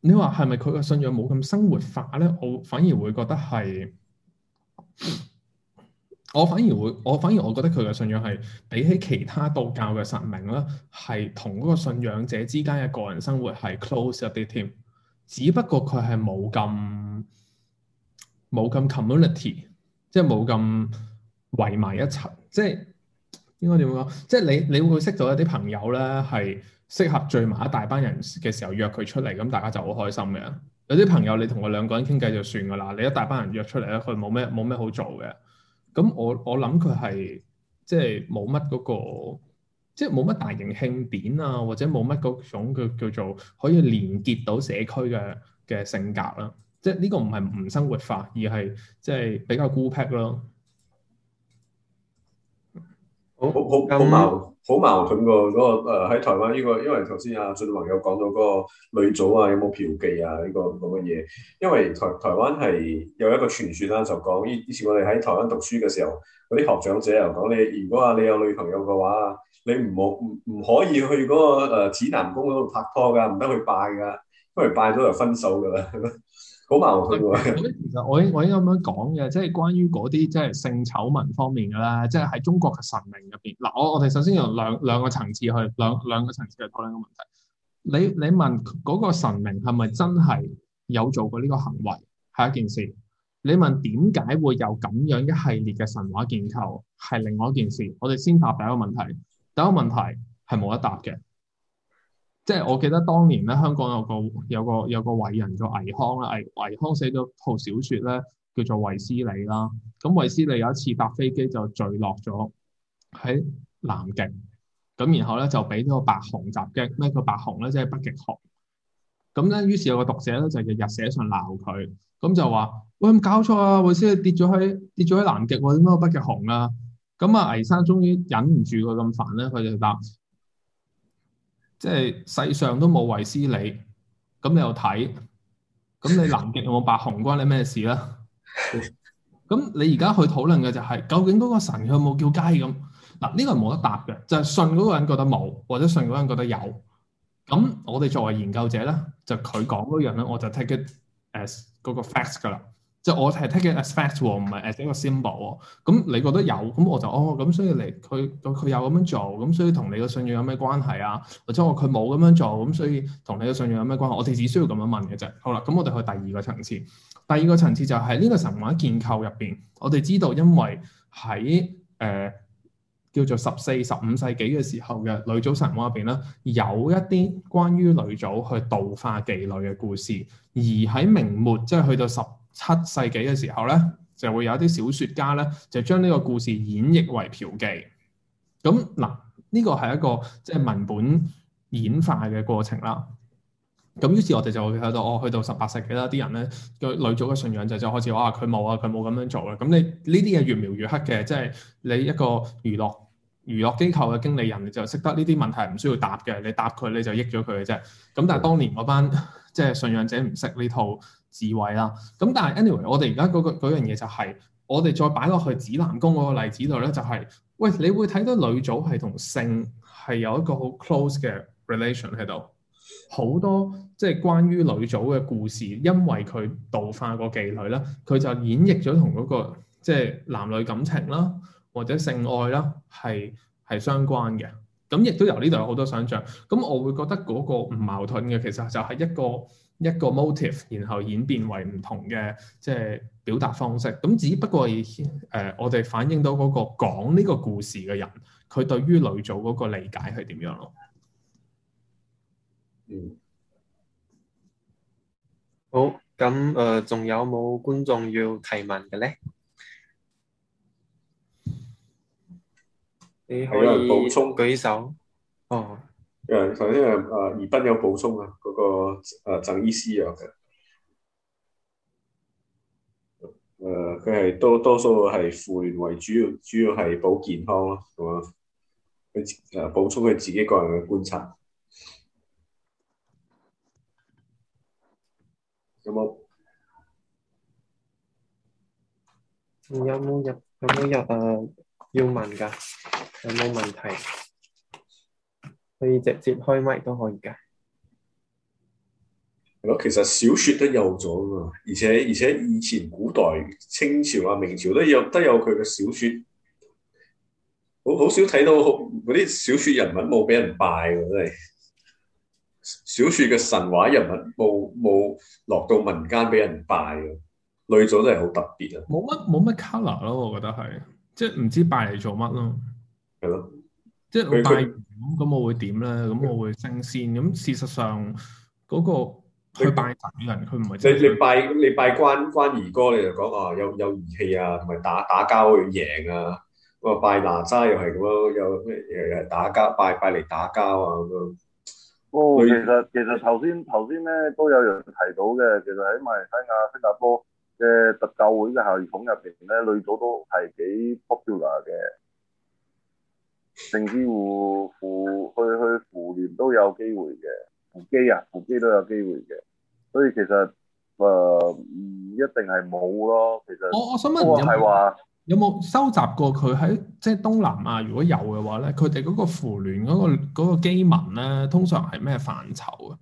你話係咪佢個信仰冇咁生活化咧？我反而會覺得係。我反而會，我反而我覺得佢嘅信仰係比起其他道教嘅神明咧，係同嗰個信仰者之間嘅個人生活係 close 一啲添。只不過佢係冇咁冇咁 community，即係冇咁圍埋一齊。即係應該點講？即係你你會識到一啲朋友咧，係適合聚埋一大班人嘅時候約佢出嚟，咁大家就好開心嘅。有啲朋友你同我兩個人傾偈就算㗎喇，你一大班人約出嚟咧，佢冇咩冇咩好做嘅。咁我我諗佢係即係冇乜嗰個，即係冇乜大型慶典啊，或者冇乜嗰種叫叫做可以連結到社區嘅嘅性格啦、啊。即係呢個唔係唔生活化，而係即係比較孤僻咯。好，好，好冇。好好矛盾、那個嗰個喺台灣呢、這個，因為頭先阿俊泓有講到嗰個呂祖啊，有冇嫖妓啊呢、這個咁嘅嘢？因為台台灣係有一個傳說啦、啊，就講依以前我哋喺台灣讀書嘅時候，嗰啲學長者又講你，如果話你有女朋友嘅話，你唔好唔唔可以去嗰、那個誒呃、指南宮嗰度拍拖噶，唔得去拜噶，因為拜咗就分手噶啦。 好矛盾喎！其實我應我應該咁樣講嘅，即係關於嗰啲即係性醜聞方面嘅啦，即係喺中國嘅神明入邊。嗱，我我哋首先由兩兩個層次去兩兩個層次去討論兩個問題。你你問嗰個神明係咪真係有做過呢個行為係一件事。你問點解會有咁樣一系列嘅神話建構係另外一件事。我哋先答第一個問題。第一個問題係冇得答嘅。即係我記得當年咧，香港有個有個有個偉人叫倪匡啦，倪倪匡寫咗套小說咧，叫做《衛斯理》啦。咁衛斯理有一次搭飛機就墜落咗喺南極，咁然後咧就俾呢個白熊襲擊。咩、呢個白熊咧？即係北極熊。咁咧，於是有個讀者咧就日日寫信鬧佢，咁就話：喂，唔搞錯啊，衛斯理跌咗喺跌咗喺南極，點解有北極熊啊？咁啊，倪生終於忍唔住佢咁煩咧，佢就答。即係世上都冇衛斯理，咁你又睇，咁你南極有冇白熊關你咩事啦？咁 你而家去討論嘅就係、是、究竟嗰個神佢有冇叫雞咁？嗱，呢個係冇得答嘅，就係、是、信嗰個人覺得冇，或者信嗰個人覺得有。咁我哋作為研究者咧，就佢講嗰樣咧，我就 take it as 嗰個 facts 㗎啦。即我係 take it as fact 喎，唔係 as 個 symbol 喎。咁你覺得有咁我就哦咁，所以你佢佢佢有咁樣做咁，所以同你個信仰有咩關係啊？或者我佢冇咁樣做咁，所以同你個信仰有咩關係？我哋只需要咁樣問嘅啫。好啦，咁我哋去第二個層次。第二個層次就係、是、呢、這個神話建構入邊，我哋知道因為喺誒、呃、叫做十四、十五世紀嘅時候嘅呂祖神話入邊咧，有一啲關於呂祖去度化妓女嘅故事，而喺明末即係去到十。七世紀嘅時候咧，就會有一啲小說家咧，就將呢個故事演繹為嫖妓。咁嗱，呢個係一個即係、就是、文本演化嘅過程啦。咁於是我，我哋就會睇到哦去到十八世紀啦，啲人咧嘅呂祖嘅信仰者就開始話：佢冇啊，佢冇咁樣做啦。咁你呢啲嘢越描越黑嘅，即、就、係、是、你一個娛樂娛樂機構嘅經理人，你就識得呢啲問題唔需要答嘅，你答佢你就益咗佢嘅啫。咁但係當年嗰班即係、就是、信仰者唔識呢套。智慧啦、啊，咁但係 anyway，我哋而家嗰個樣嘢就係、是，我哋再擺落去指南宮嗰個例子度咧，就係、是，喂，你會睇到呂祖係同性係有一個好 close 嘅 relation 喺度，好多即係、就是、關於呂祖嘅故事，因為佢度化個妓女啦，佢就演繹咗同嗰個即係、就是、男女感情啦，或者性愛啦，係係相關嘅，咁亦都由呢度有好多想像，咁我會覺得嗰個唔矛盾嘅，其實就係一個。一個 motive 然後演變為唔同嘅即係表達方式。咁只不過誒、呃，我哋反映到嗰、那個講呢個故事嘅人，佢對於呂祖嗰個理解係點樣咯？嗯。好，咁誒，仲、呃、有冇觀眾要提問嘅咧？你可以補充舉手。哦。誒，頭先誒，誒、啊，宜斌有補充、那個、啊，嗰個誒，鄭醫師有嘅，誒、呃，佢係多多數係扶鸞為主要，主要係保健康咯，咁樣？佢誒，補、啊、充佢自己個人嘅觀察。有冇？有冇入？有冇入啊？要問噶？有冇問題？可以直接開麥都可以㗎。係咯，其實小説都有咗喎，而且而且以前古代清朝啊、明朝都有都有佢嘅小説。好好少睇到嗰啲小説人物冇俾人拜喎，真係小説嘅神話人物冇冇落到民間俾人拜，累咗真係好特別啊！冇乜冇乜 color 咯，我覺得係，即係唔知拜嚟做乜咯，係咯。即係拜廟咁，我會點咧？咁我會升仙。咁事實上，嗰個去拜神嘅人，佢唔係即係拜咁，你拜關關二哥，你就講啊，有有義氣啊，同埋打打交去贏啊。咁啊，拜哪吒又係咁咯，有咩誒誒打交，拜拜嚟打交啊咁。哦，其實其實頭先頭先咧都有人提到嘅，其實喺馬來西亞、新加坡嘅特教會嘅系統入邊咧，呂祖都係幾 popular 嘅。甚至乎扶去去扶鸞都有機會嘅，扶乩啊，扶乩都有機會嘅，所以其實誒唔、呃、一定係冇咯。其實我我想問，有冇收集過佢喺即係東南亞？如果有嘅話咧，佢哋嗰個扶鸞嗰個嗰、那個基民咧，通常係咩範疇啊？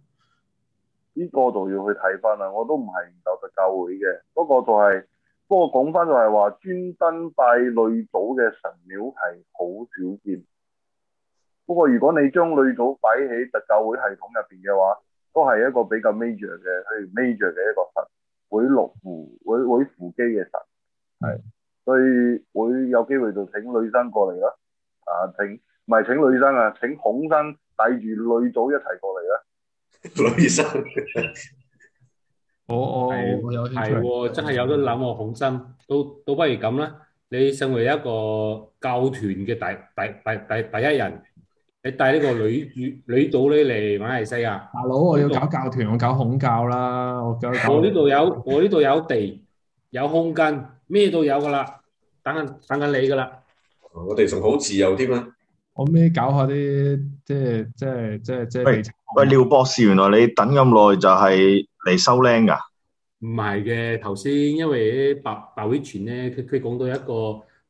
呢個就要去睇翻啦。我都唔係研究教教會嘅，不過就係、是。不過講返就係話，專登拜呂祖嘅神廟係好少見。不過如果你將呂祖擺喺特教會系統入邊嘅話，都係一個比較 major 嘅，譬如 major 嘅一個神，會六副會會扶乩嘅神係，所以會有機會就請女生過嚟啦。啊，請唔係請女生啊，請孔生帶住呂祖一齊過嚟啦。 女醫生。 我我係係真係有得諗我孔生，都都不如咁啦。你身為一個教團嘅第第第第第一人，你帶呢個呂祖呂祖呢嚟馬來西亞？大佬，我要搞教團，我搞孔教啦。我呢度有我呢度有地，有空間，咩都有㗎喇。等緊等緊你㗎喇。我哋仲好自由添啊！我咩搞下啲即係即係即係即係喂喂，廖博士，原來你等咁耐就係。你收靚噶？唔係嘅，頭先因為白百會傳咧，佢佢講到一個，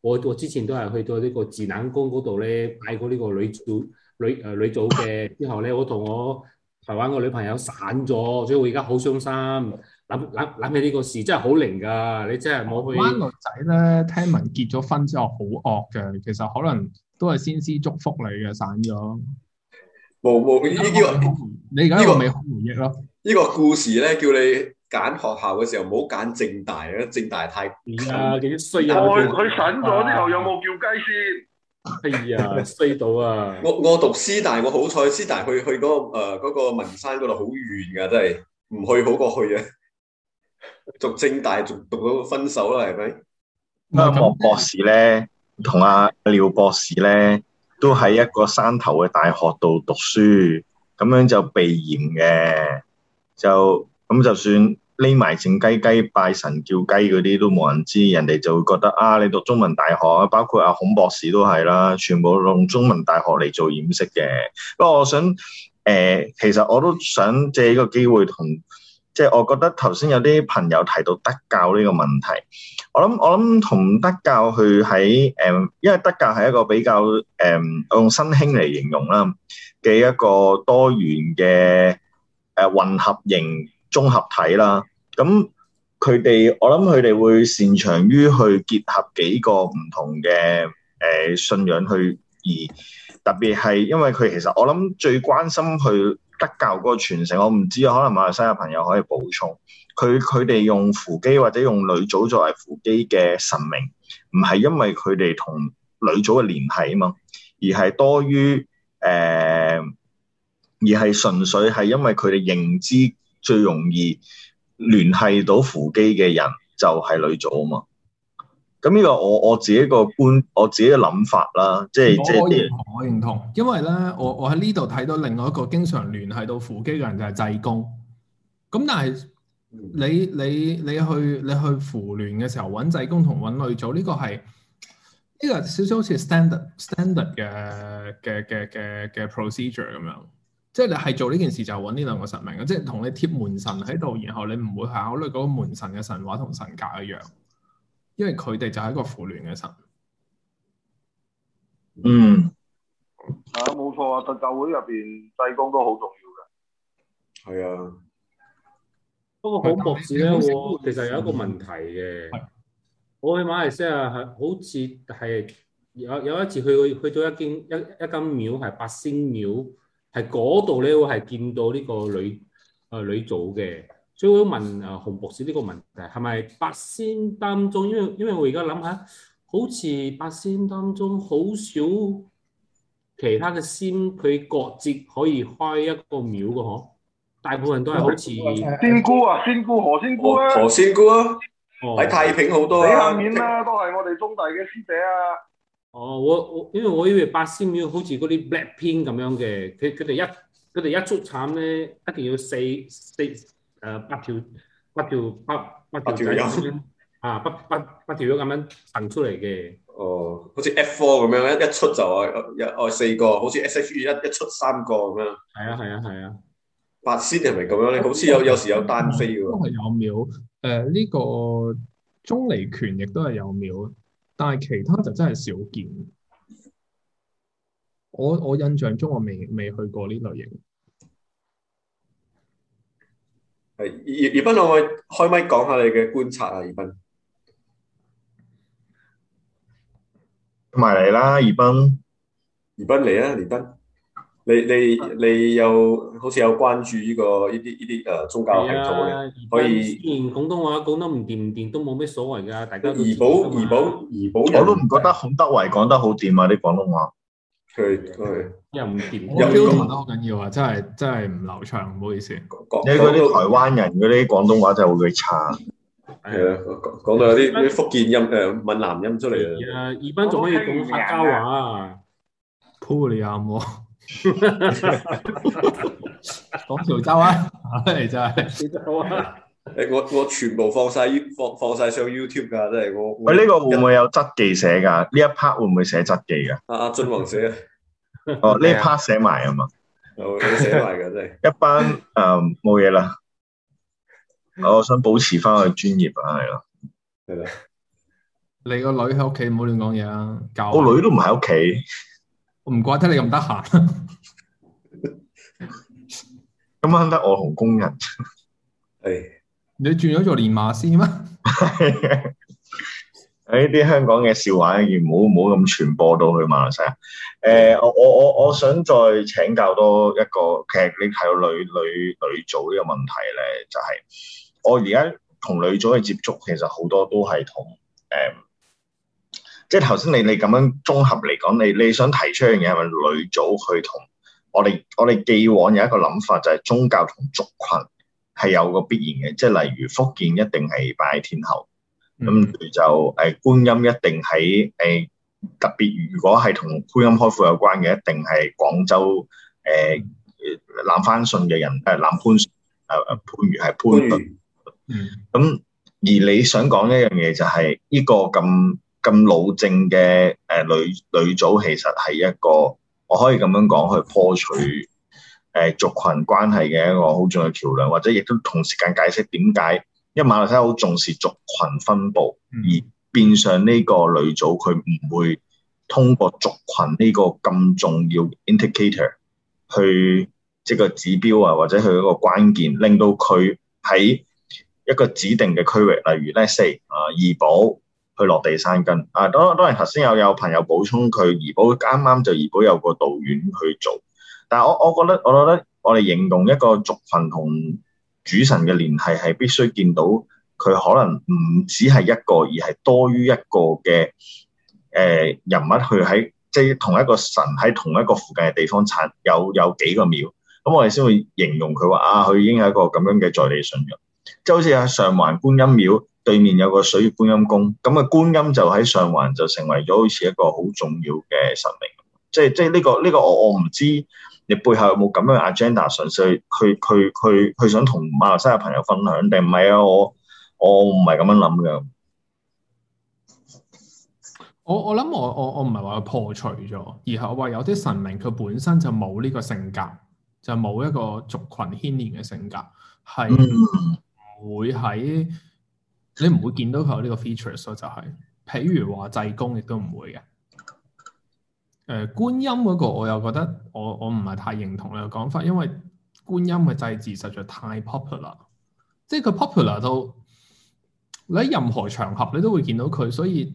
我我之前都係去到呢個自冷宮嗰度咧拜過呢個呂祖女誒、呃、呂祖嘅，之後咧我同我台灣個女朋友散咗，所以我而家好傷心，諗諗諗起呢個事真係好靈噶，你真係冇去。灣女仔咧，聽聞結咗婚之後好惡嘅，其實可能都係先師祝福你嘅，散咗。冇冇呢個？這個，你而家呢個咪好回憶咯。呢個故事咧，叫你揀學校嘅時候唔好揀政大啊！政大太衰，佢佢，啊，審咗之後，啊，有冇叫雞先？哎呀，衰到啊！我我讀師大，我好彩師大去去嗰個誒嗰個文山嗰度好遠噶，真係唔去好過去啊！ 讀政大仲讀到分手啦，係咪？阿莫博士咧，同阿，啊，廖博士咧，都喺一個山頭嘅大學度讀書，咁樣就避嫌嘅。就咁，就算匿埋靜雞雞拜神叫雞嗰啲都冇人知，人哋就會覺得啊，你讀中文大學，包括阿孔博士都係啦，全部用中文大學嚟做掩飾嘅。不過我想，誒，其實我都想借呢個機會同，即係我覺得頭先有啲朋友提到德教呢個問題，我諗我諗同德教去喺誒，因為德教係一個比較誒，我用新興嚟形容啦嘅一個多元嘅。混合型綜合體啦，咁佢哋我諗佢哋會擅長於去結合幾個唔同嘅誒、呃、信仰去，而特別係因為佢其實我諗最關心去德教嗰個傳承，我唔知可能馬來西亞朋友可以補充，佢佢哋用扶乩或者用呂祖作為扶乩嘅神明，唔係因為佢哋同呂祖嘅聯繫啊嘛，而係多於誒。呃而係純粹係因為佢哋認知最容易聯繫到扶乩嘅人就係、是、呂祖啊嘛。咁呢個我我自己個觀我自己嘅諗法啦，即係即係啲我認同，我認同，因為咧，我我喺呢度睇到另外一個經常聯繫到扶乩嘅人就係濟公。咁但係你你你去你去扶聯嘅時候揾濟公同揾呂祖呢、這個係呢、這個少少好似 stand standard standard 嘅嘅嘅嘅嘅 procedure 咁樣。即係你係做呢件事就揾呢兩個神明啊！即係同你貼門神喺度，然後你唔會考慮嗰個門神嘅神話同神格一樣，因為佢哋就係一個腐亂嘅神。嗯，啊冇錯啊！德教會入邊濟公都好重要嘅。係啊，不過好博士咧喎，其實有一個問題嘅。的我去馬來西亞係好似係有有一次去去到一間一一間廟係八仙廟。.係嗰度咧，我係見到呢個呂誒、呃、呂祖嘅，所以我都問誒、呃、孔博士呢個問題係咪八仙當中？因為因為我而家諗下，好似八仙當中好少其他嘅仙佢各自可以開一個廟嘅嗬。大部分都係好似仙姑啊，仙姑何仙姑咧，何仙姑、啊、哦、喺、哦、太平好多、啊、睇下面啦、啊、停都係我哋中大嘅師姐啊。哦，我我因為我以為八仙廟好似嗰啲 black pink 咁樣嘅，佢佢哋一佢哋一出產咧，一定要四四誒八條八條八八條友啊，八八八條咁樣行出嚟嘅。哦，好似 F4 咁樣，一出就係有有四個，好似 SHE 一一出三個咁樣。係啊係啊係啊，啊啊八仙係咪咁樣咧？好似有有時有單飛嘅。呃這個、有廟誒，呢個鐘離權亦都係有廟。但係其他就真係少見，我我印象中我未未去過呢類型。係，葉葉斌可唔可以開麥講下你嘅觀察啊？葉斌，埋嚟啦，葉斌，葉斌嚟啊，葉斌。你你你有好似有關注呢、這個呢啲呢啲誒宗教系統嘅。啊、可以。雖然廣東話講得唔掂唔掂都冇咩所謂噶，大家。二寶二寶二寶，我都唔覺得孔德維講得好掂啊啲廣東話。佢佢又唔掂，標準話都好緊要啊！啊要真係真係唔流暢，唔好意思。你嗰啲台灣人嗰啲廣東話就會差。誒、啊，講、啊、到有啲啲福建音誒閩南音出嚟啊！二斌仲可以講客家話、啊，好利啊我。 講 潮州啊， 你真係潮州啊！誒，你真我我全部放晒放放晒上 YouTube 噶，真係喂，呢個會唔會有側記寫噶？呢一 part 會唔會寫側記噶？阿、啊、俊泓寫啊。 哦，呢 part 寫埋啊嘛，寫埋噶真係。 一班誒冇嘢啦。我想保持翻的我專業啊，係咯。係咯。你個女喺屋企，唔好亂講嘢啦。個女都唔喺屋企。我唔怪得你咁得閒，今晚得我同工人。哎，你轉咗做練馬師咩？呢啲香港嘅笑話，唔好唔好咁傳播到去馬來西亞。誒，我我我我想再請教多一個，其實你睇到呂呂呂祖呢個問題咧，就係我而家同呂祖嘅接觸，其實好多都係同誒。即係頭先你你咁樣綜合嚟講，你你想提出一樣嘢係咪呂祖去同我哋我哋既往有一個諗法，就係、是、宗教同族群係有個必然嘅，即係例如福建一定係拜天后，咁、嗯、就誒、呃、觀音一定喺誒、呃、特別，如果係同觀音開庫有關嘅，一定係廣州誒、呃、南番順嘅人，誒南番誒誒番禺係番禺，如嗯，咁而你想講一樣嘢就係、是、呢個咁。咁老正嘅誒、呃、女女組其實係一個我可以咁樣講，去破除誒、呃、族群關係嘅一個好重要橋梁，或者亦都同時間解釋點解，因為馬來西亞好重視族群分佈，而變相呢個女組佢唔會通過族群呢個咁重要 indicator 去即係個指標啊，或者佢一個關鍵令到佢喺一個指定嘅區域，例如咧四 a 啊怡保。呃去落地生根啊！當當然頭先有有朋友補充，佢怡保啱啱就怡保有個道院去做。但係我我覺，我覺得我覺得我哋形容一個族群同主神嘅聯繫係必須見到佢可能唔只係一個，而係多於一個嘅誒人物去喺即係同一個神喺同一個附近嘅地方產有有幾個廟，咁、嗯、我哋先會形容佢話啊，佢已經有一個咁樣嘅在地信仰，即係好似喺上環觀音廟。對面有個水月觀音宮，咁啊觀音就喺上環就成為咗好似一個好重要嘅神明，即係即係、這、呢個呢、這個我我唔知你背後有冇咁樣阿 j e n d a 純粹佢佢佢佢想同馬來西亞朋友分享，定唔係啊？我我唔係咁樣諗嘅。我我諗我我我唔係話破除咗，而係我話有啲神明佢本身就冇呢個性格，就冇一個族群牽連嘅性格，係唔會喺、嗯。你唔會見到佢有呢個 features，所以就係，譬如話濟公亦都唔會嘅。誒、呃，觀音嗰個我又覺得我我唔係太認同你嘅講法，因為觀音嘅祭祀實在太 popular，即係佢 popular 到你喺任何場合你都會見到佢，所以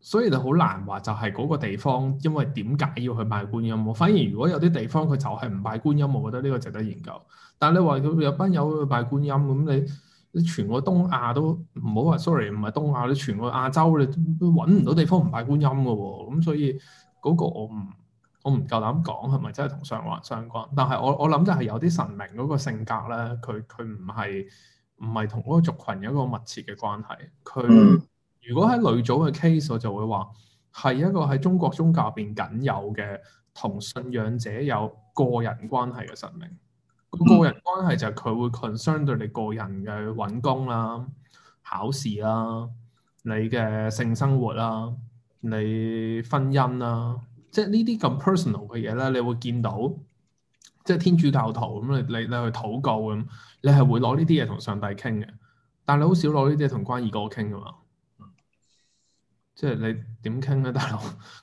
所以就好難話就係嗰個地方，因為點解要去拜觀音？反而如果有啲地方佢就係唔拜觀音，我覺得呢個值得研究。但係你話佢有班友去拜觀音咁你？你全個東亞都唔好話，sorry，唔係東亞，你全個亞洲你揾唔到地方唔拜觀音嘅喎，咁所以嗰個我唔我唔夠膽講係咪真係同上環相關。但係我我諗就係有啲神明嗰個性格咧，佢佢唔係唔係同嗰個族群有一個密切嘅關係。佢如果喺呂祖嘅 case，我就會話係一個喺中國宗教入邊僅有嘅同信仰者有個人關係嘅神明。個個人關係就係佢會 concern 對你個人嘅揾工啦，啊，考試啦，啊，你嘅性生活啦，啊，你婚姻啦，啊，即係呢啲咁 personal 嘅嘢咧，你會見到，即係天主教徒咁，你你你去禱告咁，你係會攞呢啲嘢同上帝傾嘅，但係你好少攞呢啲嘢同關二哥傾噶嘛，即係你點傾咧？大佬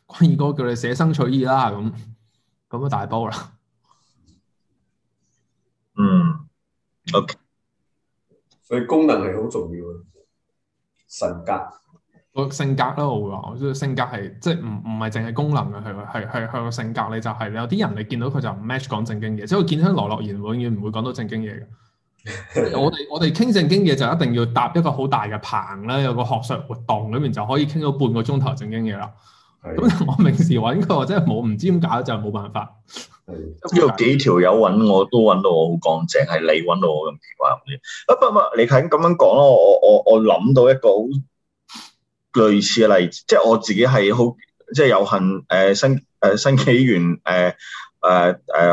關二哥叫你捨生取義啦，咁咁啊大煲啦！嗯，OK，所以功能係好重要嘅，神格。性格，個性格啦，就是，我會講，即係性格係，即係唔唔係淨係功能嘅，係係係佢個性格咧，就係有啲人你見到佢就唔 match 講正經嘢，即只要見到羅樂言永遠唔會講到正經嘢嘅 我哋我哋傾正經嘢就一定要搭一個好大嘅棚啦，有個學術活動裏面就可以傾到半個鐘頭正經嘢啦。咁 的 我平時搵佢，或者係冇，唔知點解，就冇、是、辦法。呢度、嗯、是幾條友揾我都揾到我好乾淨，係、嗯、你揾到我咁奇怪。唔知啊，不不，你喺咁樣講咯，我我我諗到一個好類似嘅例子，即係我自己係好，即係有幸誒、呃、新誒、呃、新紀元誒誒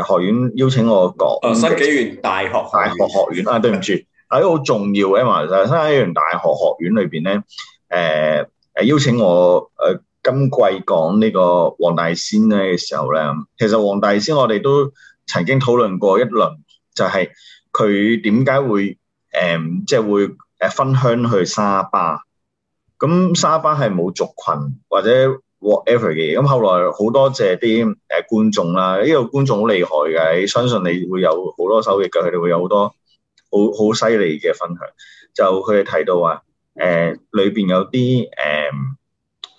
誒學院邀請我講。新紀元大學大學學院啊，對唔住，喺好重要嘅嘛，新紀元大學學院，學院裏邊咧，誒、呃、誒邀請我誒。呃呃今季講呢個黃大仙咧嘅時候咧，其實黃大仙我哋都曾經討論過一輪，就係佢點解會誒，即、呃、係、就是、會誒分香去沙巴。咁沙巴係冇族群或者 whatever 嘅。咁後來好多謝啲誒觀眾啦，呢、這個觀眾好厲害嘅，你相信你會有好多收益嘅，佢哋會有好多好好犀利嘅分享。就佢哋提到話誒，裏、呃、邊有啲誒。呃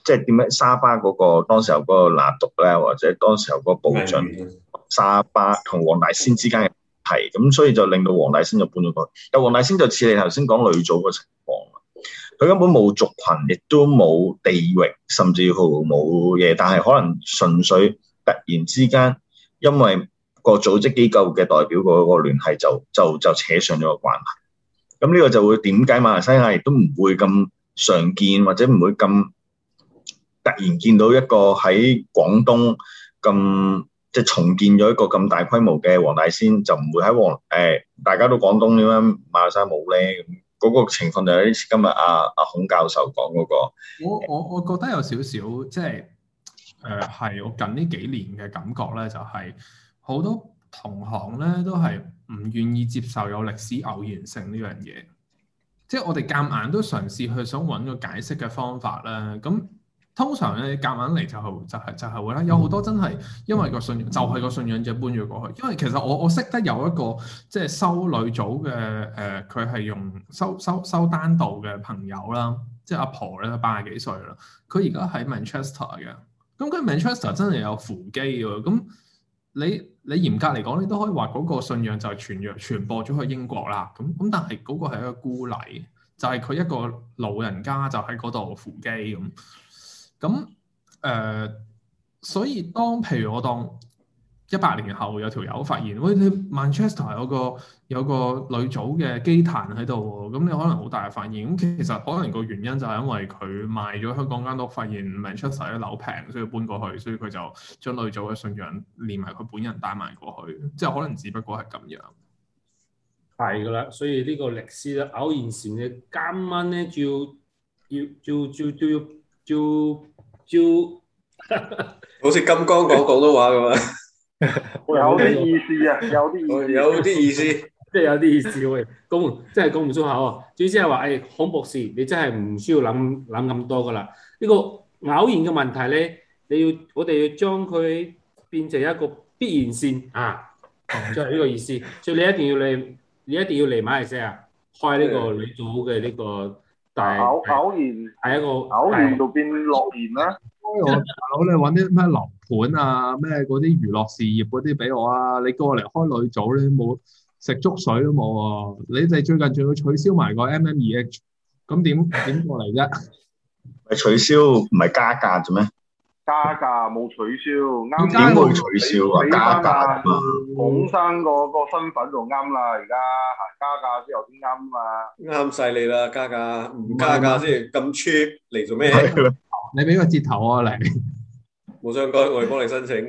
即係點解沙巴嗰、嗰個當時候嗰個拿督咧，或者當時候嗰個部長 沙巴同黃大仙之間嘅係咁，所以就令到黃大仙就搬咗過去。但黃大仙就似你頭先講呂祖嘅情況，佢根本冇族群，亦都冇地域，甚至乎冇嘢。但係可能純粹突然之間，因為個組織機構嘅代表嗰個聯繫就就就，就扯上咗個關係。咁呢個就會點解馬來西亞亦都唔會咁常見，或者唔會咁。突然見到一個喺廣東咁即係重建咗一個咁大規模嘅黃大仙，就唔會喺黃誒，大家都廣東點、那個、啊？馬六甲冇咧，嗰個情況就係類似今日阿阿孔教授講嗰、那個。我我我覺得有少少即係誒，係、就是呃、我近呢幾年嘅感覺咧，就係、是、好多同行咧都係唔願意接受有歷史偶然性呢樣嘢，即、就、係、是、我哋夾硬，硬都嘗試去想揾個解釋嘅方法啦，咁。通常咧，夾硬嚟就係、是、就係就係會啦。有好多真係因為個信仰，就係、是、個信仰就搬咗過去。因為其實我我識得有一個即係、就是、修女組嘅誒，佢、呃、係用修修修丹道嘅朋友啦，即係阿婆咧，八十幾歲啦。佢而家喺 Manchester 嘅，咁佢 Manchester 真係有扶乩嘅。咁你你嚴格嚟講，你都可以話嗰個信仰就傳揚傳播咗去英國啦。咁咁但係嗰個係一個孤例，就係、是、佢一個老人家就喺嗰度扶乩咁。咁誒、呃，所以當譬如我當一百年後有條友發現，喂，Manchester 你有個有個呂祖嘅基壇喺度，咁你可能好大嘅發現。咁其實可能個原因就係因為佢賣咗香港間屋，發現 Manchester 啲樓平，所以搬過去，所以佢就將呂祖嘅信仰連埋佢本人帶埋過去，即係可能只不過係咁樣。係噶啦，所以呢個歷史嘅偶然性你監蚊咧，要要要要要要。招就 好似金剛講廣東話咁啊， 有啲意思啊，有啲有啲意思、啊，即係 有啲意思、啊 意思啊、喂，講真係講唔出口哦。主要係話，誒孔博士，你真係唔需要諗諗咁多噶啦。呢、這個偶然嘅問題咧，你要我哋要將佢變成一個必然線啊，哦、就係、是、呢個意思。所以你一定要嚟，你一定要嚟馬來西亞開呢個呂祖嘅呢個。 偶偶然係一個偶然變變樂園啦。開我大佬咧，揾啲咩樓盤啊，咩嗰啲娛樂事業嗰啲俾我啊。你過嚟開女組咧，冇食粥水都冇喎。你哋最近仲要取消埋個 MM2H，咁點點過嚟啫？係取消唔係加價做咩？加價冇取消，啱。點會取消啊？加價啊嘛！孔生個個身份就啱啦，而家行加價先又啱嘛。啱晒你啦，加價唔加價先咁 cheap 嚟做咩？你俾個折頭我嚟，冇相干，我哋幫你申請。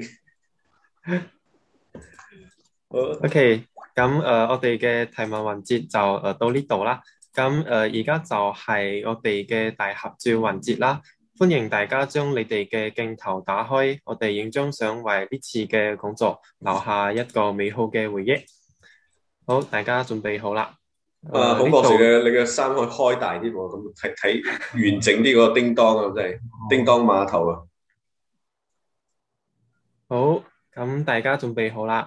好，OK，咁誒，我哋嘅提問環節就誒到呢度啦。咁誒，而家就係我哋嘅大合照環節啦。歡迎大家將你哋嘅鏡頭打開，我哋影張相為呢次嘅講座留下一個美好嘅回憶。好，大家準備好啦。啊，孔博士，你嘅衫可以開大啲，咁睇睇完整啲個叮當啊，真係 叮當碼頭啊、嗯。好，咁大家準備好啦。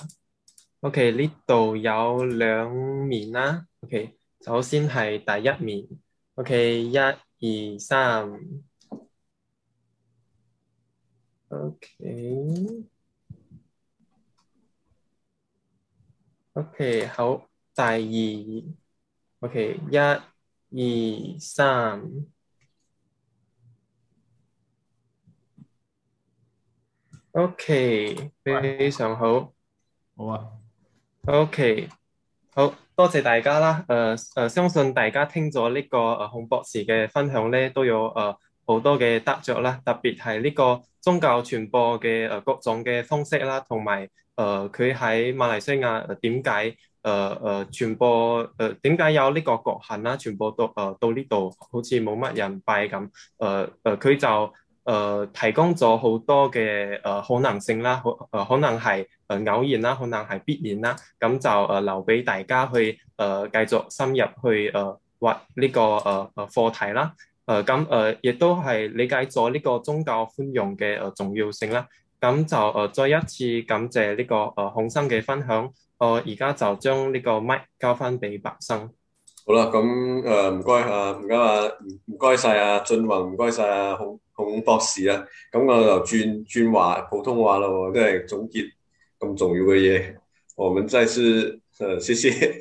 OK，呢度有兩面啦。OK，首先係第一面。OK，一二三。O K. O K. 好，第二。O K. 一、二、三。O K. 非常好。好啊。O K. 好，多謝大家啦。誒誒，相信大家聽咗呢個誒孔博士嘅分享咧，都有誒。好多嘅得着啦，特別係呢個宗教傳播嘅誒各種嘅方式啦，同埋誒佢喺馬來西亞誒點解誒誒傳播誒點解有呢個局限啦？傳播、呃、到誒到呢度好似冇乜人拜咁誒誒，佢、呃、就誒、呃、提供咗好多嘅誒、呃、可能性啦，可誒可能係誒偶然啦，可能係必然啦，咁就誒留俾大家去誒、呃、繼續深入去誒、呃、挖呢、這個誒誒、呃、課題啦。誒，咁誒、呃，亦都係理解咗呢個宗教寬容嘅誒重要性啦。咁、嗯、就誒、呃，再一次感謝呢、這個誒、呃、孔生嘅分享。我而家就將呢個麥交翻俾白生。好啦，咁誒唔該啊，唔該啊，唔該晒啊，俊泓，唔該晒啊，孔孔博士啊。咁我就轉轉話普通話咯，即係總結咁重要嘅嘢。我們真係誒，謝謝。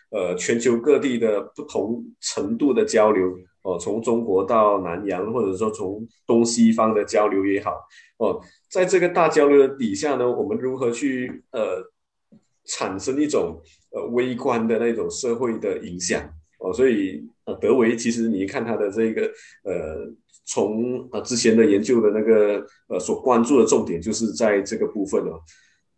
呃，全球各地的不同程度的交流，哦、呃，從中國到南洋，或者說從東西方的交流也好，哦、呃，在這個大交流的底下呢，我們如何去，呃，產生一種，呃，微觀的那種社會的影響，哦、呃，所以，呃、德維其實，你看他的這個，呃，從啊之前的研究的那個，呃，所關注的重點就是在這個部分咯。呃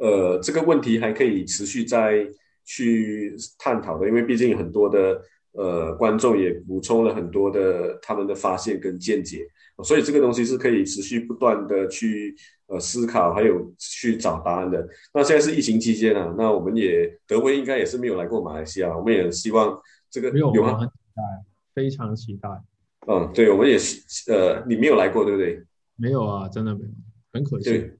呃，這個問題還可以持續再去探討的，因為畢竟很多的呃觀眾也補充了很多的他們的發現跟見解，呃，所以這個東西是可以持續不斷的去呃思考，還有去找答案的。那現在是疫情期間啊，那我們也，德威應該也是沒有來過馬來西亞，我們也希望這個有嗎？很期待，非常期待。嗯，對，我們也，呃，你沒有來過，對不對？沒有啊，真的沒有，很可惜。對。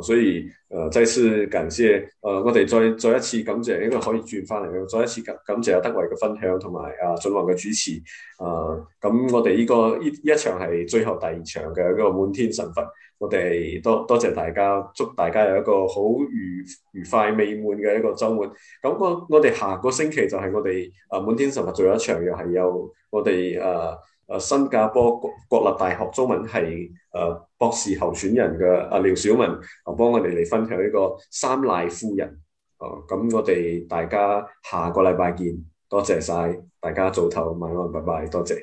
所以，誒再次感謝，誒、呃、我哋再再一次感謝呢個可以轉翻嚟，再一次感感謝阿德維嘅分享同埋阿俊泓嘅主持，誒、啊、咁我哋呢、這個呢一,一場係最後第二場嘅一個滿天神佛，我哋多多謝大家，祝大家有一個好愉愉快美滿嘅一個週末。咁我我哋下個星期就係我哋誒、啊、滿天神佛最後一場，又係有我哋誒。啊誒，新加坡國國立大學中文系誒博士候選人嘅阿廖小文，啊幫我哋嚟分享呢個三奶夫人。哦，咁我哋大家下個禮拜見，多謝晒大家早唞，晚安，拜拜，多謝。